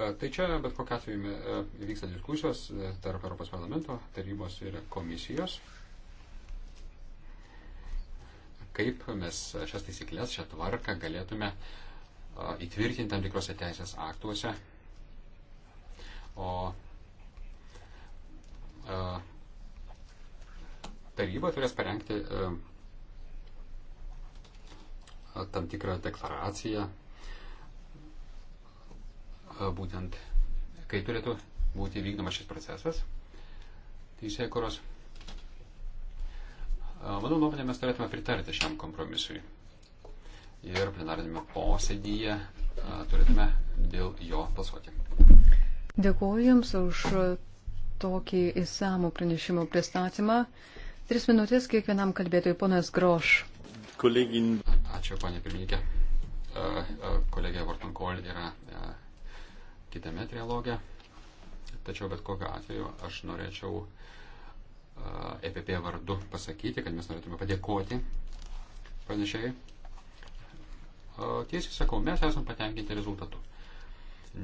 Tai čia bet kokiu atveju vyksta diskusijos tarp Europos parlamento, tarybos ir komisijos kaip mes šias taisyklės, šią tvarką galėtume įtvirtinti tam tikrose teisės aktuose. O taryba turės parengti tam tikrą deklaraciją, būtent kai turėtų būti vykdomas šis procesas teisėjai kuros Mano nuomonė, mes turėtume pritarti šiam kompromisui. Ir plenarinėme posėdyje turėtume dėl jo balsuoti. Dėkuoju Jums už tokį įsamų pranešimo pristatymą. Tris minutės kiekvienam kalbėtojui, ponas Groš. Kolegin. Ačiū, ponė pirmininkė. Kolegė Vartonkol yra kitame trialoge. Tačiau bet kokiu atveju aš norėčiau uh, EPP vardu pasakyti, kad mes norėtume padėkoti pranešėjai. Tiesiai sakau, mes esame patenkinti rezultatu,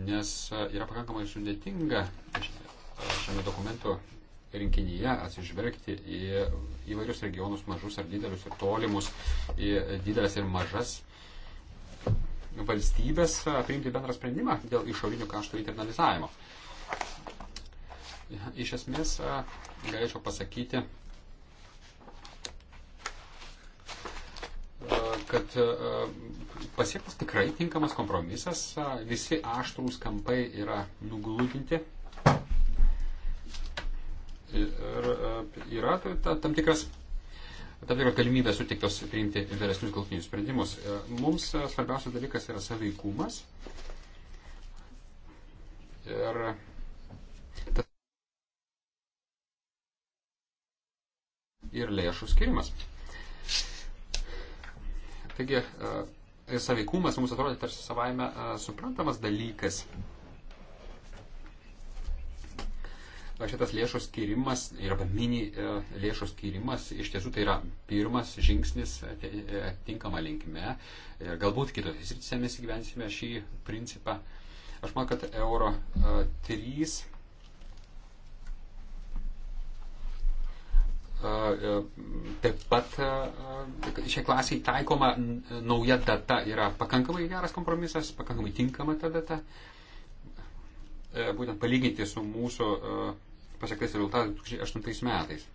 nes yra pakankamai sudėtinga šiame dokumento rinkinyje atsižvelgti į įvairius regionus, mažus ar didelius ir tolimus, į didelės ir mažas valstybės priimti bendrą sprendimą dėl išorinių kaštų internalizavimo. Uh, Iš esmės galėčiau pasakyti, kad pasiektas tikrai tinkamas kompromisas, visi aštrūs kampai yra nuglūdinti. Ir yra tam tikras tam tikros galimybės sutiktos priimti vėlesnius galtinius sprendimus. Mums svarbiausias dalykas yra saveikumas. Ir ir lėšų skirimas. Taigi, e, saveikumas mums atrodo tarsi savaime e, suprantamas dalykas. Šitas lėšų skirimas ir mini e, lėšų skirimas iš tiesų tai yra pirmas žingsnis tinkama linkme. Galbūt kitose srityse mes įgyvensime šį principą. Aš manau, kad euro 3 E, taip pat e, šiai klasiai taikoma nauja data yra pakankamai geras kompromisas, pakankamai tinkama ta data. E, būtent palyginti su mūsų pasiektais rezultatais 2008 metais.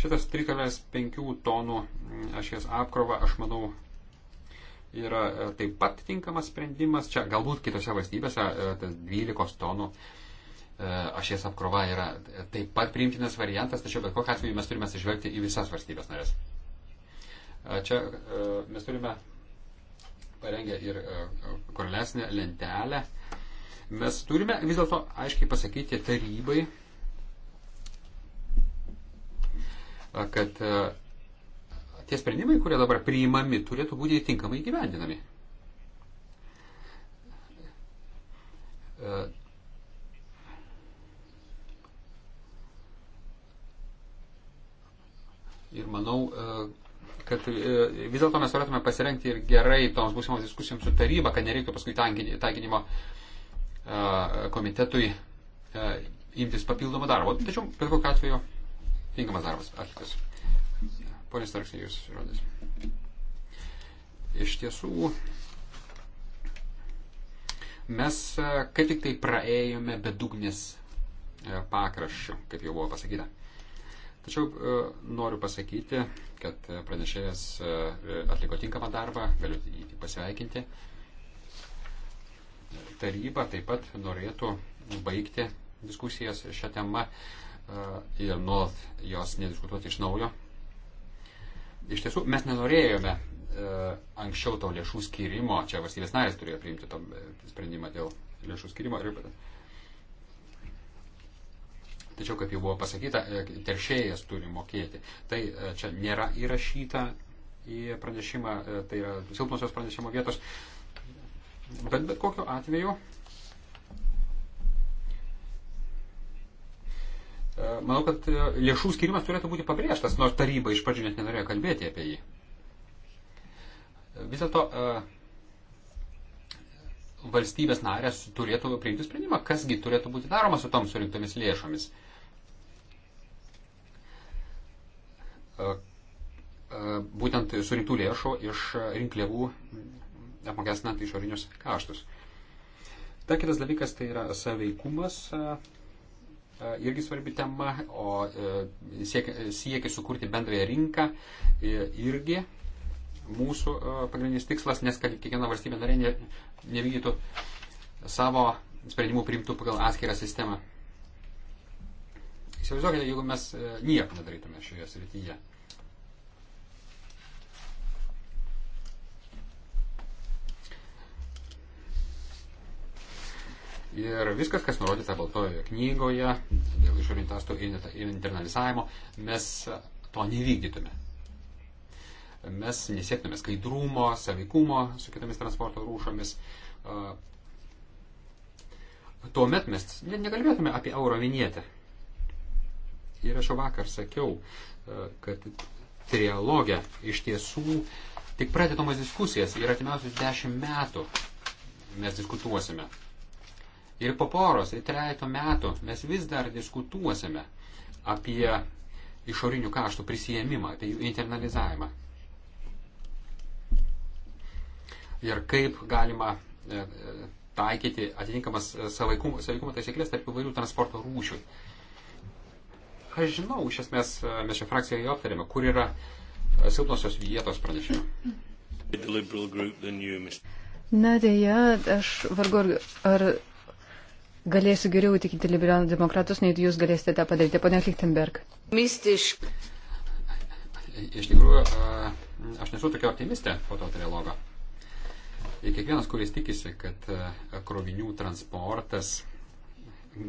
Šitas 3,5 tonų ašies apkrova, aš manau, yra taip pat tinkamas sprendimas. Čia galbūt kitose valstybėse tas 12 tonų uh, E, ašies apkrova yra taip pat priimtinas variantas, tačiau bet kokiu atveju mes turime atsižvelgti į visas valstybės narės. E, čia e, mes turime parengę ir koreliacinę lentelę. Mes turime vis dėlto aiškiai pasakyti tarybai, kad tie sprendimai, kurie dabar priimami, turėtų būti tinkamai gyvendinami Ir manau, e, kad e, vis dėlto mes turėtume pasirengti ir gerai toms būsimoms diskusijoms su taryba, kad nereiktų paskui taikinimo e, komitetui imtis papildomą darbą. Tačiau, bet kokiu atveju, tinkamas darbas atliktas. Pone Starksai, jūs rodys. Iš tiesų, mes kaip tik tai praėjome bedugnės pakraščių, kaip jau buvo pasakyta. Tačiau e, noriu pasakyti, kad pranešėjas e, atliko tinkamą darbą, galiu jį pasveikinti. Taryba taip pat norėtų baigti diskusijas šią temą e, ir nuolat jos nediskutuoti iš naujo. Iš tiesų, mes nenorėjome anksčiau to lėšų skirimo, čia valstybės narės turėjo priimti to sprendimą dėl lėšų skirimo. Ir Tačiau, kaip jau buvo pasakyta, e, teršėjas turi mokėti. Tai e, čia nėra įrašyta į pranešimą, e, tai yra silpnosios pranešimo vietos. Bet bet kokiu atveju Manau, kad lėšų skirimas turėtų būti pabrėžtas, nors taryba iš pradžių net nenorėjo kalbėti apie jį. Vis dėlto valstybės narės turėtų priimti sprendimą, kasgi turėtų būti daroma su tom surinktomis lėšomis. E, e, būtent surinktų lėšų iš rinkliavų apmokestinant išorinius kaštus. Dar kitas dalykas tai yra saveikumas, e, irgi svarbi tema, o siekia, siekia sukurti bendrąją rinką irgi mūsų pagrindinis tikslas, nes kad kiekviena valstybė narė nevykdytų savo sprendimų priimtų pagal atskirą sistemą. Įsivaizduokite, jeigu mes e, nieko nedarytume šioje srityje. Ir viskas, kas nurodyta Baltojoje knygoje dėl išorinių tastų ir internalizavimo, mes to nevykdytume. Mes nesiektume skaidrumo, saveikumo su kitomis transporto rūšomis. Tuomet mes net nekalbėtume apie euro vinietę. Ir aš jau vakar sakiau, e, kad trialogė iš tiesų tik pradėtomas diskusijas ir atimiausius dešimt metų mes diskutuosime. Ir po poros, ir trejato metų mes vis dar diskutuosime apie išorinių kaštų prisijėmimą, apie jų internalizavimą. Ir kaip galima e, e, taikyti atitinkamas savaikumo, savaikumo taisyklės tarp įvairių transporto rūšių. Uh, Aš žinau, iš esmės e, mes čia frakcijoje aptarėme, kur yra e, silpnosios vietos pranešime. Na dėja, aš vargu ar galėsiu geriau įtikinti liberalų demokratus, nei jūs galėsite tą padaryti, ponia Lichtenberg. Mistišk. Iš tikrųjų, e, aš nesu tokia optimistė po to trilogo. Ir kiekvienas, kuris tikisi, kad krovinių transportas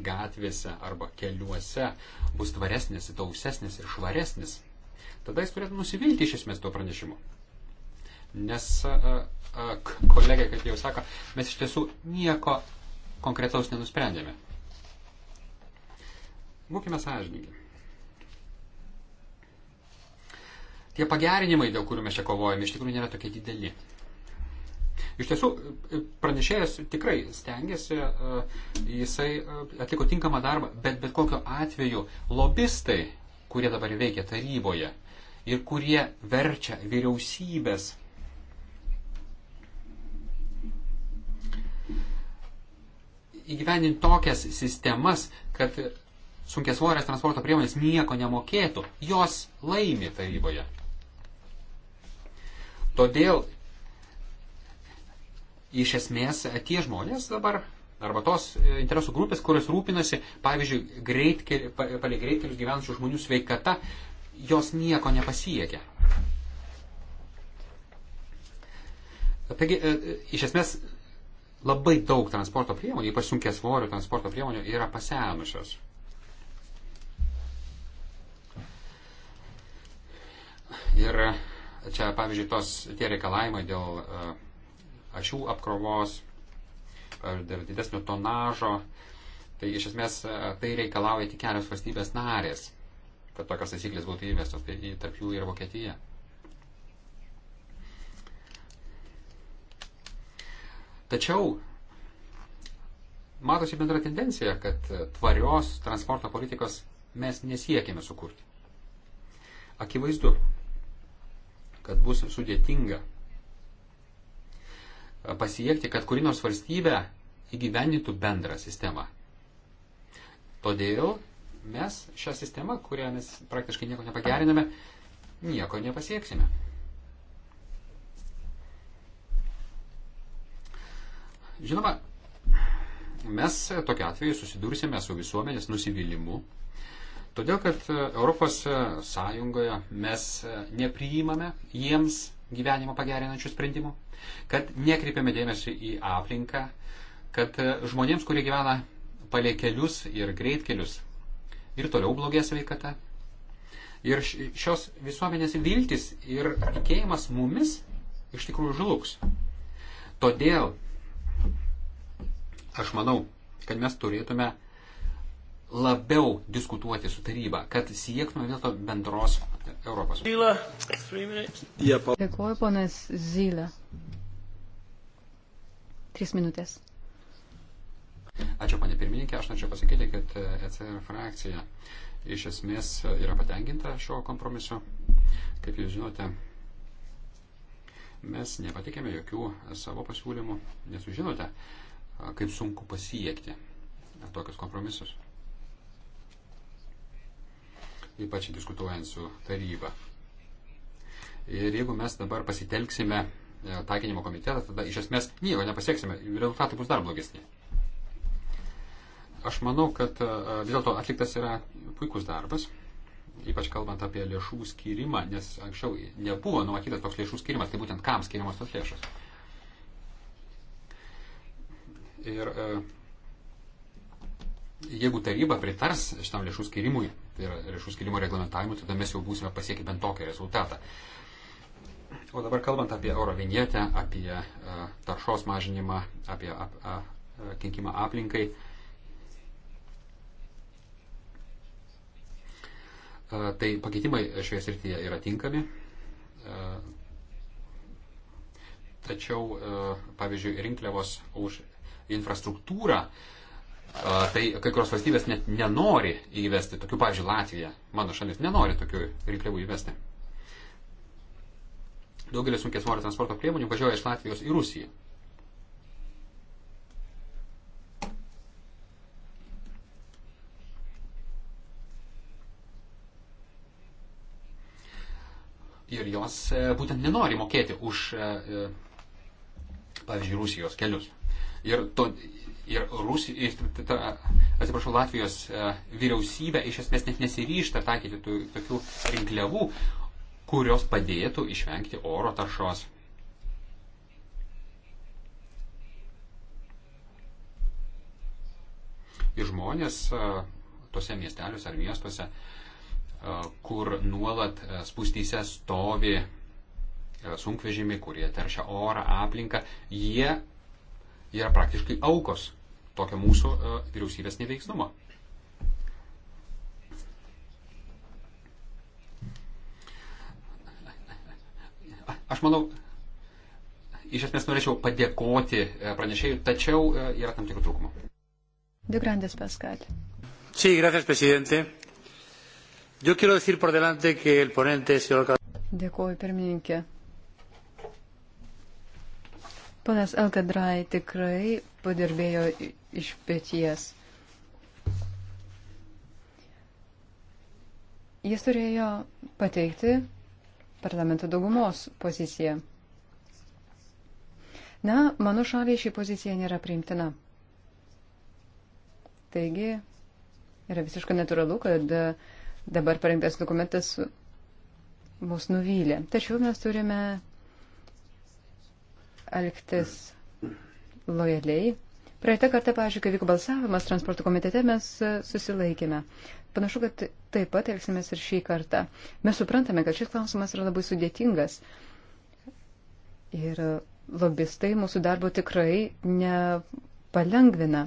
gatvėse arba keliuose bus tvaresnis, tausesnis ir švaresnis, tada jis turėtų nusivilti iš esmės tuo pranešimu. Nes kolegė, kaip jau sako, mes iš tiesų nieko konkretaus nenusprendėme. Būkime sąžininkai. Tie pagerinimai, dėl kurių mes čia kovojame, iš tikrųjų nėra tokie dideli. Iš tiesų, pranešėjas tikrai stengiasi, e, jisai e, atliko tinkamą darbą, bet bet kokiu atveju lobistai, kurie dabar veikia taryboje ir kurie verčia vyriausybės įgyveninti tokias sistemas, kad sunkesvorės transporto priemonės nieko nemokėtų, jos laimi taryboje. Todėl iš esmės e, tie žmonės dabar, arba tos e, interesų grupės, kurios rūpinasi, pavyzdžiui, greitkel, palei greitkelius gyvenančių žmonių sveikata, jos nieko nepasiekia. Taigi, e, iš esmės, labai daug transporto priemonių, ypač sunkia svorio transporto priemonių, yra pasenusios. Ir čia, pavyzdžiui, tos tie reikalavimai dėl uh, ašių apkrovos, e, dėl didesnio tonažo. Tai iš esmės e, tai reikalauja tik kelios valstybės narės, kad tokios taisyklės būtų įvestos, tai tarp jų ir Vokietija. Tačiau matosi bendra tendencija, kad tvarios transporto politikos mes nesiekime sukurti. Akivaizdu, kad bus sudėtinga pasiekti, kad kuri nors valstybė įgyvendintų bendrą sistemą. Todėl mes šią sistemą, kurią mes praktiškai nieko nepageriname, nieko nepasieksime. Žinoma, mes tokiu atveju susidursime su visuomenės nusivylimu, todėl kad Europos Sąjungoje mes nepriimame jiems gyvenimą pagerinančių sprendimų, kad nekreipiame dėmesio į aplinką, kad žmonėms, kurie gyvena palie kelius ir greitkelius, ir toliau blogė sveikata. Ir šios visuomenės viltis ir tikėjimas mumis iš tikrųjų žlugs. Todėl aš manau, kad mes turėtume labiau diskutuoti su taryba, kad siektume dėl to bendros Europos. Dėkuoju, ponas Zylė. Tris minutės. Ačiū, panė pirmininkė. Aš norėčiau pasakyti, kad ECR e frakcija iš esmės e, yra patenkinta šio kompromiso. Kaip jūs žinote, mes nepatikėme jokių savo pasiūlymų, nes jūs žinote, kaip sunku pasiekti tokius kompromisus ypač diskutuojant su taryba. Ir jeigu mes dabar pasitelksime e, taikinimo komitetą, tada iš esmės nieko nepasieksime, rezultatai bus dar blogesni. Aš manau, kad e, vis dėlto atliktas yra puikus darbas, ypač kalbant apie lėšų skirimą, nes anksčiau nebuvo numatytas toks lėšų skirimas, tai būtent kam skiriamas tos lėšos. Ir e, jeigu taryba pritars šitam lėšų skirimui, tai yra lėšų skirimo reglamentavimu, tada mes jau būsime pasiekę bent tokį rezultatą. O dabar kalbant apie oro vinietę, apie e, taršos mažinimą, apie ap, a, e, kenkimą aplinkai. E, tai pakeitimai šioje srityje yra tinkami. Tačiau, pavyzdžiui, rinkliavos už infrastruktūrą uh, Tai kai kurios valstybės net nenori įvesti tokių, pavyzdžiui, Latvija, mano šalis, nenori tokių rinkliavų įvesti. Daugelis sunkės svorio transporto priemonių važiuoja iš Latvijos į Rusiją. ir jos e, būtent nenori mokėti už, e, e, pavyzdžiui, Rusijos kelius. Ir to, ir, Rusi, ir ta, atsiprašau, Latvijos e, vyriausybė iš esmės net nesiryšta taikyti tokių rinkliavų, kurios padėtų išvengti oro taršos. Ir žmonės e, tose miesteliuose ar miestuose, e, kur nuolat spūstyse stovi sunkvežimiai, kurie teršia orą, aplinką, jie yra praktiškai aukos tokio mūsų e, vyriausybės neveiksnumo. Aš manau, iš esmės norėčiau padėkoti e, pranešėjui, tačiau e, yra tam tikrų trūkumų. De Grandes Pascal. Sí, gracias, presidente. Yo quiero decir por delante que el ponente, señor Dėkuoju, pirmininkė. Ponas Elkadrai tikrai padirbėjo iš pėties. Jis turėjo pateikti parlamento daugumos poziciją. Na, mano šaliai ši pozicija nėra priimtina. Taigi, yra visiškai natūralu, kad e, dabar parengtas dokumentas mus nuvylė. Tačiau mes turime elgtis lojaliai. Praeitą kartą, pažiūrėjau, kai vyko balsavimas transporto komitete, mes e, susilaikėme. Panašu, kad taip pat elgsimės ir šį kartą. Mes suprantame, kad šis klausimas yra labai sudėtingas. Ir e, lobistai mūsų darbo tikrai nepalengvina.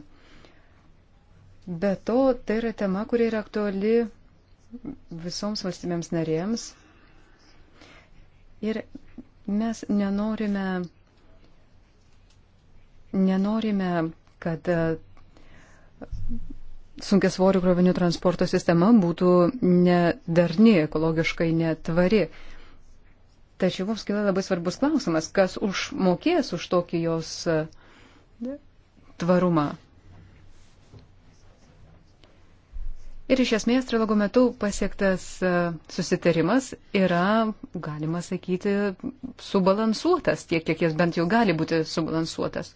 Be to, tai yra tema, kuri yra aktuali visoms valstybėms narėms. Ir mes nenorime nenorime, kad e, sunkia svorių krovinių transporto sistema būtų nedarni, ekologiškai netvari. Tačiau mums kila labai svarbus klausimas, kas užmokės už tokį jos e, tvarumą. Ir iš esmės trilogo metu pasiektas e, susitarimas yra, galima sakyti, subalansuotas tiek, kiek jis bent jau gali būti subalansuotas.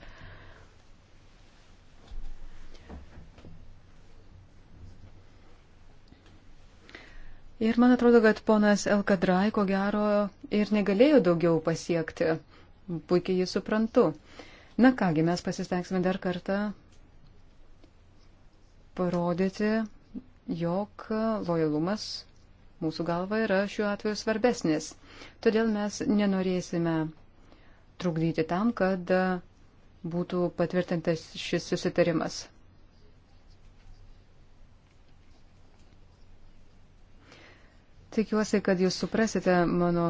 Ir man atrodo, kad ponas Elkadrai, ko gero, ir negalėjo daugiau pasiekti. Puikiai jį suprantu. Na kągi, mes pasistengsime dar kartą parodyti, jog lojalumas mūsų galva yra šiuo atveju svarbesnis. Todėl mes nenorėsime trukdyti tam, kad būtų patvirtintas šis susitarimas. Tikiuosi, kad jūs suprasite mano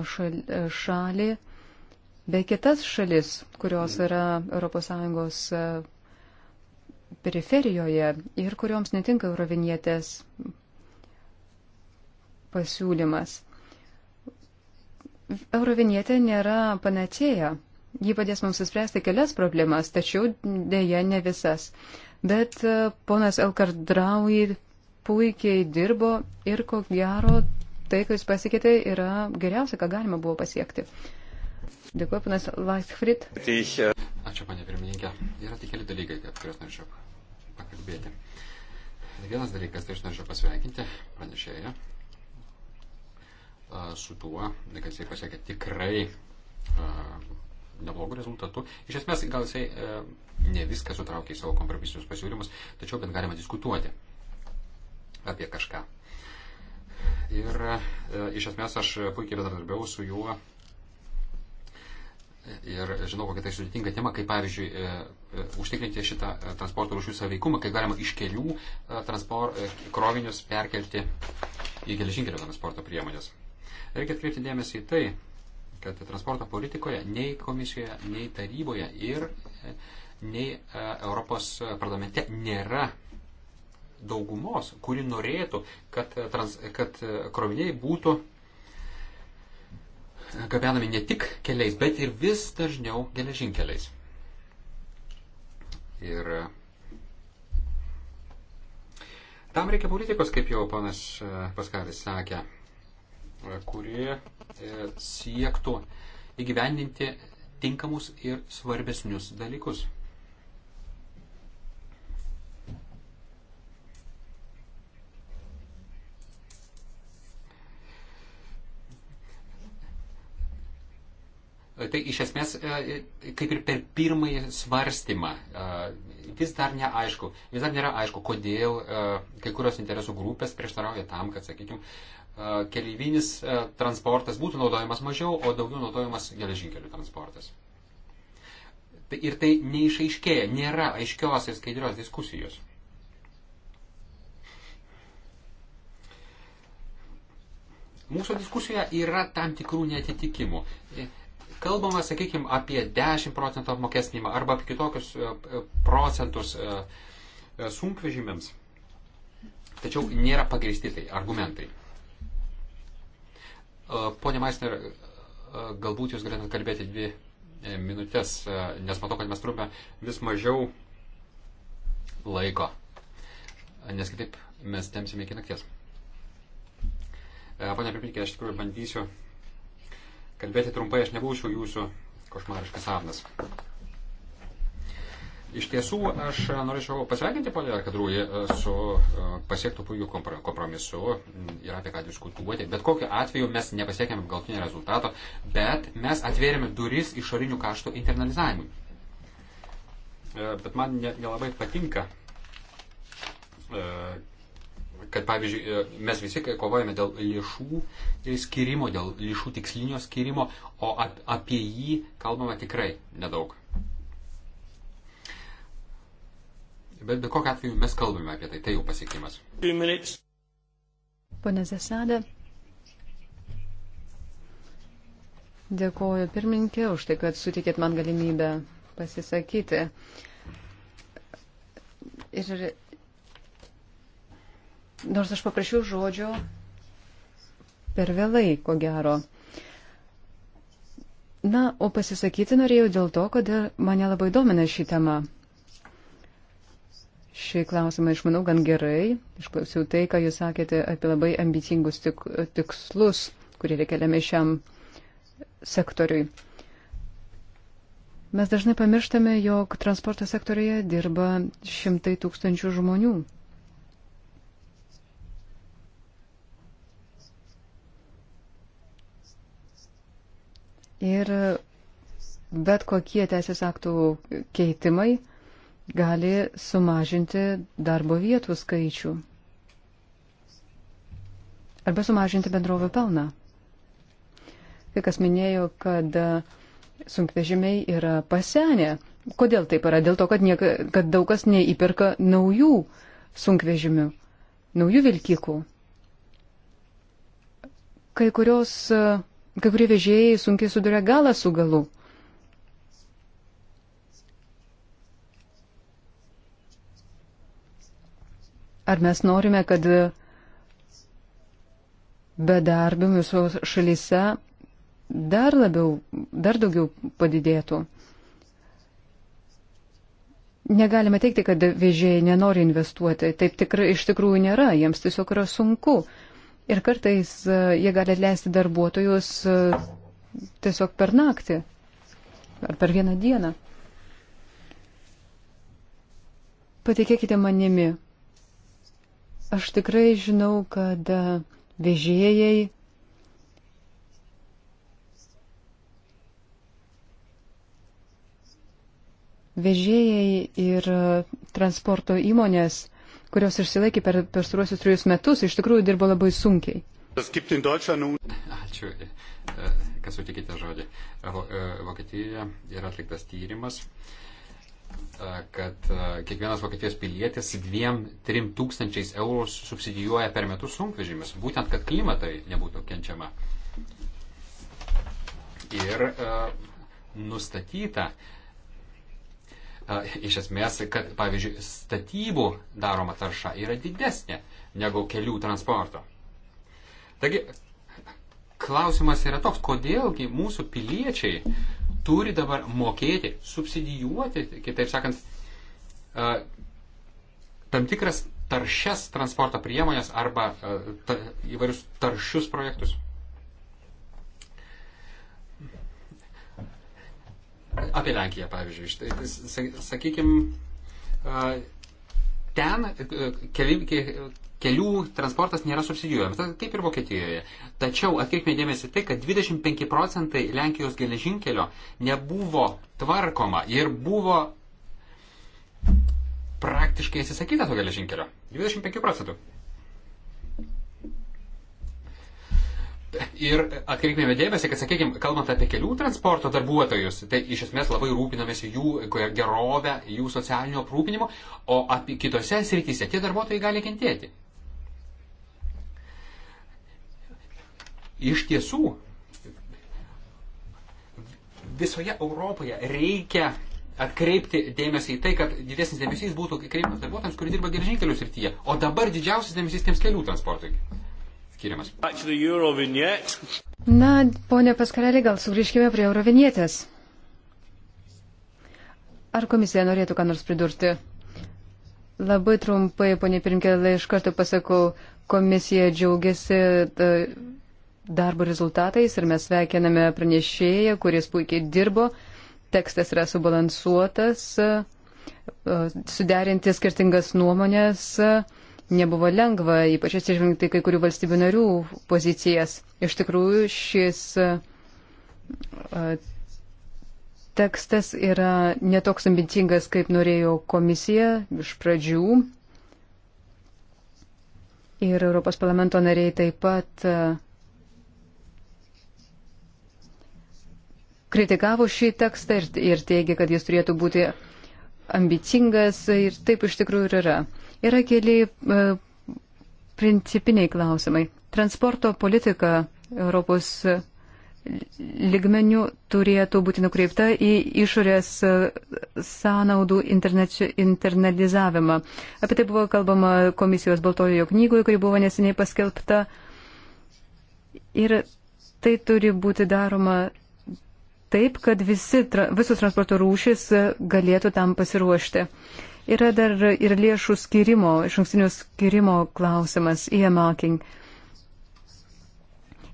šalį bei kitas šalis, kurios yra ES e, periferijoje ir kurioms netinka eurovinietės pasiūlymas. Eurovinietė nėra panacėja. Ji padės mums įspręsti kelias problemas, tačiau dėja ne visas. Bet e, ponas Elkardraui puikiai dirbo ir ko gero tai, ką jūs pasiekėte, yra geriausia, ką galima buvo pasiekti. Dėkuoju, panas Laisfrid. Ačiū, panė pirmininkė. Yra tik keli dalykai, apie kuriuos norėčiau pakalbėti. Vienas dalykas, tai aš norėčiau pasveikinti pranešėją su tuo, kad jisai pasiekė tikrai neblogų rezultatų. Iš esmės, gal jisai e, ne viską sutraukė į savo kompromisinius pasiūlymus, tačiau bent galima diskutuoti apie kažką. Ir e, iš esmės aš puikiai bendradarbiau su juo. Ir žinau, kokia tai sudėtinga tema, kaip pavyzdžiui, e, e užtikrinti šitą e, transporto rūšių saveikumą, kaip galima iš kelių e, transpor, e, krovinius perkelti į geležinkelio transporto priemonės. Reikia atkreipti dėmesį į tai, kad transporto politikoje nei komisijoje, nei taryboje ir nei Europos parlamente nėra daugumos, kuri norėtų, kad, e, trans, kad e, kroviniai būtų e, gabenami ne tik keliais, bet ir vis dažniau geležinkeliais. Ir tam reikia politikos, kaip jau panas Paskalis sakė, kuri siektų įgyvendinti tinkamus ir svarbesnius dalykus. E, tai iš esmės, e, e, kaip ir per pirmąjį svarstymą, vis dar neaišku, vis dar nėra aišku, kodėl kai kurios interesų grupės prieštarauja tam, kad, sakykime, keleivinis transportas būtų naudojamas mažiau, o daugiau naudojamas geležinkelių transportas. Tai ir tai neišaiškėja, nėra aiškios ir skaidrios diskusijos. Mūsų diskusijoje yra tam tikrų netitikimų kalbama, sakykime, apie 10 procentų apmokestinimą arba apie kitokius e, e, procentus e, sunkvežimėms, tačiau nėra pagristi tai argumentai. Pone Maisner, galbūt jūs galėtumėte kalbėti dvi minutės, nes matau, kad mes turime vis mažiau laiko, nes kitaip mes temsime iki nakties. Pane Pirmininkė, aš tikrųjų bandysiu kalbėti trumpai, aš nebūčiau jūsų košmariškas sapnas. Iš tiesų, aš norėčiau pasveikinti ponę Kadrūjį e, su e, pasiektų puikiu kompromisu ir apie ką diskutuoti. Bet kokiu atveju mes nepasiekėme galtinio rezultato, bet mes atvėrėme duris išorinių kaštų internalizavimui. E, bet man nelabai patinka kad, pavyzdžiui, e, mes visi kovojame dėl lėšų skirimo, dėl lėšų tikslinio skirimo, o apie jį kalbama tikrai nedaug. Bet be kokiu atveju mes kalbame apie tai, tai jau pasiekimas. Pane Zesada, dėkoju pirmininkė už tai, kad sutikėt man galimybę pasisakyti. Ir nors aš paprašiau žodžio per vėlai, ko gero. Na, o pasisakyti norėjau dėl to, kad mane labai domina ši tema. Šį klausimą išmanau gan gerai. Išklausiau tai, ką jūs sakėte apie labai ambicingus tik, tikslus, kurie reikeliami šiam sektoriui. Mes dažnai pamirštame, jog transporto sektorioje dirba šimtai tūkstančių žmonių. Ir bet kokie teisės aktų keitimai gali sumažinti darbo vietų skaičių arba sumažinti bendrovio pelną. Kai kas minėjo, kad sunkvežimiai yra pasenę. Kodėl taip yra? Dėl to, kad, nieka, kad daug kas neįperka naujų sunkvežimių, naujų vilkikų. Kai kurios uh, Kai kurie vežėjai sunkiai suduria galą su galu. Ar mes norime, kad bedarbių mūsų šalyse dar labiau, dar daugiau padidėtų? Negalime teikti, kad vežėjai nenori investuoti. Taip tikrai iš tikrųjų nėra, jiems tiesiog yra sunku. Uh, Ir kartais e, jie gali leisti darbuotojus e, tiesiog per naktį ar per vieną dieną. Patikėkite manimi, aš tikrai žinau, kad e, vežėjai vežėjai ir transporto įmonės kurios išsilaikė per pastaruosius trejus metus, iš tikrųjų dirbo labai sunkiai. Nu. Ačiū, e, kas sutikite žodį. E, Vokietijoje yra atliktas tyrimas, e, kad kiekvienas Vokietijos pilietis dviem, trim tūkstančiais eurų subsidijuoja per metus sunkvežimis, būtent kad klimatai nebūtų kenčiama. Ir nustatyta, iš esmės, kad, pavyzdžiui, statybų daroma tarša yra didesnė negu kelių transporto. Taigi, klausimas yra toks, kodėlgi mūsų piliečiai turi dabar mokėti, subsidijuoti, kitaip sakant, tam tikras taršias transporto priemonės arba ta, įvairius taršius projektus. apie Lenkiją, pavyzdžiui. Štai, sakykime, ten e, e, keli, kelių transportas nėra subsidijuojamas, kaip ir Vokietijoje. Tačiau atkreipime dėmesį tai, kad 25 procentai Lenkijos geležinkelio nebuvo tvarkoma ir buvo praktiškai atsisakyta to geležinkelio. 25 procentų. Ir atkreipėme dėmesį, kad, sakykime, kalbant apie kelių transporto darbuotojus, tai iš esmės labai rūpinamės jų gerovę, jų socialinio aprūpinimo, o apie kitose srityse tie darbuotojai gali kentėti. Iš tiesų, visoje Europoje reikia atkreipti dėmesį į tai, kad didesnis dėmesys būtų kreipiamas darbuotojams, kurie dirba geležinkelių srityje, o dabar didžiausias dėmesys tiems kelių transportui tyrimas. Na, ponė Paskarelė, gal sugrįžkime prie eurovinietės. Ar komisija norėtų ką nors pridurti? Labai trumpai, ponė Pirinkėlė, iš karto pasakau, komisija džiaugiasi e, darbo rezultatais ir mes sveikiname pranešėją, kuris puikiai dirbo. Tekstas yra subalansuotas, e, suderinti skirtingas nuomonės. Uh, nebuvo lengva, ypač atsižvelgti kai kurių valstybių narių pozicijas. Iš tikrųjų, šis tekstas yra netoks ambicingas, kaip norėjo komisija iš pradžių. Ir Europos parlamento nariai taip pat kritikavo šį tekstą ir, ir teigia, kad jis turėtų būti ambicingas ir taip iš tikrųjų ir yra. Yra keli e, principiniai klausimai. Transporto politika Europos ligmenių turėtų būti nukreipta į išorės e, sąnaudų internalizavimą. Apie tai buvo kalbama komisijos Baltojojo knygoje, kuri buvo neseniai paskelbta. Ir tai turi būti daroma taip, kad visi, visus transporto rūšis e, galėtų tam pasiruošti. Uh, Yra dar ir lėšų skirimo, iš ankstinio skirimo klausimas, e-marking.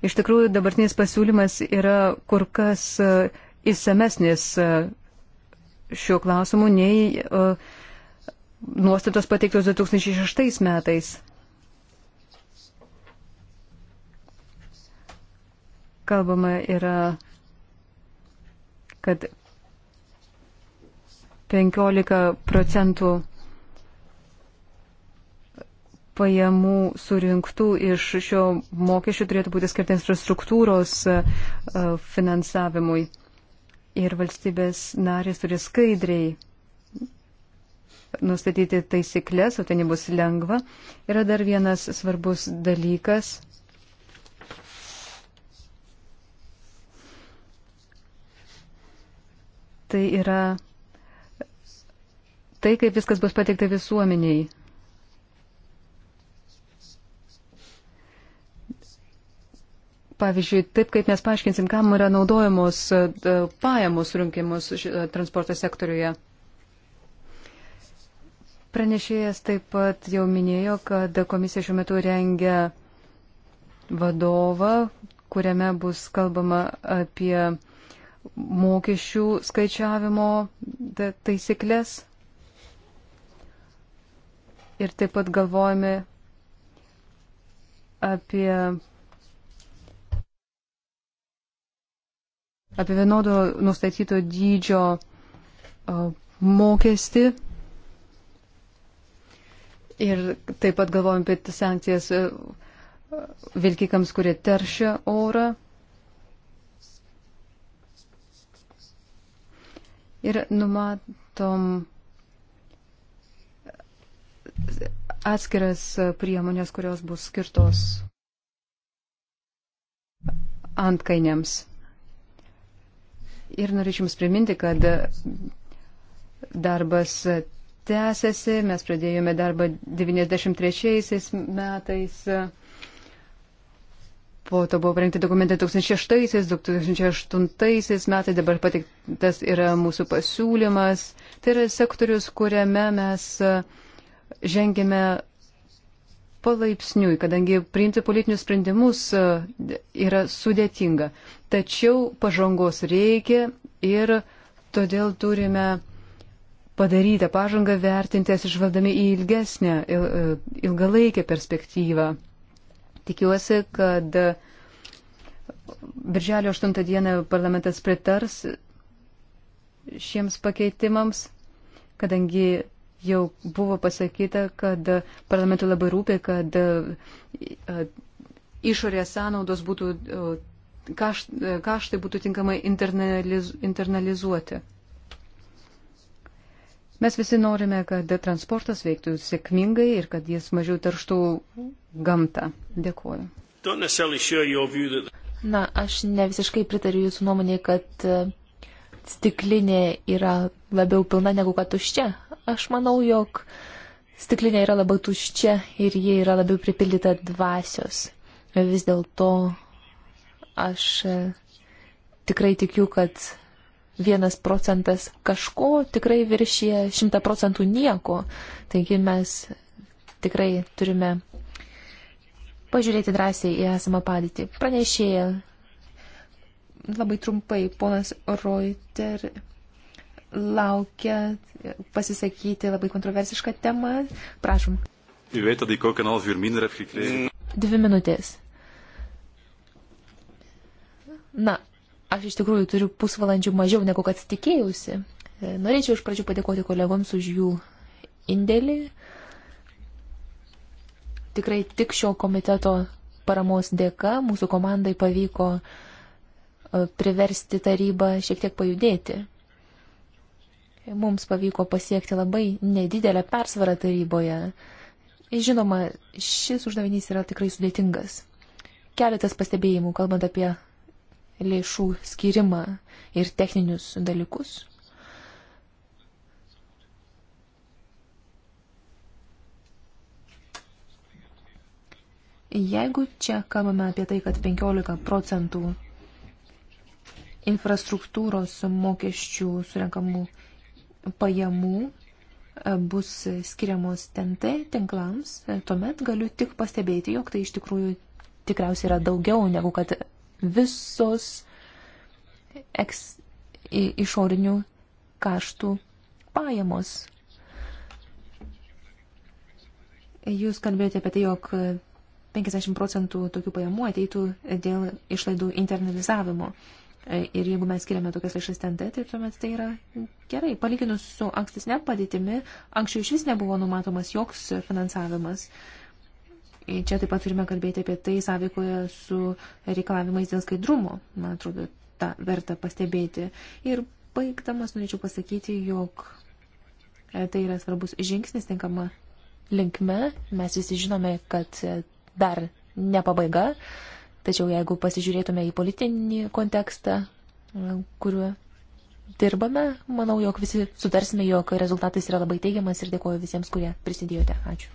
Iš tikrųjų, dabartinis pasiūlymas yra kur kas e, įsamesnis e, šiuo klausimu nei e, nuostatos pateiktos 2006 metais. Kalbama yra, kad 15 procentų pajamų surinktų iš šio mokesčio turėtų būti skirta infrastruktūros e, e, finansavimui. Ir valstybės narės turi skaidriai nustatyti taisyklės, o tai nebus lengva. Yra dar vienas svarbus dalykas. Tai yra tai, kaip viskas bus pateikta visuomeniai. Pavyzdžiui, taip kaip mes paaiškinsim, kam yra naudojamos e, pajamos rinkimus e, transporto sektoriuje. Pranešėjas taip pat jau minėjo, kad komisija šiuo metu rengia vadovą, kuriame bus kalbama apie mokesčių skaičiavimo taisyklės ir taip pat galvojame apie, apie vienodo nustatyto dydžio mokestį. Ir taip pat galvojame apie sankcijas vilkikams, kurie teršia orą. Ir numatom atskiras priemonės, kurios bus skirtos antkainiams. Ir norėčiau Jums priminti, kad darbas tęsiasi, mes pradėjome darbą 93 metais. Po to buvo parengti dokumentai 2006-2008 metai, dabar patiktas yra mūsų pasiūlymas. Tai yra sektorius, kuriame mes uh, žengėme palaipsniui, kadangi priimti politinius sprendimus e, yra sudėtinga. Tačiau pažangos reikia ir todėl turime padarytą pažangą vertinti atsižvelgdami į ilgesnę, e, ilgalaikę perspektyvą. Tikiuosi, kad Birželio 8 dieną parlamentas pritars šiems pakeitimams, kadangi Jau buvo pasakyta, kad parlamentui labai rūpi, kad e, išorės sąnaudos būtų, e, e, kaštai būtų tinkamai internaliz, internalizuoti. Mes visi norime, kad transportas veiktų sėkmingai ir kad jis mažiau tarštų gamtą. Dėkuoju. Na, aš ne visiškai pritariu jūsų nuomonė, kad stiklinė yra labiau pilna negu kad tuščia. Aš manau, jog stiklinė yra labai tuščia ir ji yra labiau pripildyta dvasios. Vis dėlto aš e, tikrai tikiu, kad vienas procentas kažko tikrai viršyje šimta procentų nieko. Taigi mes tikrai turime pažiūrėti drąsiai į esamą padėtį. Pranešėja labai trumpai, ponas Reuter laukia pasisakyti labai kontroversišką temą. Prašom. Dvi minutės. Na, aš iš tikrųjų turiu pusvalandžių mažiau negu kad tikėjausi. Norėčiau iš pradžių padėkoti kolegoms už jų indėlį. Tikrai tik šio komiteto paramos dėka mūsų komandai pavyko e, priversti tarybą šiek tiek pajudėti. Mums pavyko pasiekti labai nedidelę persvarą taryboje. Žinoma, šis uždavinys yra tikrai sudėtingas. Keletas pastebėjimų, kalbant apie lėšų skirimą ir techninius dalykus. Jeigu čia kalbame apie tai, kad 15 procentų infrastruktūros mokesčių surinkamų pajamų e, bus skiriamos TNT tinklams, e, tuomet galiu tik pastebėti, jog tai iš tikrųjų tikriausiai yra daugiau negu kad visos eks, išorinių kaštų pajamos. Jūs kalbėjote apie tai, jog 50 procentų tokių pajamų ateitų dėl išlaidų internalizavimo. Uh, E, ir jeigu mes skiriame tokias lėšas ten, tai tuomet tai yra gerai. Palyginus su ankstesne padėtimi, anksčiau iš vis nebuvo numatomas joks finansavimas. E, čia taip pat turime kalbėti apie tai sąveikoje su reikalavimais dėl skaidrumo. Man atrodo, tą verta pastebėti. Ir baigdamas norėčiau pasakyti, jog e, tai yra svarbus žingsnis tinkama linkme. Mes visi žinome, kad dar ne pabaiga. Tačiau jeigu pasižiūrėtume į politinį kontekstą, kuriuo dirbame, manau, jog visi sutarsime, jog rezultatas yra labai teigiamas ir dėkoju visiems, kurie prisidėjote. Ačiū.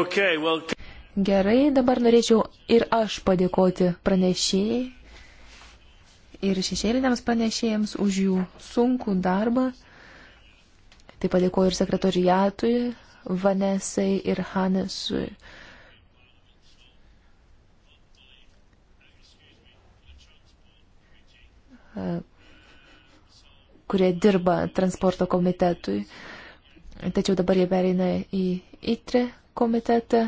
Okay, well... Gerai, dabar norėčiau ir aš padėkoti pranešėjai ir šešėliniams pranešėjams už jų sunkų darbą. Taip padėkoju ir sekretoriatui, Vanesai ir Hanesui kurie dirba transporto komitetui. Tačiau dabar jie pereina į ITRE komitetą.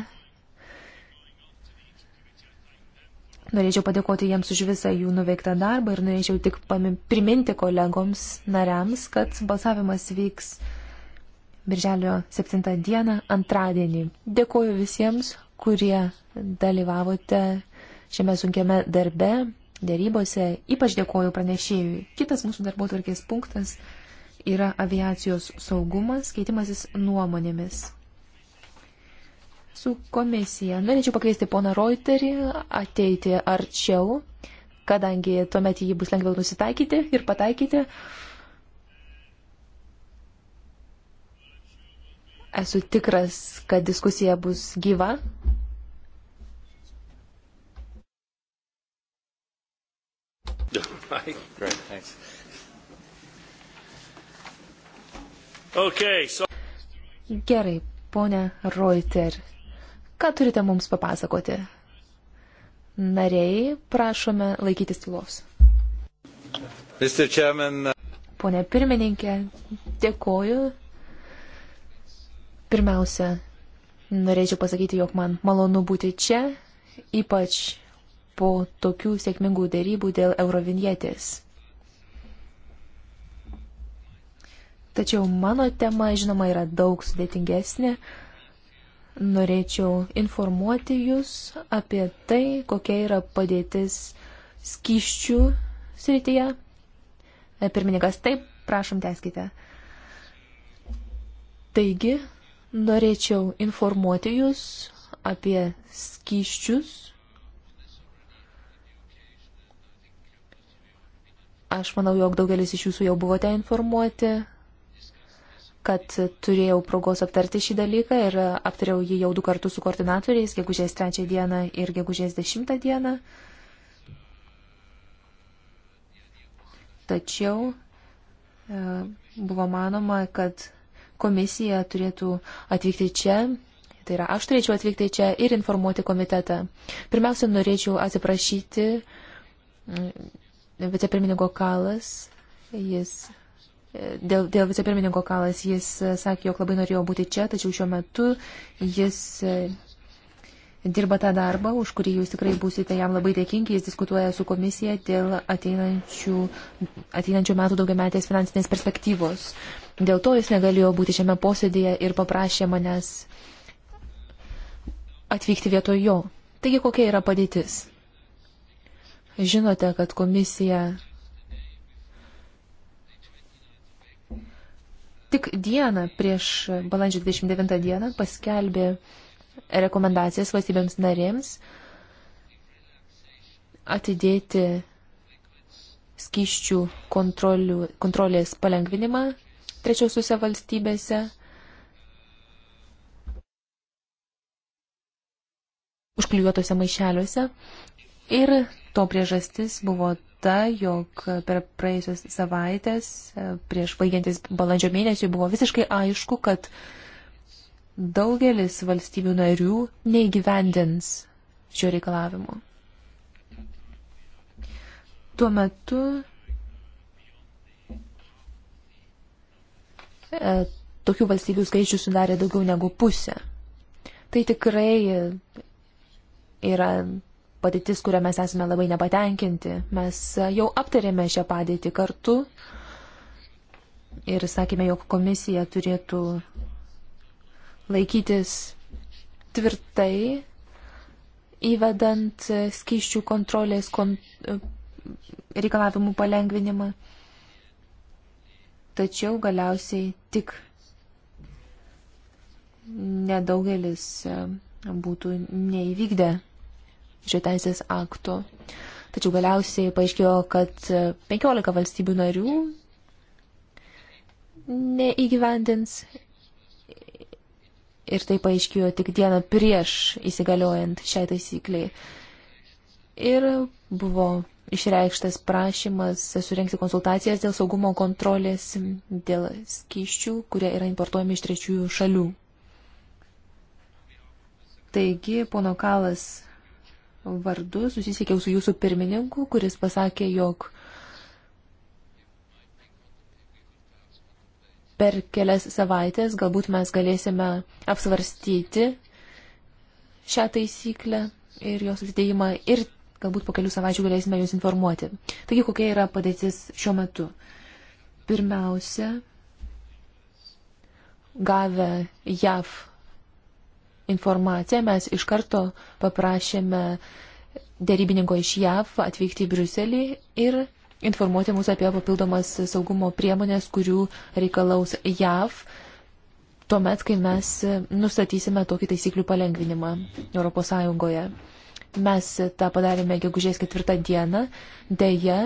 Norėčiau padėkoti jiems už visą jų nuveiktą darbą ir norėčiau tik priminti kolegoms nariams, kad balsavimas vyks Birželio 7 dieną, antradienį. Dėkoju visiems, kurie dalyvavote šiame sunkiame darbe dėrybose. Ypač dėkoju pranešėjui. Kitas mūsų darbo tvarkės punktas yra aviacijos saugumas, keitimasis nuomonėmis. Su komisija. Norėčiau pakviesti poną Reuterį ateiti arčiau, kadangi tuomet jį bus lengviau nusitaikyti ir pataikyti. Esu tikras, kad diskusija bus gyva, right. Great, thanks. Okay, so... Gerai, ponia Reuter, ką turite mums papasakoti? Nariai, prašome laikytis tylos. Chairman... Uh- Pone pirmininkė, dėkoju. Pirmiausia, norėčiau pasakyti, jog man malonu būti čia, ypač po tokių sėkmingų dėrybų dėl eurovinietės. Tačiau mano tema, žinoma, yra daug sudėtingesnė. Norėčiau informuoti Jūs apie tai, kokia yra padėtis skyščių srityje. E, pirmininkas, taip, prašom, teskite. Taigi, norėčiau informuoti Jūs apie skyščius Aš manau, jog daugelis iš jūsų jau buvote informuoti, kad turėjau progos aptarti šį dalyką ir aptariau jį jau du kartus su koordinatoriais, gegužės 3 dieną ir gegužės 10 dieną. Tačiau e, buvo manoma, kad komisija turėtų atvykti čia Tai yra, aš turėčiau atvykti čia ir informuoti komitetą. Pirmiausia, norėčiau atsiprašyti vicepirmininko Kalas, jis. E, dėl, dėl vicepirmininko Kalas jis e, sakė, jog labai norėjo būti čia, tačiau šiuo metu jis e, dirba tą darbą, už kurį jūs tikrai būsite jam labai dėkingi. Jis diskutuoja su komisija dėl ateinančių, ateinančių metų daugiametės finansinės perspektyvos. Dėl to jis negalėjo būti šiame posėdėje ir paprašė manęs atvykti vietoj jo. Taigi kokia yra padėtis? Žinote, kad komisija tik dieną prieš balandžio 29 dieną paskelbė rekomendacijas valstybėms narėms atidėti skyščių kontrolės palengvinimą trečiosiuose valstybėse, užklijuotose maišeliuose Ir to priežastis buvo ta, jog per praėjusias savaitės, e, prieš baigiantis balandžio mėnesiui, buvo visiškai aišku, kad daugelis valstybių narių neįgyvendins šio reikalavimo. Tuo metu e, tokių valstybių skaičių sudarė daugiau negu pusę. Tai tikrai yra padėtis, kurią mes esame labai nepatenkinti. Mes e, jau aptarėme šią padėtį kartu ir sakėme, jog komisija turėtų laikytis tvirtai įvedant skyščių kontrolės kon... E, reikalavimų palengvinimą. Tačiau galiausiai tik nedaugelis e, būtų neįvykdę šio teisės akto. Tačiau galiausiai paaiškėjo, kad 15 valstybių narių neįgyvendins ir tai paaiškėjo tik dieną prieš įsigaliojant šiai taisykliai. Ir buvo išreikštas prašymas surinkti konsultacijas dėl saugumo kontrolės, dėl skyščių, kurie yra importuojami iš trečiųjų šalių. Taigi, pono Kalas vardu susisiekiau su jūsų pirmininku, kuris pasakė, jog per kelias savaitės galbūt mes galėsime apsvarstyti šią taisyklę ir jos atidėjimą ir galbūt po kelių savaičių galėsime jūs informuoti. Taigi, kokia yra padėtis šiuo metu? Pirmiausia, gavę JAV informaciją, mes iš karto paprašėme dėrybininko iš JAV atvykti į Briuselį ir informuoti mus apie papildomas saugumo priemonės, kurių reikalaus JAV, tuomet, kai mes nustatysime tokį taisyklių palengvinimą ES. Mes tą padarėme gegužės ketvirtą dieną, dėja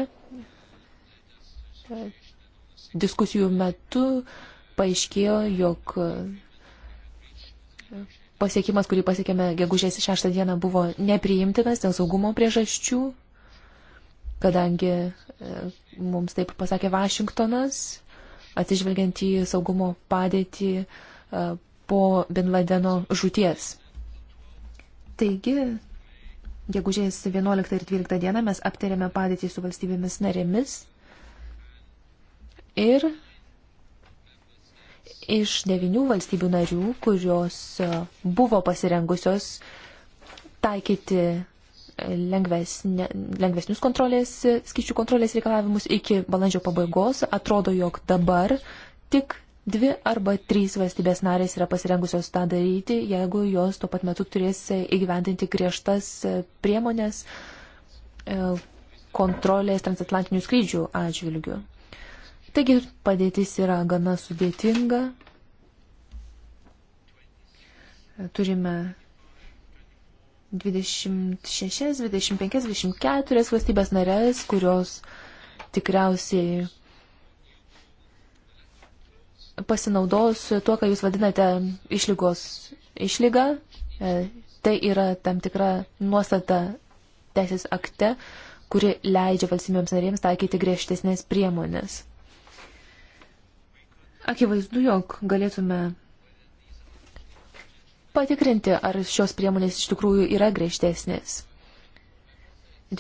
diskusijų metu paaiškėjo, jog pasiekimas, kurį pasiekėme gegužės 6 dieną, buvo nepriimtinas dėl saugumo priežasčių, kadangi e, mums taip pasakė Vašingtonas, atsižvelgiant į saugumo padėtį e, po Bin Ladeno žūties. Taigi, gegužės 11 ir 12 dieną mes aptarėme padėtį su valstybėmis narėmis ir iš devinių valstybių narių, kurios e, buvo pasirengusios taikyti e, lengvesnė, lengvesnius kontrolės, e, skaičių kontrolės reikalavimus iki balandžio pabaigos, atrodo, jog dabar tik dvi arba trys valstybės narės yra pasirengusios tą daryti, jeigu jos tuo pat metu turės įgyvendinti griežtas priemonės kontrolės transatlantinių skrydžių atžvilgių. Taigi padėtis yra gana sudėtinga. Turime 26, 25, 24 valstybės narės, kurios tikriausiai pasinaudos tuo, ką jūs vadinate išlygos išlyga. E, tai yra tam tikra nuostata teisės akte, kuri leidžia valstybėms narėms taikyti griežtesnės priemonės. Akivaizdu, jog galėtume patikrinti, ar šios priemonės iš tikrųjų yra griežtesnės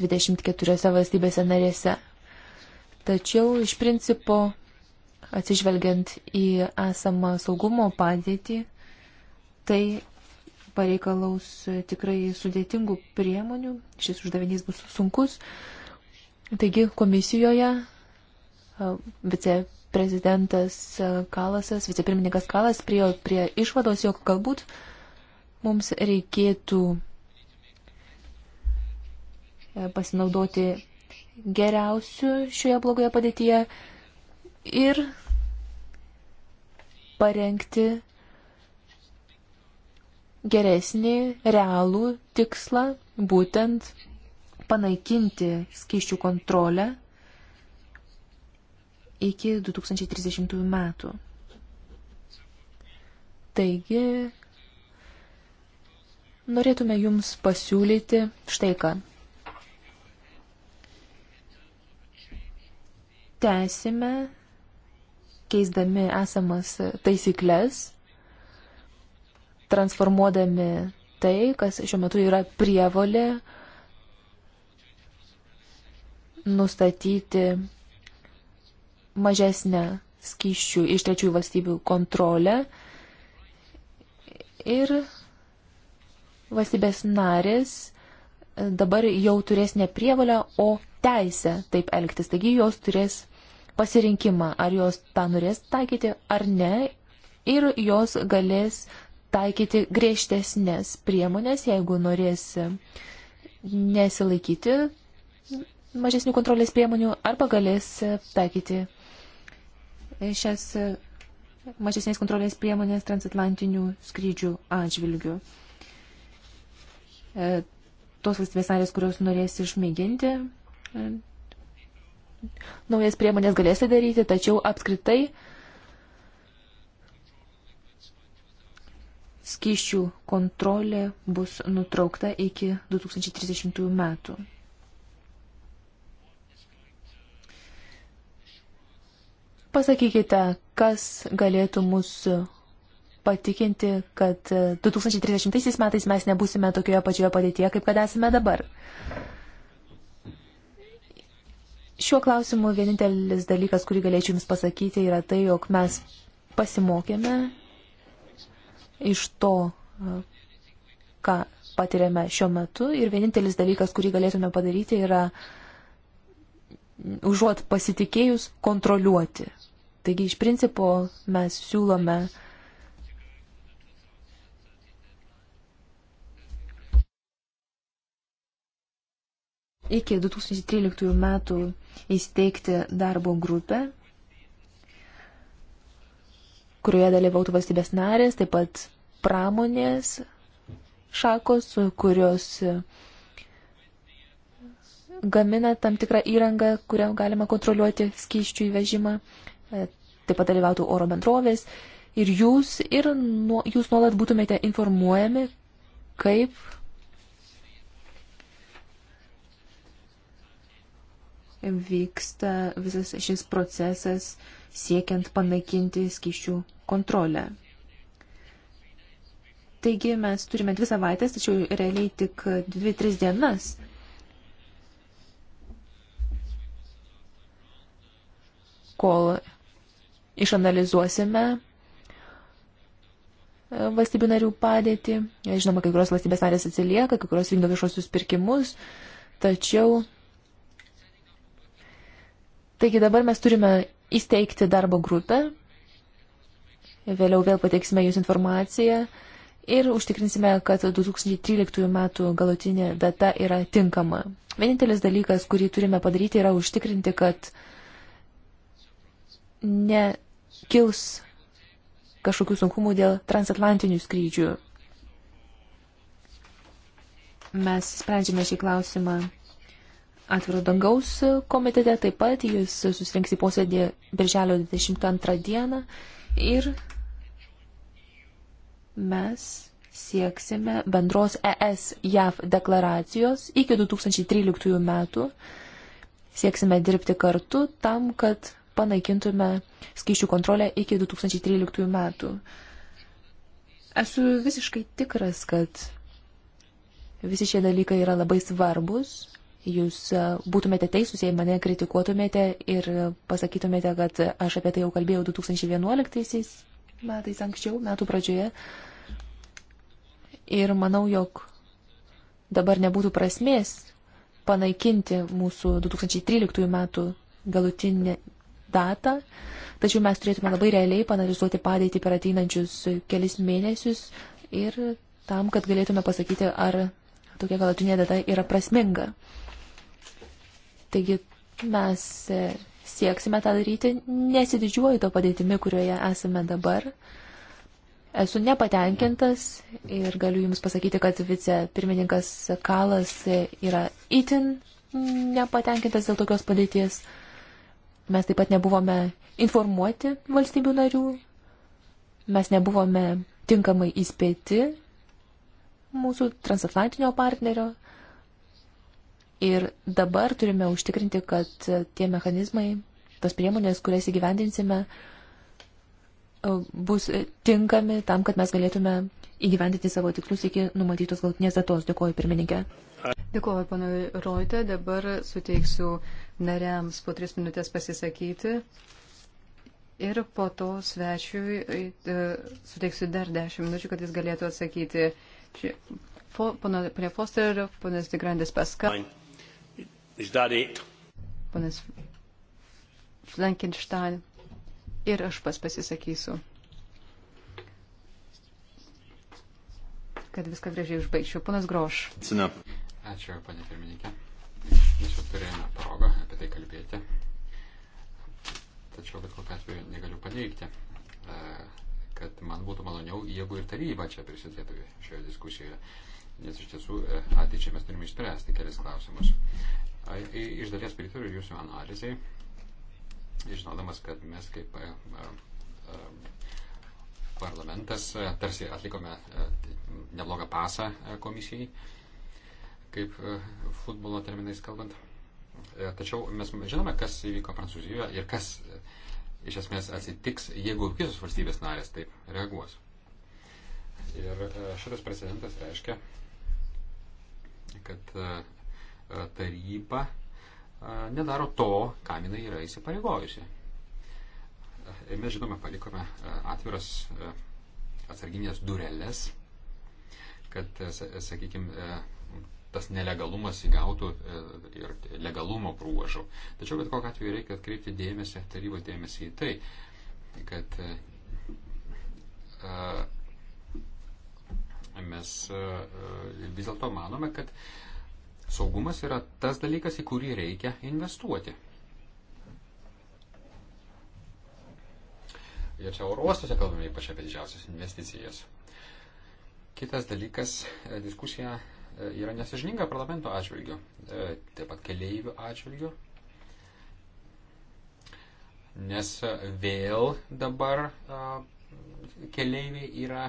24 valstybėse narėse. Tačiau iš principo, atsižvelgiant į esamą saugumo padėtį, tai pareikalaus tikrai sudėtingų priemonių, šis uždavinys bus sunkus. Taigi komisijoje vice prezidentas e, Kalasas, vicepirmininkas Kalas priejo prie išvados, jog galbūt mums reikėtų e, pasinaudoti geriausių šioje blogoje padėtyje ir parengti geresnį realų tikslą, būtent panaikinti skyščių kontrolę iki 2030 metų. Taigi, norėtume Jums pasiūlyti štai ką. Tęsime, keisdami esamas taisyklės, transformuodami tai, kas šiuo metu yra prievolė nustatyti mažesnę skyščių iš trečiųjų valstybių kontrolę ir valstybės narės dabar jau turės ne prievalę, o teisę taip elgtis. Taigi jos turės pasirinkimą, ar jos tą norės taikyti ar ne, ir jos galės taikyti griežtesnės priemonės, jeigu norės nesilaikyti mažesnių kontrolės priemonių, arba galės taikyti šias e, mažesnės kontrolės priemonės transatlantinių skrydžių atžvilgių. E, tos valstybės narės, kurios norės išmėginti, e, naujas priemonės galės tai daryti, tačiau apskritai skyšių kontrolė bus nutraukta iki 2030 metų. Pasakykite, kas galėtų mūsų patikinti, kad 2030 metais mes nebūsime tokioje pačioje padėtyje, kaip kad esame dabar. Šiuo klausimu vienintelis dalykas, kurį galėčiau Jums pasakyti, yra tai, jog mes pasimokėme iš to, ką patiriame šiuo metu ir vienintelis dalykas, kurį galėtume padaryti, yra uh, užuot pasitikėjus, kontroliuoti. Taigi iš principo mes siūlome iki 2013 metų įsteigti darbo grupę, kurioje dalyvautų valstybės narės, taip pat pramonės šakos, kurios gamina tam tikrą įrangą, kurią galima kontroliuoti skyščių įvežimą, e, taip pat dalyvautų oro bendrovės. Ir jūs, ir nuo, jūs nuolat būtumėte informuojami, kaip vyksta visas šis procesas siekiant panaikinti skyščių kontrolę. Taigi mes turime dvi savaitės, tačiau realiai tik dvi, tris dienas kol išanalizuosime e, valstybių narių padėtį. Žinoma, kai kurios valstybės narės atsilieka, kai kurios vykdo viešuosius pirkimus, tačiau. Taigi dabar mes turime įsteigti darbo grupę, vėliau vėl pateiksime jūs informaciją ir užtikrinsime, kad 2013 metų galutinė data yra tinkama. Vienintelis dalykas, kurį turime padaryti, yra užtikrinti, kad uh, nekils kažkokių sunkumų dėl transatlantinių skrydžių. Mes sprendžiame šį klausimą atviro dangaus komitete, taip pat jis susirinks į posėdį birželio 22 dieną ir mes sieksime bendros ES-JAV deklaracijos iki 2013 metų. Sieksime dirbti kartu tam, kad panaikintume skaičių kontrolę iki 2013 metų. Esu visiškai tikras, kad visi šie dalykai yra labai svarbus. Jūs e, būtumėte teisūs, jei mane kritikuotumėte ir pasakytumėte, kad aš apie tai jau kalbėjau 2011 metais anksčiau, metų pradžioje. Ir manau, jog dabar nebūtų prasmės panaikinti mūsų 2013 metų galutinį datą, tačiau mes turėtume labai realiai panalizuoti padėtį per ateinančius kelis mėnesius ir tam, kad galėtume pasakyti, ar tokia galutinė data yra prasminga. Taigi mes sieksime tą daryti, nesididžiuoju to padėtimi, kurioje esame dabar. Esu nepatenkintas ir galiu Jums pasakyti, kad vicepirmininkas Kalas yra itin nepatenkintas dėl tokios padėties. Mes taip pat nebuvome informuoti valstybių narių, mes nebuvome tinkamai įspėti mūsų transatlantinio partnerio. Ir dabar turime užtikrinti, kad tie mechanizmai, tos priemonės, kurias įgyvendinsime, uh, bus tinkami tam, kad mes galėtume įgyvendyti savo tikslus iki numatytos galtinės datos. Dėkuoju, pirmininkė. Dėkuoju, panui Roitė. Dabar suteiksiu nariams po tris minutės pasisakyti. Ir po to svečiui e, e, suteiksiu dar dešimt minučių, kad jis galėtų atsakyti. Pane Foster, ponas Digrandis Paskal. Ponas Flankenstein ir aš pas pasisakysiu, kad viską gražiai užbaigčiau. Ponas Groš. Sina. Ačiū, ponė pirmininkė. Mes jau turėjome progą apie tai kalbėti. Tačiau bet kokiu atveju negaliu paneigti, e, kad man būtų maloniau, jeigu ir taryba čia prisidėtų šioje diskusijoje. Nes iš tiesų e, ateičiai mes turime išspręsti kelias klausimus. Iš dalies pritariu jūsų analizai žinodamas, kad mes kaip e, e, e, parlamentas tarsi atlikome neblogą pasą komisijai, kaip futbolo terminais kalbant. Tačiau mes žinome, kas įvyko Prancūzijoje ir kas iš esmės atsitiks, jeigu visos valstybės narės taip reaguos. Ir šitas precedentas reiškia, kad taryba nedaro to, kam jinai yra įsipareigojusi. Mes, žinoma, palikome atviras atsarginės durelės, kad, sakykime, tas nelegalumas įgautų ir legalumo prūvažų. Tačiau bet kokiu atveju reikia atkreipti dėmesį, tarybos dėmesį į tai, kad mes vis dėlto manome, kad Saugumas yra tas dalykas, į kurį reikia investuoti. Ir čia oro uostuose kalbame ypač apie didžiausias investicijas. Kitas dalykas, e, diskusija e, yra nesažininga parlamento atžvilgiu, e, taip pat keleivių atžvilgiu, nes vėl dabar keleiviai yra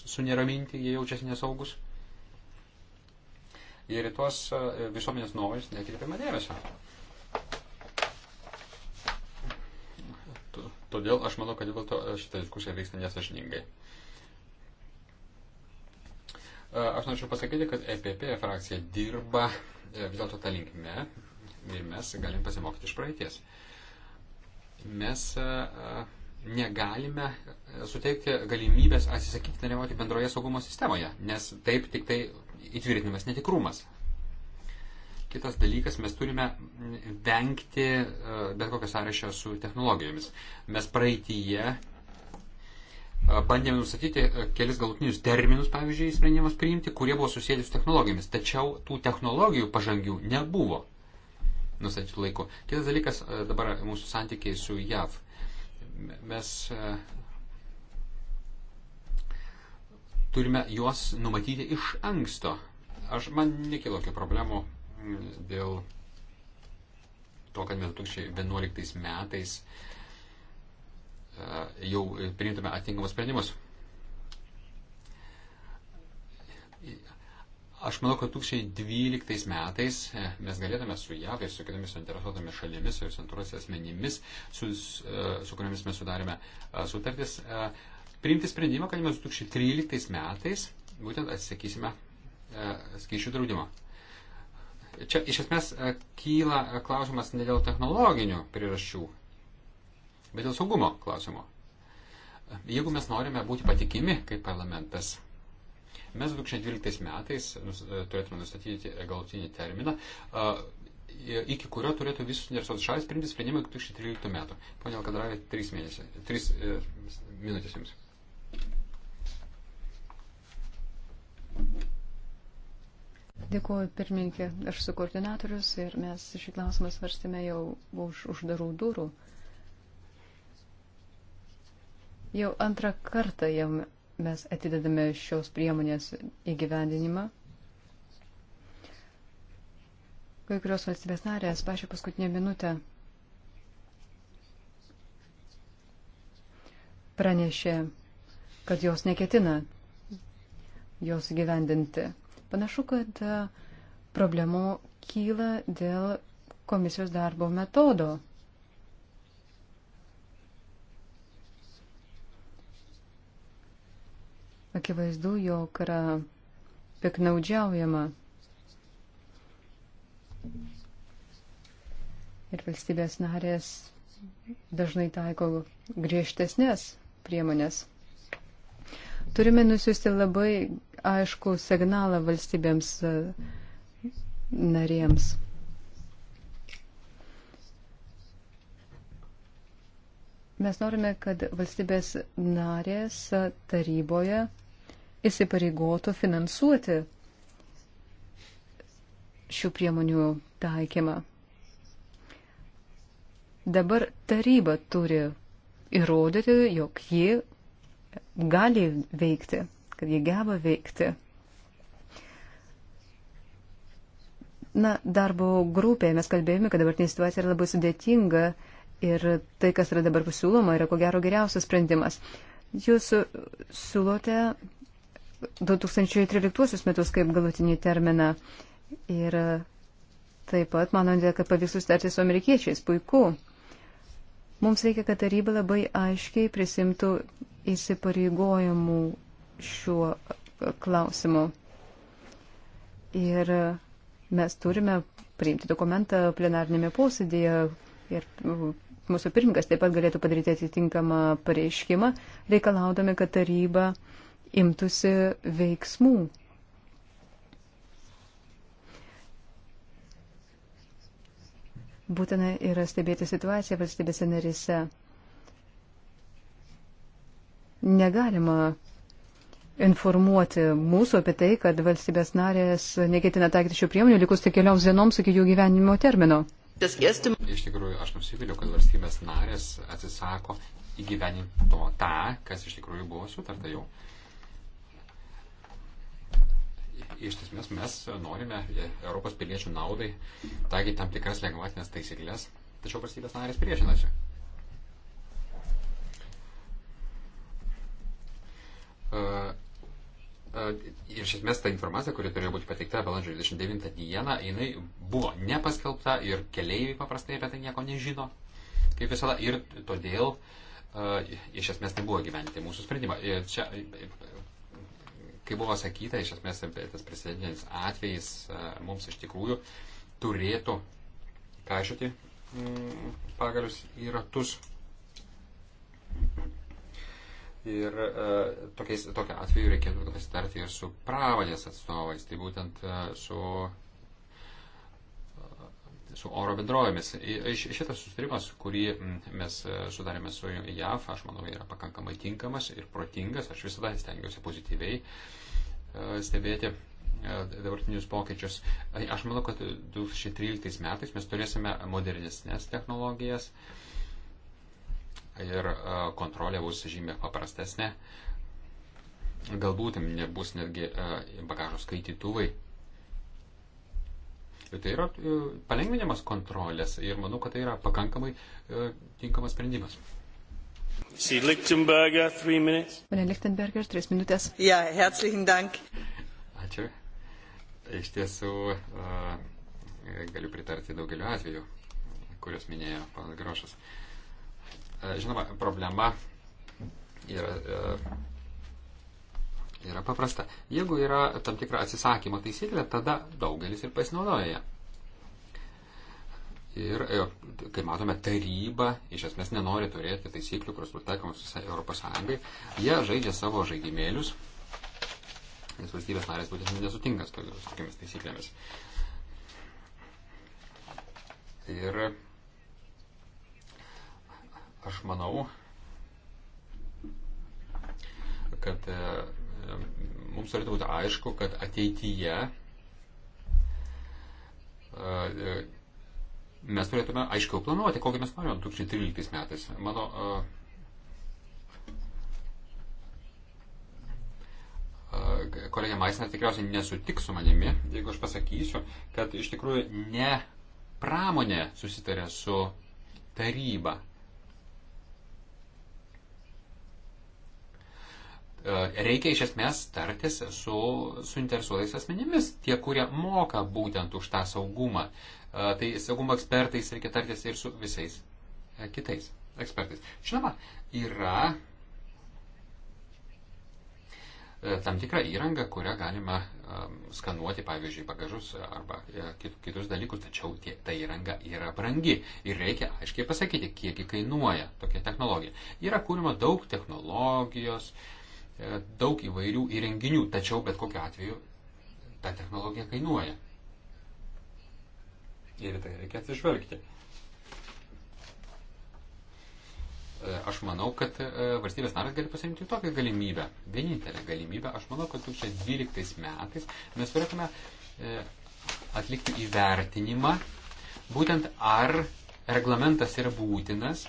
suneraminti, jie jaučiasi nesaugus ir į tuos e, visuomenės nuomonės nekreipiama dėmesio. Todėl aš manau, kad vis dėlto e, šitą diskusiją vyksta nesažiningai. E, aš norėčiau pasakyti, kad EPP frakcija dirba vis dėlto tą linkme ir mes galim pasimokyti iš praeities. Mes negalime suteikti galimybės atsisakyti dalyvauti bendroje saugumo sistemoje, nes taip tik tai įtvirtinamas netikrumas. Kitas dalykas, mes turime vengti e, bet kokią sąrašą su technologijomis. Mes praeitįje e, bandėme nustatyti e, kelis galutinius terminus, pavyzdžiui, sprendimus priimti, kurie buvo susijęti su technologijomis. Tačiau tų technologijų pažangių nebuvo nustatytų laiku. Kitas dalykas dabar mūsų santykiai su JAV. Mes turime juos numatyti iš anksto. Aš man nekilo jokių problemų mm, dėl to, kad mes 2011 metais e, jau priimtume atitinkamus sprendimus. Aš manau, kad 2012 metais e, mes galėtume su JAV ir su kitomis suinteresuotomis šalimis ir santūros asmenimis, su, e, su kuriamis mes sudarėme sutartis, priimti sprendimą, kad mes 2013 metais būtent atsisakysime e, skaičių draudimo. Čia iš esmės e, kyla e, klausimas ne dėl technologinių priežasčių, bet dėl saugumo klausimo. Jeigu mes norime būti patikimi kaip parlamentas, mes 2012 metais turėtume nustatyti galutinį terminą, iki kurio turėtų visus universitetų šalis priimti sprendimą 2013 metų. Pone Alkadravė, 3 mėnesiai, 3 minutės jums. Dėkuoju, pirmininkė. Aš su koordinatorius ir mes šį klausimą svarstėme jau už uždarų durų. Jau antrą kartą jau mes atidedame šios priemonės įgyvendinimą. Kai kurios valstybės narės pašė paskutinę minutę pranešė, kad jos neketina jos gyvendinti. Panašu, kad e, problemų kyla dėl komisijos darbo metodo. Akivaizdu, jog yra piknaudžiaujama. Ir valstybės narės dažnai taiko griežtesnės priemonės. Turime nusiųsti labai aišku signalą valstybėms e, narėms. Mes norime, kad valstybės narės taryboje įsipareigotų finansuoti šių priemonių taikymą. Dabar taryba turi įrodyti, jog ji gali veikti, kad jie geba veikti. Na, darbo grupėje mes kalbėjome, kad dabartinė situacija yra labai sudėtinga ir tai, kas yra dabar pasiūloma, yra ko gero geriausias sprendimas. Jūs siūlote 2013 metus kaip galutinį terminą ir taip pat manote, kad pavyks sustarti su amerikiečiais. Puiku. Mums reikia, kad taryba labai aiškiai prisimtų įsipareigojimų šiuo klausimu. Ir mes turime priimti dokumentą plenarnėme posėdėje ir mūsų pirmininkas taip pat galėtų padaryti atitinkamą pareiškimą, reikalaudami, kad taryba imtųsi veiksmų. Būtina yra stebėti situaciją valstybėse narise negalima informuoti mūsų apie tai, kad valstybės narės neketina taikyti šių priemonių likus tik kelioms dienoms iki jų gyvenimo termino. Iš tikrųjų, aš nusivyliu, kad valstybės narės atsisako įgyveninti to tą, kas iš tikrųjų buvo sutarta jau. Iš esmės mes norime Europos piliečių naudai taikyti tam tikras lengvatinės taisyklės, tačiau valstybės narės priešinasi. Iš esmės ta informacija, kuri turėjo būti pateikta balandžio 29 dieną, jinai buvo nepaskelbta ir keleiviai paprastai apie tai nieko nežino, kaip visada, ir todėl iš esmės nebuvo gyventi mūsų sprendimą. Ir čia, kaip buvo sakyta, iš esmės tas presidentinis atvejis mums iš tikrųjų turėtų kaišyti mm, pagalius į ratus. Ir e, tokiais, tokia atveju reikėtų pasitarti ir su pravalės atstovais, tai būtent e, su, e, su oro bendrovėmis. Šitas sustarimas, kurį mm, mes e, sudarėme su JAF, aš manau, yra pakankamai tinkamas ir protingas. Aš visada stengiuosi pozityviai e, stebėti e, dabartinius pokyčius. Aš manau, kad 2013 metais mes turėsime modernesnės technologijas. E, ir e, kontrolė bus žymiai paprastesnė. Galbūt nebus netgi e, bagažo skaitytuvai. Tai yra e, palengvinimas kontrolės ir manau, kad tai yra pakankamai tinkamas sprendimas. Pane Lichtenberger, trys minutės. Ja, herzlichen Dank. Ačiū. Iš tiesų, galiu pritarti daugeliu atveju, kuriuos minėjo panas Grošas. Uh, E, žinoma, problema yra, e, yra paprasta. Jeigu yra tam tikra atsisakymo taisyklė, tada daugelis ir pasinaudoja ją. Ir, e, kai matome, taryba iš esmės nenori turėti taisyklių, kurios būtų taikomos visai Europos Sąjungai. Jie žaidžia savo žaidimėlius, nes valstybės narės būtent nesutinka su tokiamis taisyklėmis. Ir Aš manau, kad e, mums turėtų būti aišku, kad ateityje e, mes turėtume aiškiau planuoti, kokį mes norime 2013 metais. Mano, e, kolegė Maisner tikriausiai nesutiks su manimi, jeigu aš pasakysiu, kad iš tikrųjų ne pramonė susitarė su taryba E, reikia iš esmės tartis su suinteresuotais asmenimis, tie, kurie moka būtent už tą saugumą. E, tai saugumo ekspertais reikia tartis ir su visais e, kitais ekspertais. Žinoma, yra tam tikra įranga, kurią galima skanuoti, pavyzdžiui, bagažus arba kitus dalykus, tačiau tie, ta įranga yra brangi ir reikia aiškiai pasakyti, kiek kainuoja tokia technologija. Yra kūrima daug technologijos, uh, E, daug įvairių įrenginių, tačiau bet kokiu atveju ta technologija kainuoja. Ir tai reikia atsižvelgti. E, aš manau, kad e, valstybės narės gali pasirinkti tokią galimybę. Vienintelę galimybę. Aš manau, kad 2012 metais mes turėtume atlikti įvertinimą, būtent ar reglamentas yra būtinas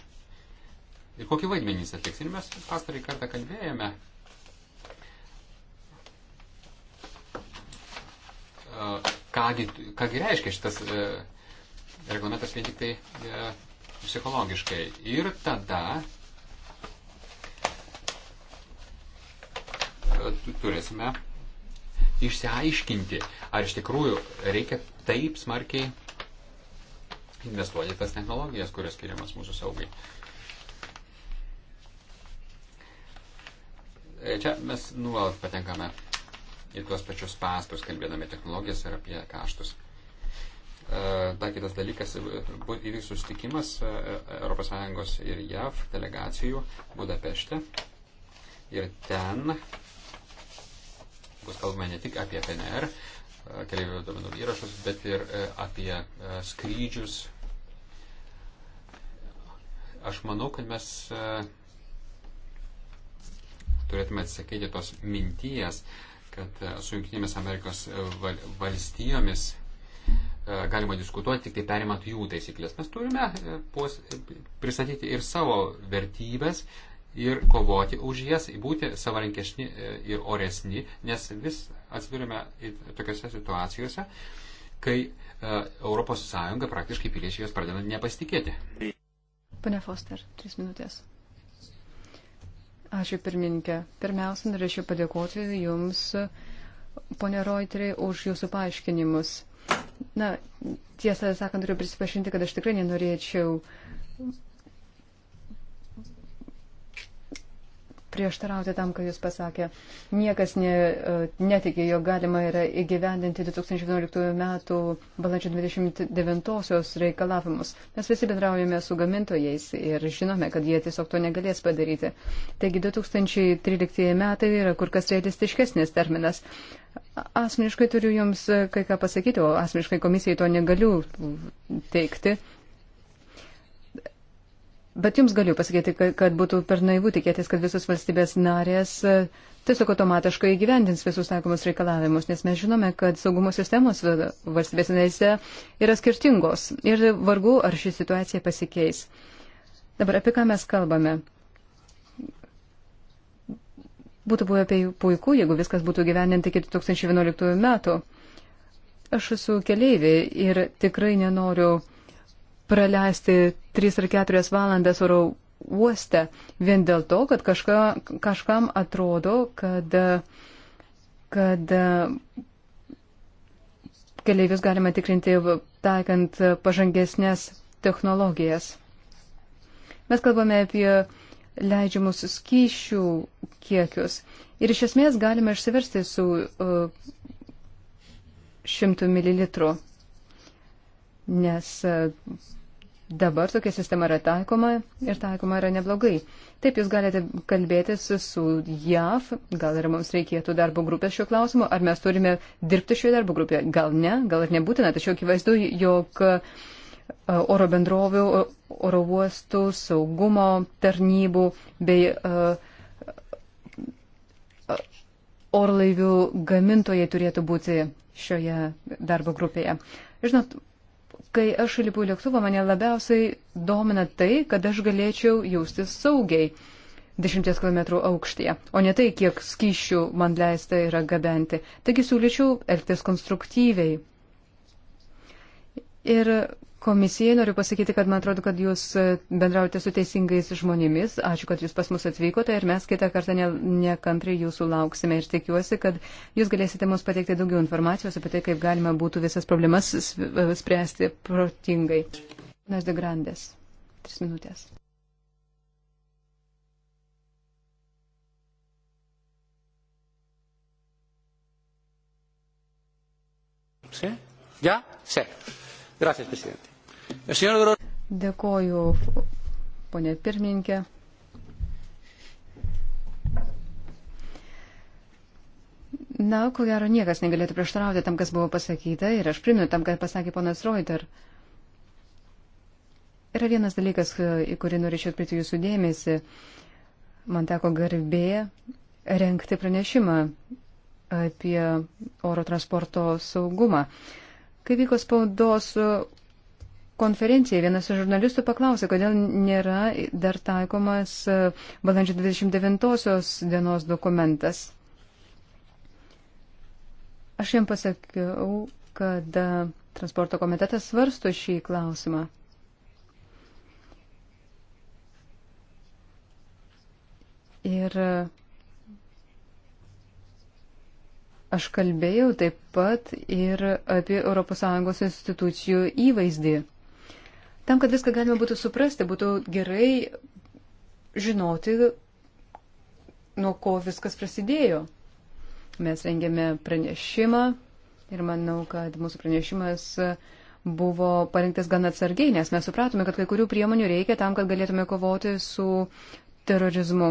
ir kokį vaidmenį jis atliks. Ir mes pastarį kartą kalbėjome kągi, kągi reiškia šitas e, reglamentas vien tik tai e, psichologiškai. Ir tada e, turėsime išsiaiškinti, ar iš tikrųjų reikia taip smarkiai investuoti tas technologijas, kurios skiriamas mūsų saugai. E, čia mes nuolat patenkame į tuos pačius pastus, kalbėdami technologijas ir apie kaštus. E, dar kitas dalykas, įvyks e, susitikimas ES e, ir JAV delegacijų Budapešte. Ir ten bus kalbama ne tik apie PNR, keliaivių duomenų įrašus, bet ir apie skrydžius. Aš manau, kad mes turėtume atsisakyti tos minties, uh, kad e, su Junktinėmis Amerikos e, valstijomis e, galima diskutuoti, tik tai perimant jų taisyklės. Mes turime pristatyti ir savo vertybės ir kovoti už jas, būti savarankišni ir oresni, nes vis atsidurime tokiuose situacijose, kai ES praktiškai piliečiai jos pradeda nepasitikėti. Pane Foster, tris minutės. Ačiū pirmininkė. Pirmiausia, norėčiau padėkoti Jums, ponė Reuteriai, už Jūsų paaiškinimus. Na, tiesą sakant, turiu prisipažinti, kad aš tikrai nenorėčiau prieštarauti tam, ką Jūs pasakė. Niekas ne, e, netikė, jog galima yra įgyvendinti 2011 metų balandžio 29-osios reikalavimus. Mes visi bendraujame su gamintojais ir žinome, kad jie tiesiog to negalės padaryti. Taigi 2013 metai yra kur kas realistiškesnis terminas. Asmeniškai turiu Jums kai ką pasakyti, o asmeniškai komisijai to negaliu teikti. Bet jums galiu pasakyti, kad, kad būtų per naivu tikėtis, kad visos valstybės narės e, tiesiog automatiškai įgyvendins visus taikomus reikalavimus, nes mes žinome, kad saugumo sistemos valstybės narėse yra skirtingos ir vargu, ar ši situacija pasikeis. Dabar apie ką mes kalbame? Būtų buvę apie puiku, jeigu viskas būtų gyveninti iki 2011 metų. Aš esu keleivė ir tikrai nenoriu praleisti 3 ar 4 valandas oro uoste vien dėl to, kad kažka, kažkam atrodo, kad, kad keliaivius galima tikrinti taikant pažangesnės technologijas. Mes kalbame apie leidžiamus skyšių kiekius ir iš esmės galime išsiversti su uh, 100 ml nes e, dabar tokia sistema yra taikoma ir taikoma yra neblogai. Taip, jūs galite kalbėtis su JAV, gal ir mums reikėtų darbo grupės šiuo klausimu, ar mes turime dirbti šioje darbo grupėje, gal ne, gal ir nebūtina, tačiau akivaizdu, jog e, oro bendrovių, oro uostų, saugumo tarnybų bei e, orlaivių gamintojai turėtų būti šioje darbo grupėje. Žinot, Kai aš lipu į lėktuvą, mane labiausiai domina tai, kad aš galėčiau jaustis saugiai 10 km aukštyje, o ne tai, kiek skyšių man leista yra gabenti. Taigi siūlyčiau elgtis konstruktyviai. Ir Komisijai noriu pasakyti, kad man atrodo, kad jūs e, bendraujate su teisingais žmonėmis. Ačiū, kad jūs pas mus atvykote ir mes kitą kartą nekantriai ne jūsų lauksime ir tikiuosi, kad jūs galėsite mums pateikti daugiau informacijos apie tai, kaip galima būtų visas problemas e, spręsti protingai. Nas de Grandes. Tris minutės. ¿Sí? ¿Ya? Sí. Gracias, presidente. Dėkoju, ponė pirmininkė. Na, ko gero, niekas negalėtų prieštarauti tam, kas buvo pasakyta ir aš priminu tam, ką pasakė ponas Reuter. Yra vienas dalykas, į kurį norėčiau atkreipti jūsų dėmesį. Man teko garbė renkti pranešimą apie oro transporto saugumą. Kai vyko spaudos konferenciją vienas iš žurnalistų paklausė, kodėl nėra dar taikomas e, balandžio 29-osios dienos dokumentas. Aš jam pasakiau, kad e, transporto komitetas svarsto šį klausimą. Ir e, aš kalbėjau taip pat ir apie ES institucijų įvaizdį. Tam, kad viską galima būtų suprasti, būtų gerai žinoti, nuo ko viskas prasidėjo. Mes rengėme pranešimą ir manau, kad mūsų pranešimas buvo parinktas gan atsargiai, nes mes supratome, kad kai kurių priemonių reikia tam, kad galėtume kovoti su terorizmu.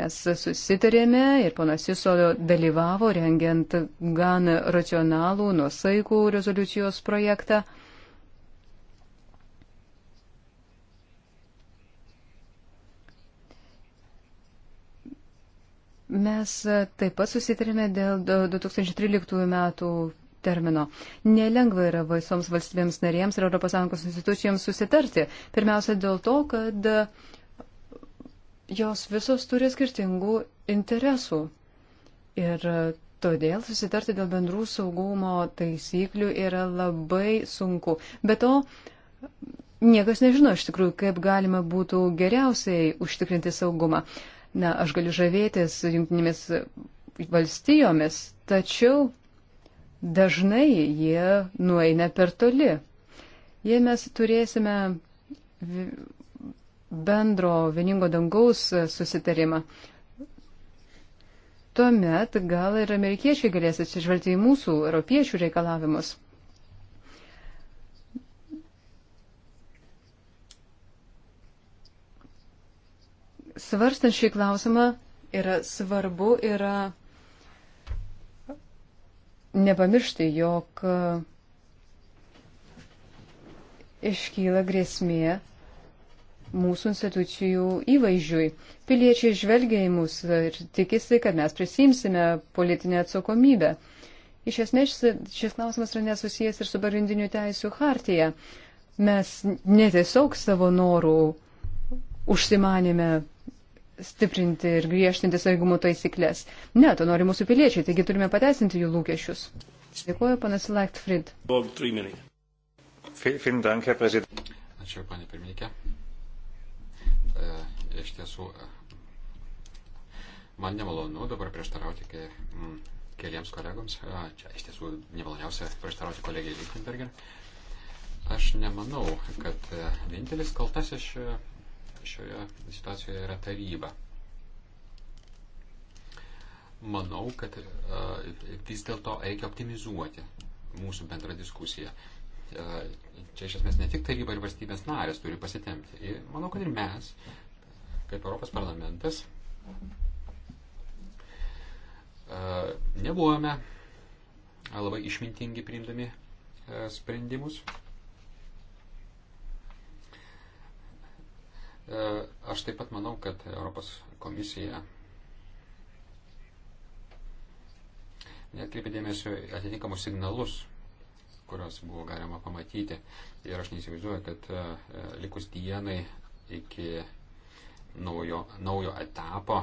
Mes susitarėme ir ponas Juso dalyvavo rengiant gan racionalų, nuosaikų rezoliucijos projektą. Mes e, taip pat susitarėme dėl 2013 metų termino. Nelengva yra visoms valstybėms narėms ir ES institucijoms susitarti. Pirmiausia dėl to, kad e, jos visos turi skirtingų interesų. Ir e, Todėl susitarti dėl bendrų saugumo taisyklių yra labai sunku. Be to, niekas nežino iš tikrųjų, kaip galima būtų geriausiai užtikrinti saugumą. Na, aš galiu žavėtis jungtinėmis valstijomis, tačiau dažnai jie nueina per toli. Jei mes turėsime bendro vieningo dangaus susitarimą, tuomet gal ir amerikiečiai galės atsižvelgti į mūsų europiečių reikalavimus. svarstant šį klausimą yra svarbu yra nepamiršti, jog iškyla grėsmė mūsų institucijų įvaizdžiui. Piliečiai žvelgia į mus ir tikisi, kad mes prisimsime politinę atsakomybę. Iš esmės šis klausimas yra nesusijęs ir su pagrindinių teisų hartija. Mes netiesiog savo norų užsimanėme stiprinti ir griežtinti saugumo taisyklės. Ne, to nori mūsų piliečiai, taigi turime pateisinti jų lūkesčius. Dėkuoju, panas Leichtfried. Ačiū, panė pirmininkė. E, iš tiesų, e, man nemalonu dabar prieštarauti kai, m, keliems kolegoms. E, čia iš tiesų nemaloniausia prieštarauti kolegijai Lichtenberger. Aš nemanau, kad e, vienintelis kaltasis šio e, šioje situacijoje yra taryba. Manau, kad e, vis dėlto reikia optimizuoti mūsų bendrą diskusiją. E, čia iš esmės ne tik taryba ir valstybės narės turi pasitemti. Ir manau, kad ir mes, kaip Europos parlamentas, e, nebuvome labai išmintingi priimdami sprendimus E, aš taip pat manau, kad Europos komisija netkreipė dėmesio atitinkamus signalus, kuriuos buvo galima pamatyti. Ir aš neįsivaizduoju, kad e, likus dienai iki naujo, naujo etapo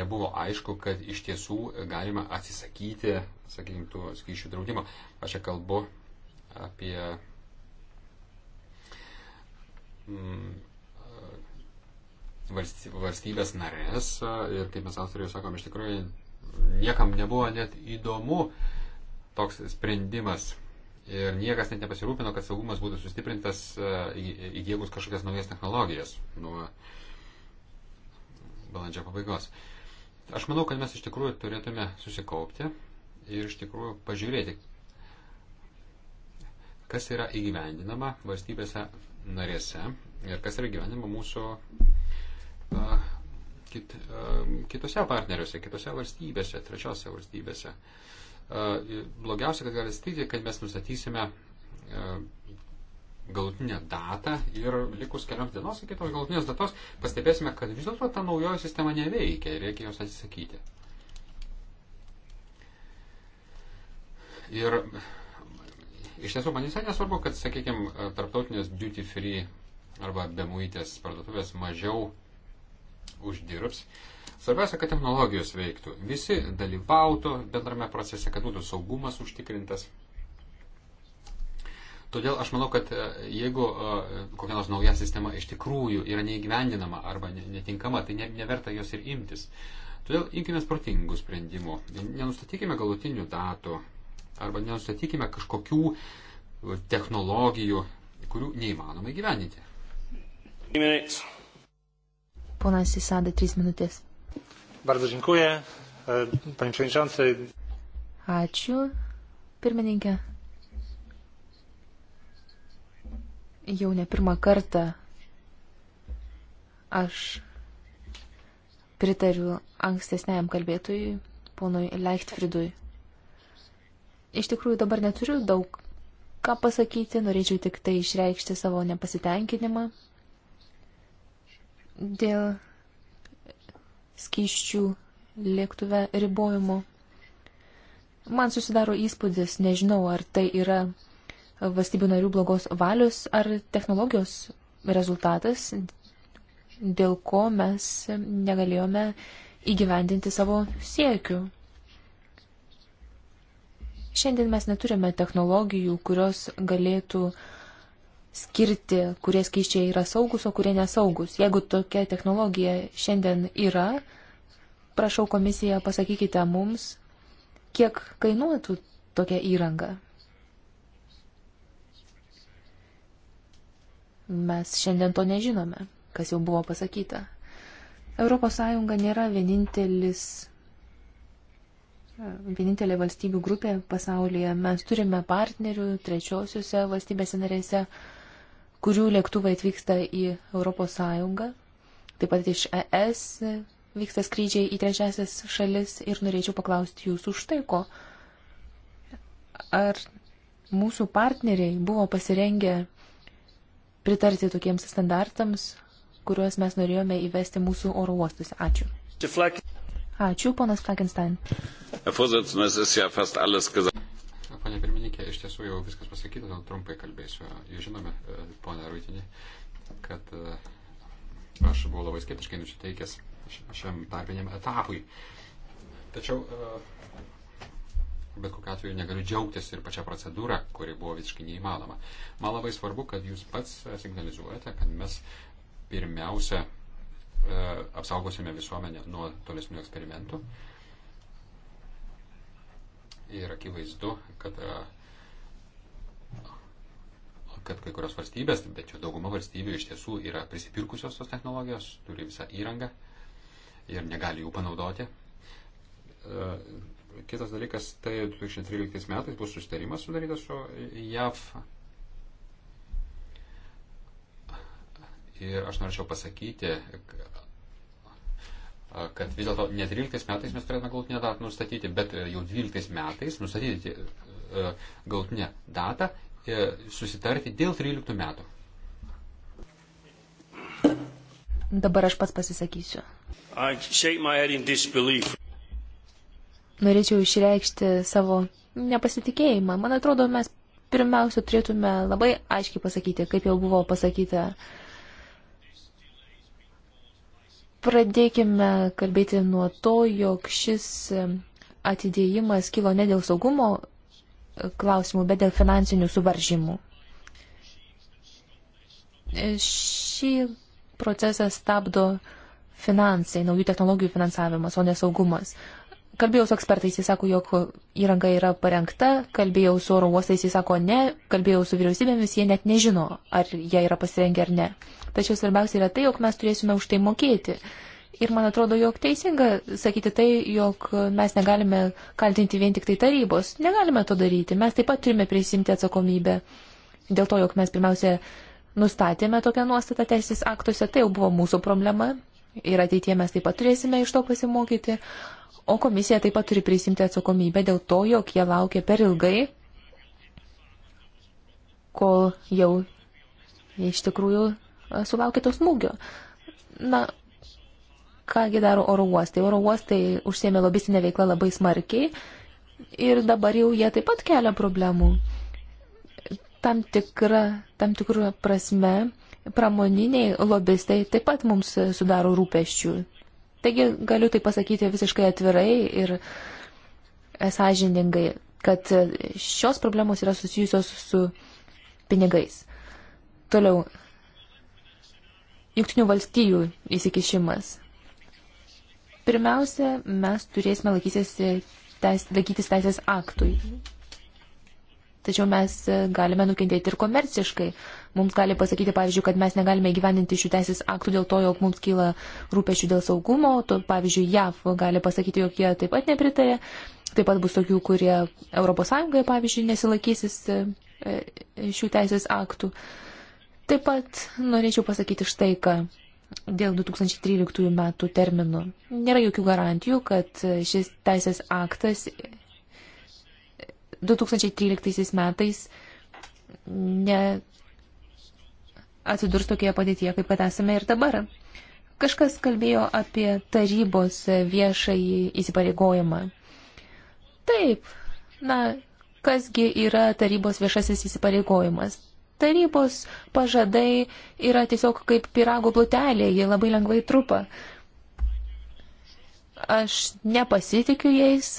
nebuvo aišku, kad iš tiesų galima atsisakyti, sakykime, tų skaičių draudimo. Aš čia kalbu apie mm, valstybės narės ir, kaip mes autoriai sakom, iš tikrųjų niekam nebuvo net įdomu toks sprendimas. Ir niekas net nepasirūpino, kad saugumas būtų sustiprintas e, įdėgus kažkokias naujas technologijas nuo balandžio pabaigos. Aš manau, kad mes iš tikrųjų turėtume susikaupti ir iš tikrųjų pažiūrėti, kas yra įgyvendinama valstybėse narėse ir kas yra įgyvendinama mūsų kit, kitose partneriuose, kitose valstybėse, trečiose valstybėse. Blogiausia, kad gali stikti, kad mes nustatysime galutinę datą ir likus kelioms dienos iki tos galutinės datos pastebėsime, kad vis dėlto ta naujoji sistema neveikia ir reikia jos atsisakyti. Ir iš tiesų man visai nesvarbu, kad, sakykime, tarptautinės duty free arba bemuitės parduotuvės mažiau uždirbs. Svarbiausia, kad technologijos veiktų. Visi dalyvautų bendrame procese, kad būtų saugumas užtikrintas. Todėl aš manau, kad e, jeigu e, kokia nors nauja sistema iš tikrųjų yra neįgyvendinama arba netinkama, tai ne, neverta jos ir imtis. Todėl imkime protingų sprendimų. Nenustatykime galutinių datų arba nenustatykime kažkokių e, technologijų, kurių neįmanoma įgyvendinti. Minutes. Ponas Isada, trys minutės. Bardzo dziękuję, e, panie przewodniczący. Ačiū, pirmininkė. Jau ne pirmą kartą aš pritariu ankstesniajam kalbėtojui, ponui Leichtfriedui. Iš tikrųjų dabar neturiu daug ką pasakyti, norėčiau tik tai išreikšti savo nepasitenkinimą dėl skyščių lėktuve ribojimo. Man susidaro įspūdis, nežinau, ar tai yra valstybių narių blogos valios ar technologijos rezultatas, dėl ko mes negalėjome įgyvendinti savo siekių. Šiandien mes neturime technologijų, kurios galėtų uh, skirti, kurie skaičiai yra saugus, o kurie nesaugus. Jeigu tokia technologija šiandien yra, prašau komisiją pasakykite mums, kiek kainuotų tokia įranga. Mes šiandien to nežinome, kas jau buvo pasakyta. ES nėra vienintelis vienintelė valstybių grupė pasaulyje. Mes turime partnerių trečiosiuose valstybėse narėse, kurių lėktuvai atvyksta į ES, taip pat iš ES vyksta skrydžiai į trečiasias šalis ir norėčiau paklausti jūsų už tai, ko. Ar mūsų partneriai buvo pasirengę pritarti tokiems standartams, kuriuos mes norėjome įvesti mūsų oro uostuose. Ačiū. Ačiū, ponas Flakenstein. Pane pirmininkė, iš tiesų jau viskas pasakyta, todėl trumpai kalbėsiu. Jūs žinome, e, ponė Rūtinė, kad e, aš buvau labai skeptiškai nusiteikęs šiam tarpiniam etapui. Tačiau e, bet kokiu atveju negaliu džiaugtis ir pačią procedūrą, kuri buvo visiškai neįmanoma. Man labai svarbu, kad jūs pats signalizuojate, kad mes pirmiausia apsaugosime visuomenę nuo tolesnių eksperimentų. Mm ir akivaizdu, kad, e, kad kai kurios valstybės, bet jau dauguma valstybių iš tiesų yra prisipirkusios tos technologijos, turi visą įrangą ir negali jų panaudoti. E, kitas dalykas, tai 2013 metais bus sustarimas sudarytas su JAV. Ir aš norėčiau pasakyti, kad vis dėlto ne 13 metais mes turėtume galutinę datą nustatyti, bet e, jau 12 metais nustatyti e, e, galutinę datą, susitarti dėl 13 metų. Dabar aš pats pasisakysiu. Norėčiau išreikšti savo nepasitikėjimą. Man atrodo, mes pirmiausia turėtume labai aiškiai pasakyti, kaip jau buvo pasakyta uh, Pradėkime kalbėti nuo to, jog šis atidėjimas kilo ne dėl saugumo klausimų, bet dėl finansinių suvaržymų. Šį procesą stabdo finansai, naujų technologijų finansavimas, o nesaugumas. Kalbėjau su ekspertais, jis sako, jog įranga yra parengta, kalbėjau su oro uostais, jis sako ne, kalbėjau su vyriausybėmis, jie net nežino, ar jie yra pasirengę ar ne. Tačiau svarbiausia yra tai, jog mes turėsime už tai mokėti. Ir man atrodo, jog teisinga sakyti tai, jog mes negalime kaltinti vien tik tai tarybos. Negalime to daryti. Mes taip pat turime prisimti atsakomybę. Dėl to, jog mes pirmiausia nustatėme tokią nuostatą teisės aktuose, tai jau buvo mūsų problema. Ir ateitie mes taip pat turėsime iš to pasimokyti. O komisija taip pat turi prisimti atsakomybę dėl to, jog jie laukia per ilgai, kol jau iš tikrųjų sulaukė to smūgio. Na, kągi daro oro uostai? Oro uostai užsėmė lobistinę veiklą labai smarkiai ir dabar jau jie taip pat kelia problemų. Tam, tikra, tam tikrų prasme pramoniniai lobistai taip pat mums sudaro rūpeščių. Taigi galiu tai pasakyti visiškai atvirai ir sąžiningai, kad šios problemos yra susijusios su pinigais. Toliau, jungtinių valstijų įsikišimas. Pirmiausia, mes turėsime laikytis, e, teis, laikytis teisės aktui. Tačiau mes e, galime nukentėti ir komerciškai. Mums gali pasakyti, pavyzdžiui, kad mes negalime įgyveninti šių teisės aktų dėl to, jog mums kyla rūpešių dėl saugumo. To, pavyzdžiui, JAV gali pasakyti, jog jie taip pat nepritarė. Taip pat bus tokių, kurie ES, pavyzdžiui, nesilaikysis e, šių teisės aktų. Uh, Taip pat norėčiau pasakyti štai ką dėl 2013 metų terminų. Nėra jokių garantijų, kad šis teisės aktas 2013 metais ne atsidurs tokioje padėtyje, kaip kad esame ir dabar. Kažkas kalbėjo apie tarybos viešąjį įsipareigojimą. Taip, na, kasgi yra tarybos viešasis įsipareigojimas? tarybos pažadai yra tiesiog kaip pirago plutelė, jie labai lengvai trupa. Aš nepasitikiu jais.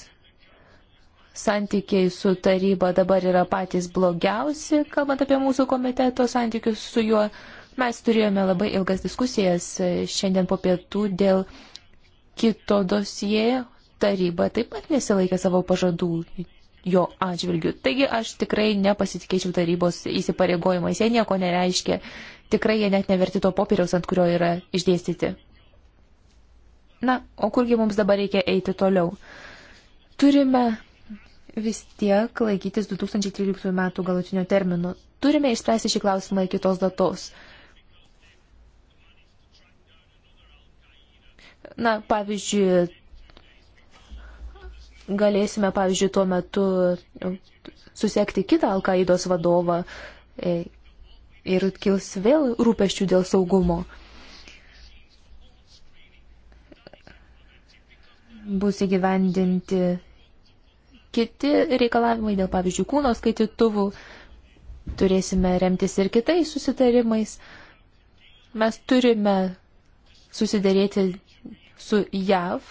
Santykiai su taryba dabar yra patys blogiausi, kalbant apie mūsų komiteto santykius su juo. Mes turėjome labai ilgas diskusijas e, šiandien po pietų dėl kito dosije. Taryba taip pat nesilaikė savo pažadų jo atžvilgiu. Taigi aš tikrai nepasitikėčiau tarybos įsipareigojimais, jie nieko nereiškia, tikrai jie net neverti to popieriaus, ant kurio yra išdėstyti. Na, o kurgi mums dabar reikia eiti toliau? Turime vis tiek laikytis 2013 metų galutinio termino. Turime išspręsti šį klausimą iki tos datos. Na, pavyzdžiui, galėsime, pavyzdžiui, tuo metu nu, susekti kitą Alkaidos vadovą e, ir kils vėl rūpeščių dėl saugumo. Bus įgyvendinti kiti reikalavimai dėl, pavyzdžiui, kūno skaitytuvų. Turėsime remtis ir kitais susitarimais. Mes turime susidėrėti su JAV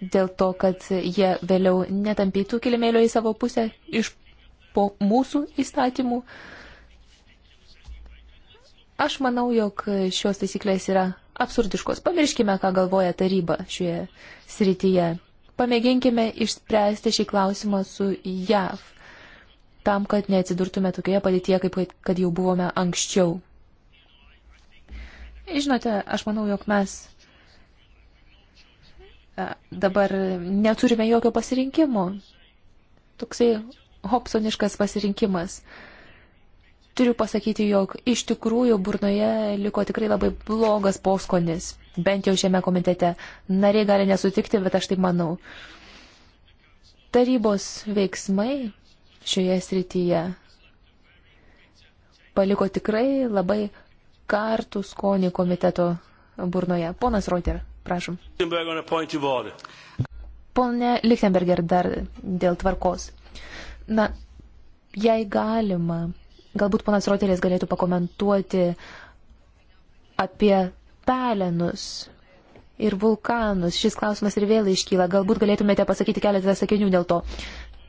dėl to, kad jie vėliau netampytų kilimėlio į savo pusę iš po mūsų įstatymų. Aš manau, jog šios taisyklės yra absurdiškos. Pamirškime, ką galvoja taryba šioje srityje. Pamėginkime išspręsti šį klausimą su JAV, tam, kad neatsidurtume tokioje padėtyje, kaip kad jau buvome anksčiau. Žinote, aš manau, jog mes E, dabar neturime jokio pasirinkimo. Toksai hopsoniškas pasirinkimas. Turiu pasakyti, jog iš tikrųjų burnoje liko tikrai labai blogas poskonis, bent jau šiame komitete. Nariai gali nesutikti, bet aš taip manau. Tarybos veiksmai šioje srityje paliko tikrai labai kartų skonį komiteto burnoje. Ponas Reuter. Prašom. Pone Lichtenberger, dar dėl tvarkos. Na, jei galima, galbūt ponas Rotelės galėtų pakomentuoti apie pelenus ir vulkanus. Šis klausimas ir vėl iškyla. Galbūt galėtumėte pasakyti keletą sakinių dėl to.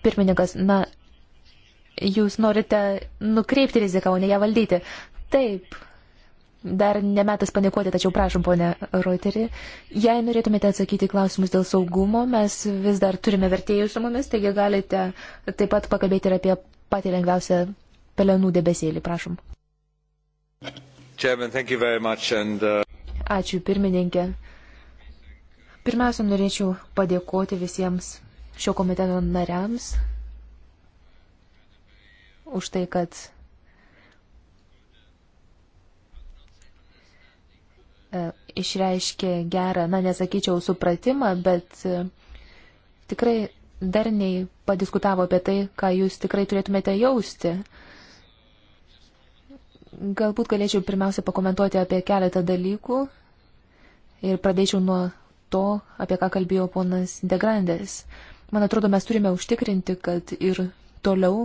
Pirmininkas, na, jūs norite nukreipti riziką, o ne ją valdyti. Taip, Dar nemetas panikuoti, tačiau prašom, ponė Reuterį. Jei norėtumėte atsakyti klausimus dėl saugumo, mes vis dar turime vertėjų su mumis, taigi galite taip pat pakalbėti ir apie patį lengviausią pelenų debesėlį, prašom. Chairman, and, uh... Ačiū, pirmininkė. Pirmiausia, norėčiau padėkoti visiems šio komiteto nariams už tai, kad E, išreiškė gerą, na nesakyčiau, supratimą, bet e, tikrai darniai padiskutavo apie tai, ką jūs tikrai turėtumėte jausti. Galbūt galėčiau pirmiausia pakomentuoti apie keletą dalykų ir pradėčiau nuo to, apie ką kalbėjo ponas Degrandės. Man atrodo, mes turime užtikrinti, kad ir toliau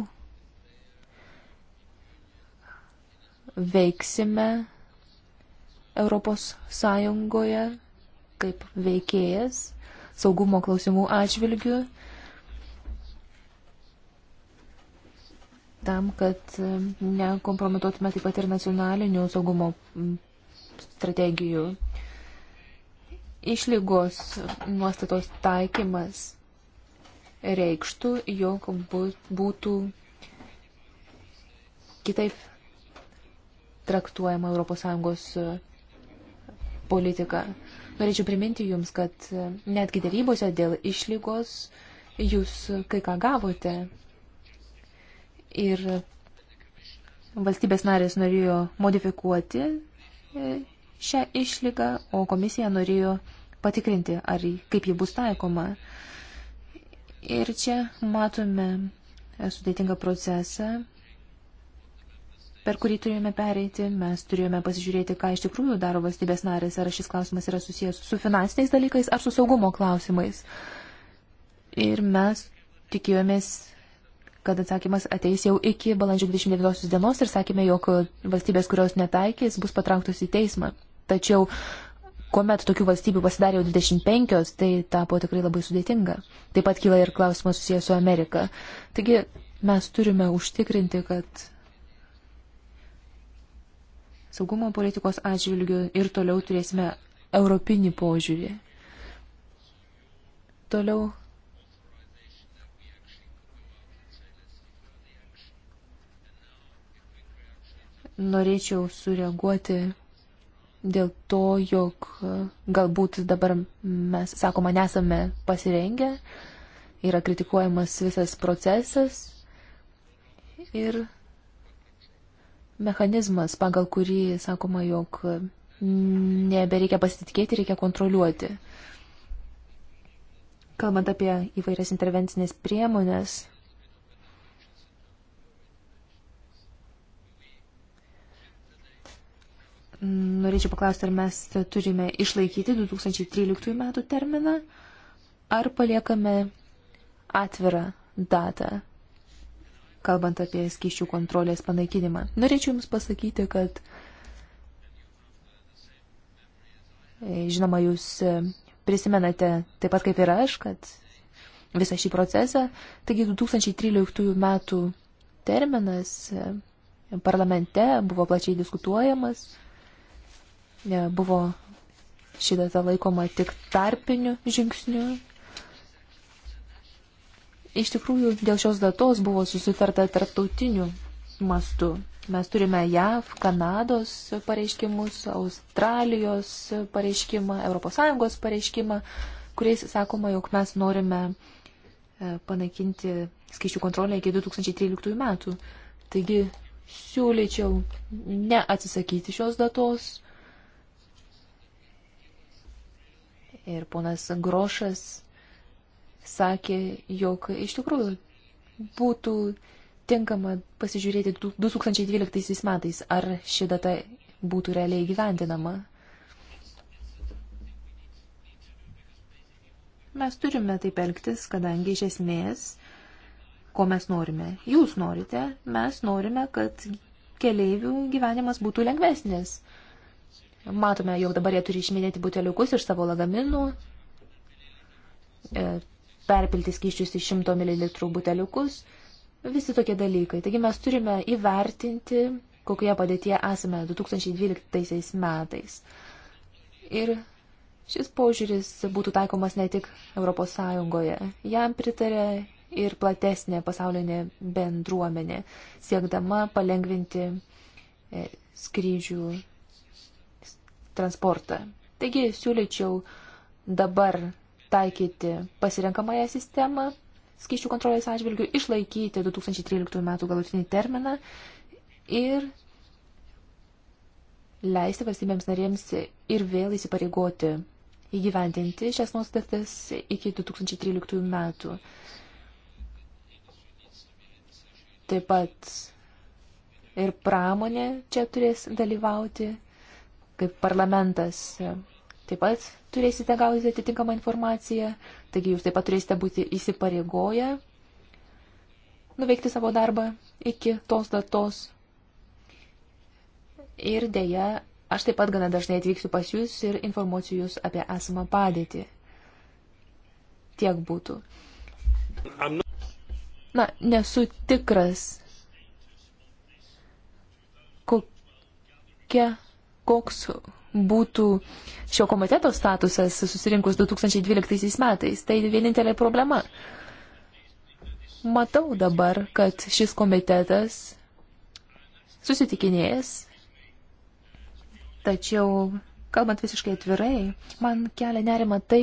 veiksime Europos Sąjungoje kaip veikėjas saugumo klausimų atžvilgių tam, kad e, nekompromituotume taip pat ir nacionalinių saugumo strategijų. Išlygos nuostatos taikymas reikštų, jog būtų kitaip traktuojama ES politiką. Norėčiau priminti Jums, kad e, netgi dėrybose dėl išlygos Jūs kai ką gavote. Ir valstybės narės norėjo modifikuoti e, šią išlygą, o komisija norėjo patikrinti, ar kaip ji bus taikoma. Ir čia matome e, sudėtingą procesą, per kurį turėjome pereiti. Mes turėjome pasižiūrėti, ką iš tikrųjų daro valstybės narės, ar šis klausimas yra susijęs su finansiniais dalykais ar su saugumo klausimais. Ir mes tikėjomės kad atsakymas ateis jau iki balandžio 29 dienos ir sakėme, jog valstybės, kurios netaikys, bus patrauktos į teismą. Tačiau kuomet tokių valstybių pasidarė jau 25, tai tapo tikrai labai sudėtinga. Taip pat kyla ir klausimas susijęs su Amerika. Taigi mes turime užtikrinti, kad saugumo politikos atžvilgių ir toliau turėsime europinį požiūrį. Toliau. Norėčiau sureaguoti dėl to, jog galbūt dabar mes, sakoma, nesame pasirengę, yra kritikuojamas visas procesas ir mechanizmas, pagal kurį sakoma, jog nebereikia pasitikėti, reikia kontroliuoti. Kalbant apie įvairias intervencinės priemonės, norėčiau paklausti, ar mes turime išlaikyti 2013 metų terminą, ar paliekame atvirą datą kalbant apie skyščių kontrolės panaikinimą. Norėčiau Jums pasakyti, kad e, žinoma, Jūs e, prisimenate taip pat kaip ir aš, kad visą šį procesą, taigi 2013 metų terminas e, parlamente buvo plačiai diskutuojamas, buvo ši data laikoma tik tarpiniu žingsniu Iš tikrųjų, dėl šios datos buvo susitarta tarptautiniu mastu. Mes turime JAV, Kanados pareiškimus, Australijos pareiškimą, ES pareiškimą, kuriais sakoma, jog mes norime e, panaikinti skaičių kontrolę iki 2013 metų. Taigi siūlyčiau neatsisakyti šios datos. Ir ponas Grošas sakė, jog iš tikrųjų būtų tinkama pasižiūrėti 2012 metais, ar ši data būtų realiai gyvendinama. Mes turime taip elgtis, kadangi iš esmės, ko mes norime, jūs norite, mes norime, kad keleivių gyvenimas būtų lengvesnis. Matome, jog dabar jie turi išminėti buteliukus iš savo lagaminų, e, perpilti skyščius į 100 ml buteliukus, visi tokie dalykai. Taigi mes turime įvertinti, kokioje padėtyje esame 2012 metais. Ir šis požiūris būtų taikomas ne tik ES, jam pritarė ir platesnė pasaulinė bendruomenė, siekdama palengvinti e, skrydžių transportą. Taigi siūlyčiau dabar taikyti pasirenkamąją sistemą skaičių kontrolės atžvilgių, išlaikyti 2013 metų galutinį terminą ir leisti valstybėms narėms ir vėl įsipareigoti įgyvendinti šias nuostatas iki 2013 metų. Taip pat ir pramonė čia turės dalyvauti, kaip parlamentas taip pat turėsite gauti atitinkamą informaciją, taigi jūs taip pat turėsite būti įsipareigoję nuveikti savo darbą iki tos datos. Ir dėja, aš taip pat gana dažnai atvyksiu pas jūs ir informuosiu jūs apie esamą padėtį. Tiek būtų. Na, nesu tikras, kokia, koks būtų šio komiteto statusas susirinkus 2012 metais. Tai vienintelė problema. Matau dabar, kad šis komitetas susitikinėjęs, tačiau, kalbant visiškai atvirai, man kelia nerima tai,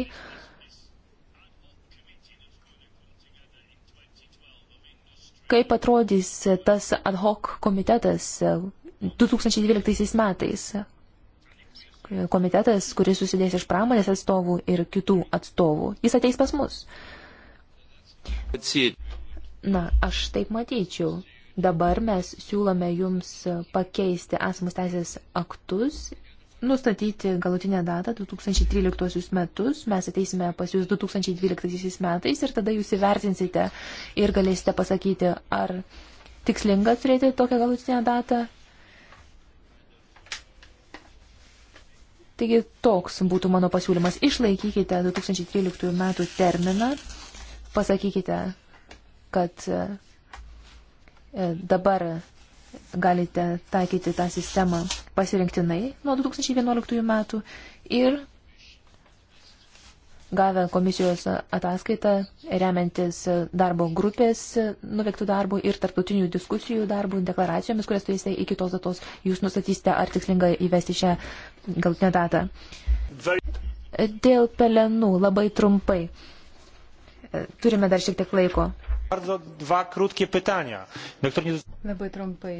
kaip atrodys tas ad hoc komitetas 2012 metais komitetas, kuris susidės iš pramonės atstovų ir kitų atstovų. Jis ateis pas mus. Na, aš taip matyčiau. Dabar mes siūlome jums pakeisti esamus teisės aktus, nustatyti galutinę datą 2013 metus, mes ateisime pas jūs 2012 metais ir tada jūs įvertinsite ir galėsite pasakyti, ar tikslinga turėti tokią galutinę datą Taigi toks būtų mano pasiūlymas. Išlaikykite 2013 metų terminą, pasakykite, kad e, e, dabar galite taikyti tą sistemą pasirinktinai nuo 2011 metų ir gavę komisijos ataskaitą, remiantis darbo grupės nuveiktų darbų ir tarptautinių diskusijų darbų deklaracijomis, kurias turėsite iki tos datos, jūs nustatysite, ar tikslinga įvesti šią galtinę datą. Dėl pelenų labai trumpai. Turime dar šiek tiek laiko. Labai trumpai.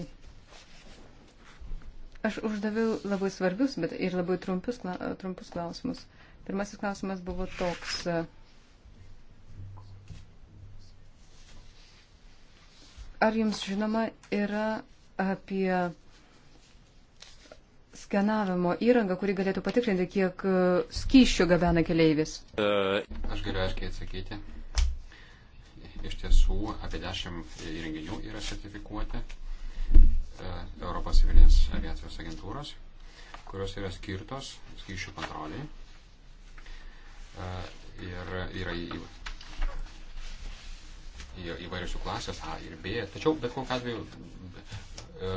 Aš uždaviau labai svarbius, bet ir labai trumpus, trumpus klausimus. Pirmasis klausimas buvo toks. Ar jums žinoma yra apie skenavimo įrangą, kuri galėtų patikrinti, kiek e, skyšių gabena keleivis? E, aš galiu aiškiai atsakyti. Iš tiesų, apie 10 įrenginių yra sertifikuoti e, Europos civilinės aviacijos agentūros, kurios yra skirtos skyšių kontroliai. Ir yra į, į, įvairios klasės A ir B. Tačiau bet kokiu atveju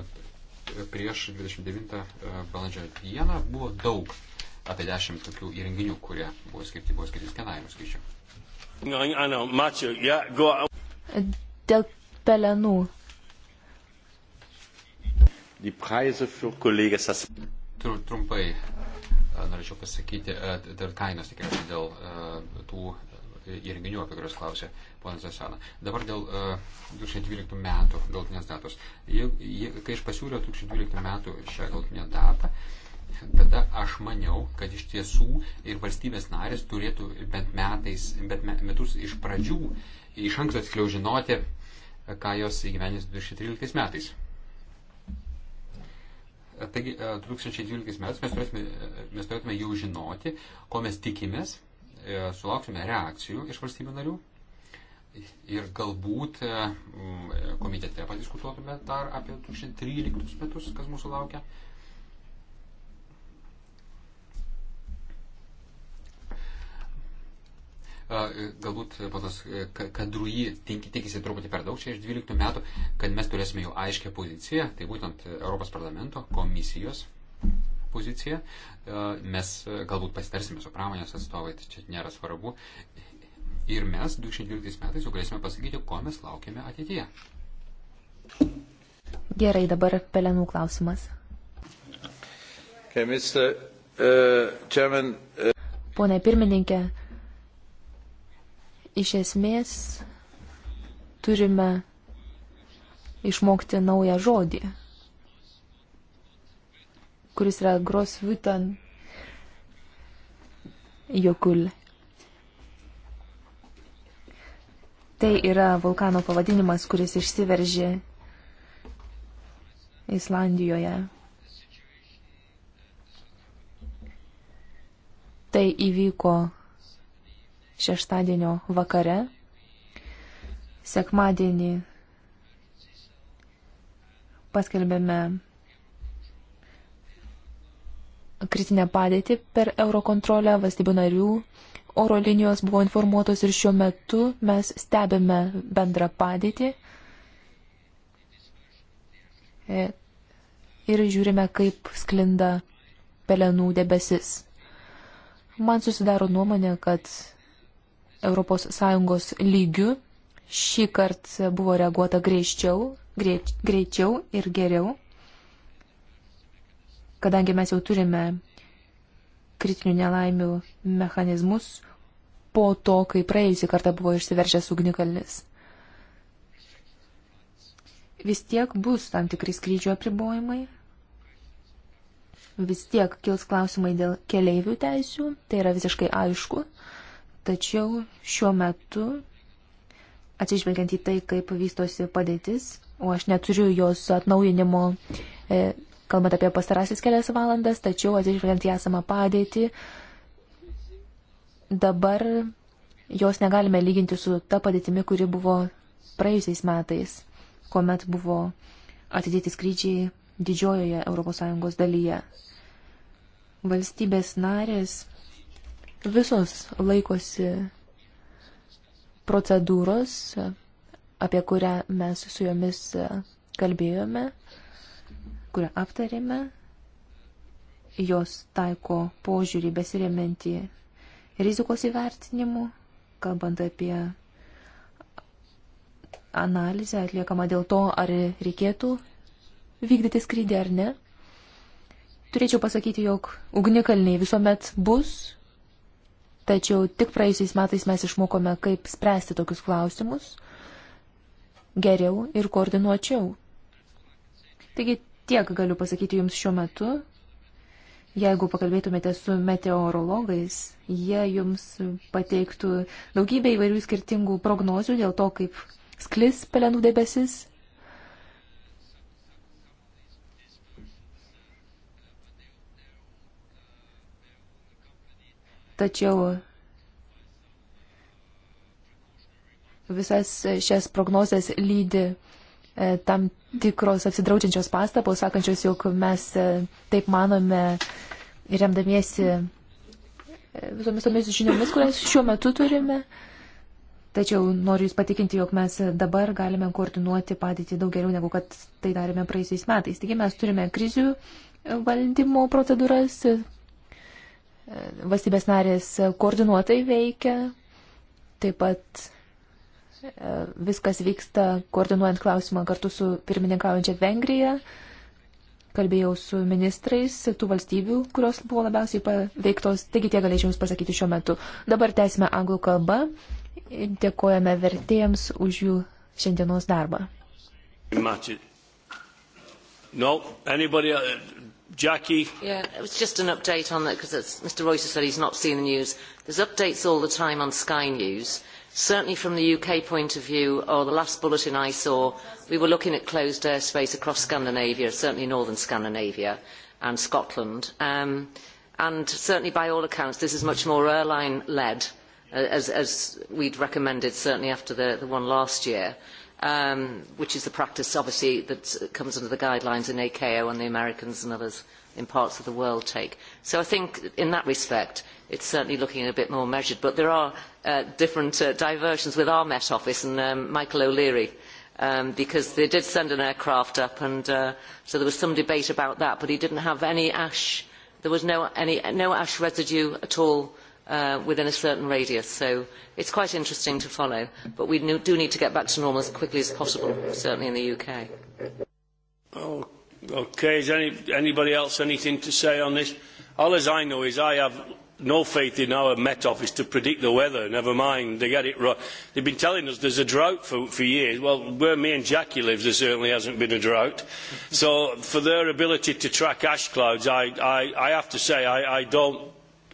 prieš 29 e, balandžio dieną buvo daug, apie 10 tokių įrenginių, kurie buvo skirti, buvo skirti skenavimui skaičiu. Dėl pelenų. Trumpai e, norėčiau pasakyti e, dėl kainos, tikriausiai dėl tų įrenginių, apie kuriuos klausė ponas Zasana. Dabar dėl uh, e, 2012 metų galtinės datos. Je, je, kai aš pasiūliau 2012 metų šią galtinę datą, tada aš maniau, kad iš tiesų ir valstybės narės turėtų bent, metais, bent metus iš pradžių iš anksto tiksliau žinoti, ką jos įgyvenys 2013 metais. Taigi 2012 e, metais mes turėtume, e, mes turėtume jau žinoti, ko mes tikimės E, sulauksime reakcijų iš valstybių narių ir galbūt e, komitete padiskutuotume dar apie 2013 metus, kas mūsų laukia. E, galbūt patas Kadruji tikisi truputį per daug čia iš 12 metų, kad mes turėsime jau aiškę poziciją, tai būtent Europos parlamento komisijos poziciją. E, mes e, galbūt pasitarsime su pramonės atstovai, tai čia nėra svarbu. Ir mes 2012 metais jau galėsime pasakyti, ko mes laukiame ateityje. Gerai, dabar pelenų klausimas. Okay, Mr. Uh, Chairman, uh... Pone pirmininkė, iš esmės turime išmokti naują žodį kuris yra Grosvutan Jokul. Tai yra vulkano pavadinimas, kuris išsiveržė Islandijoje. Tai įvyko šeštadienio vakare, sekmadienį paskelbėme kritinę padėtį per eurokontrolę valstybių narių. Oro linijos buvo informuotos ir šiuo metu mes stebime bendrą padėtį e, ir žiūrime, kaip sklinda pelenų debesis. Man susidaro nuomonė, kad ES lygių šį kartą buvo reaguota greičiau, greit, greičiau ir geriau kadangi mes jau turime kritinių nelaimių mechanizmus po to, kai praėjusį kartą buvo išsiveržęs ugnikalnis. Vis tiek bus tam tikri skrydžio apribojimai, vis tiek kils klausimai dėl keleivių teisių, tai yra visiškai aišku, tačiau šiuo metu, atsižvelgiant į tai, kaip vystosi padėtis, o aš neturiu jos atnaujinimo e, kalbant apie pastarasis kelias valandas, tačiau atsižvelgiant į esamą padėtį, dabar jos negalime lyginti su ta padėtimi, kuri buvo praėjusiais metais, kuomet buvo atidėti skrydžiai didžiojoje ES dalyje. Valstybės narės visos laikosi procedūros, apie kurią mes su jomis kalbėjome kurią aptarėme, jos taiko požiūrį besiremiantį rizikos įvertinimu, kalbant apie analizę atliekamą dėl to, ar reikėtų vykdyti skrydį ar ne. Turėčiau pasakyti, jog ugnikalniai visuomet bus, tačiau tik praėjusiais metais mes išmokome, kaip spręsti tokius klausimus geriau ir koordinuočiau. Taigi Tiek galiu pasakyti jums šiuo metu. Jeigu pakalbėtumėte su meteorologais, jie jums pateiktų daugybę įvairių skirtingų prognozių dėl to, kaip sklis pelenų debesis. Tačiau visas šias prognozes lydi E, tam tikros apsidraudžiančios pastabos, sakančios, jog mes e, taip manome remdamiesi e, visomis tomis žiniomis, kurias šiuo metu turime. Tačiau noriu Jūs patikinti, jog mes dabar galime koordinuoti padėtį daug geriau negu kad tai darėme praeisiais metais. Taigi mes turime krizių valdymo procedūras, valstybės narės koordinuotai veikia, taip pat E, viskas vyksta koordinuojant klausimą kartu su pirmininkaujančia Vengrija. Kalbėjau su ministrais tų valstybių, kurios buvo labiausiai paveiktos, taigi tie galėčiau Jums pasakyti šiuo metu. Dabar tęsime anglų kalbą ir dėkojame vertėjams už jų šiandienos darbą. No, anybody, uh, Jackie? Yeah, it was just an update on that because Mr. Royce said he's not seen the news. There's updates all the time on Sky News. Uh, certainly from the UK point of view, or the last bulletin I saw, we were looking at closed airspace across Scandinavia, certainly northern Scandinavia and Scotland. Um, and certainly by all accounts, this is much more airline-led, uh, as, as we'd recommended certainly after the, the one last year, um, which is the practice, obviously, that comes under the guidelines in ACAO and the Americans and others in parts of the world take. So I think in that respect it's certainly looking a bit more measured. But there are uh, different uh, diversions with our Met Office and um, Michael O'Leary um, because they did send an aircraft up and uh, so there was some debate about that but he didn't have any ash, there was no, any, no ash residue at all uh, within a certain radius. So it's quite interesting to follow, but we do need to get back to normal as quickly as possible, certainly in the UK. Okay, is any, anybody else anything to say on this? All as I know is I have no faith in our Met Office to predict the weather. Never mind, they get it wrong. They've been telling us there's a drought for, for years. Well, where me and Jackie lives, there certainly hasn't been a drought. So for their ability to track ash clouds, I, I, I have to say I, I, don't,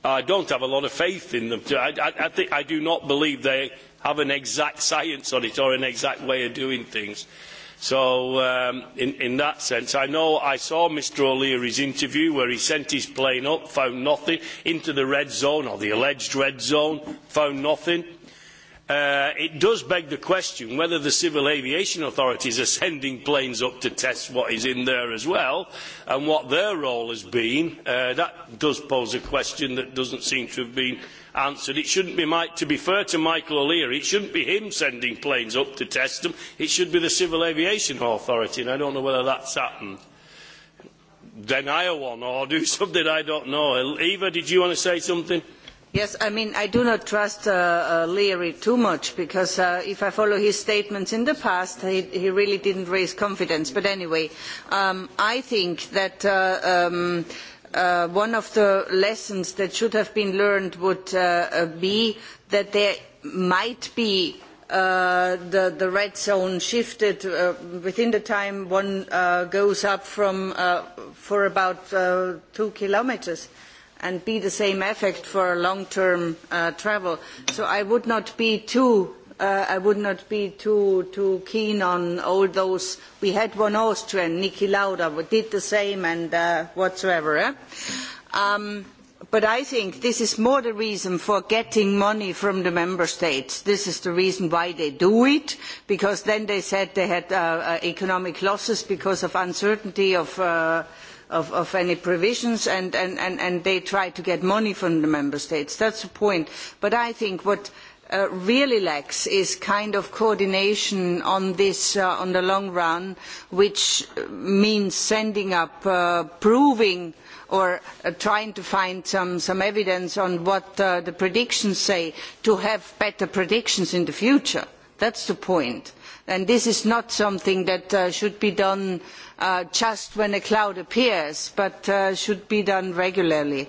I don't have a lot of faith in them. I, I, I, think, I do not believe they have an exact science on it or an exact way of doing things. Uh, So um, in, in that sense, I know I saw Mr O'Leary's interview where he sent his plane up, found nothing, into the red zone or the alleged red zone, found nothing. Uh, it does beg the question whether the civil aviation authorities are sending planes up to test what is in there as well and what their role has been. Uh, that does pose a question that doesn't seem to have been uh, answered. It shouldn't be Mike, to be fair to Michael O'Leary, it shouldn't be him sending planes up to test them. It should be the Civil Aviation Authority, and I don't know whether that's happened. Deny a one or do something I don't know. Eva, did you want to say something? Yes, I mean, I do not trust uh, uh, Leary too much because uh, if I follow his statements in the past, he, he really didn't raise confidence. But anyway, um, I think that. Uh, um, uh, uh, one of the lessons that should have been learned would uh, uh, be that there might be uh, the, the red zone shifted uh, within the time one uh, goes up from, uh, for about uh, two kilometers and be the same effect for long-term uh, travel. So I would not be too uh, I would not be too, too keen on all those. We had one Austrian, Niki Lauda, who did the same and uh, whatsoever. Eh? Um, but I think this is more the reason for getting money from the member states. This is the reason why they do it, because then they said they had uh, uh, economic losses because of uncertainty of. Uh, Of, of any provisions and, and, and, and they try to get money from the member states. That's the point. But I think what uh, uh, really lacks is kind of coordination on this uh, on the long run, which means sending up, uh, proving or uh, trying to find some, some evidence on what uh, the predictions say to have better predictions in the future. That's the point. And this is not something that uh, should be done uh, just when a cloud appears, but uh, should be done regularly.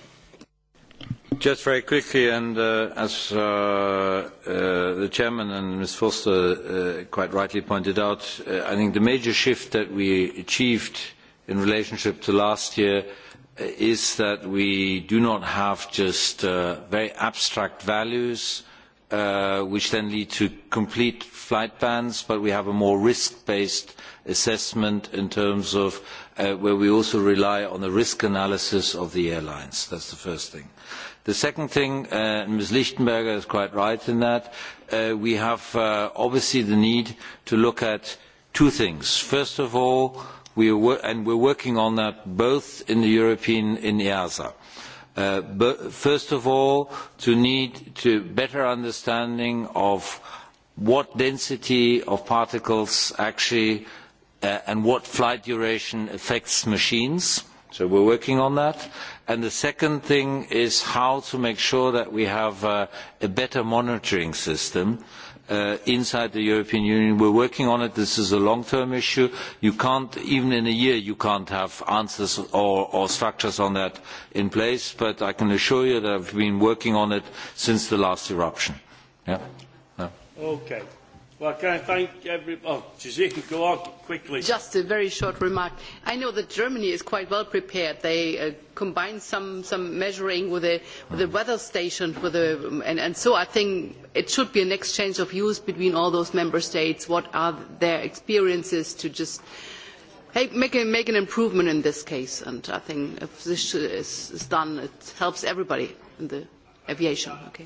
Just very quickly, and uh, as uh, uh, the chairman and Ms. Foster uh, quite rightly pointed out, uh, I think the major shift that we achieved in relationship to last year is that we do not have just uh, very abstract values uh, which then lead to complete flight bans, but we have a more risk-based assessment in terms of uh, where we also rely on the risk analysis of the airlines. That's the first thing. Uh, The second thing, uh, Ms. Lichtenberger is quite right in that, uh, we have uh, obviously the need to look at two things. First of all, we are, and we're working on that both in the European, in EASA. E uh, but first of all, to need to better understanding of what density of particles actually uh, and what flight duration affects machines. So we're working on that. And the second thing is how to make sure that we have uh, a better monitoring system uh, inside the European Union. We're working on it. This is a long-term issue. You can't, even in a year, you can't have answers or, or structures on that in place, but I can assure you that I've been working on it since the last eruption. Yeah. yeah. Okay. Well, can I thank everybody? Oh, Jazika, go on quickly. Just a very short remark. I know that Germany is quite well prepared. They uh, combine some, some measuring with a, with a weather station, with a, and, and so I think it should be an exchange of views between all those member states. What are their experiences to just hey, make, a, make an improvement in this case? And I think if this is, is done, it helps everybody in the aviation. Okay.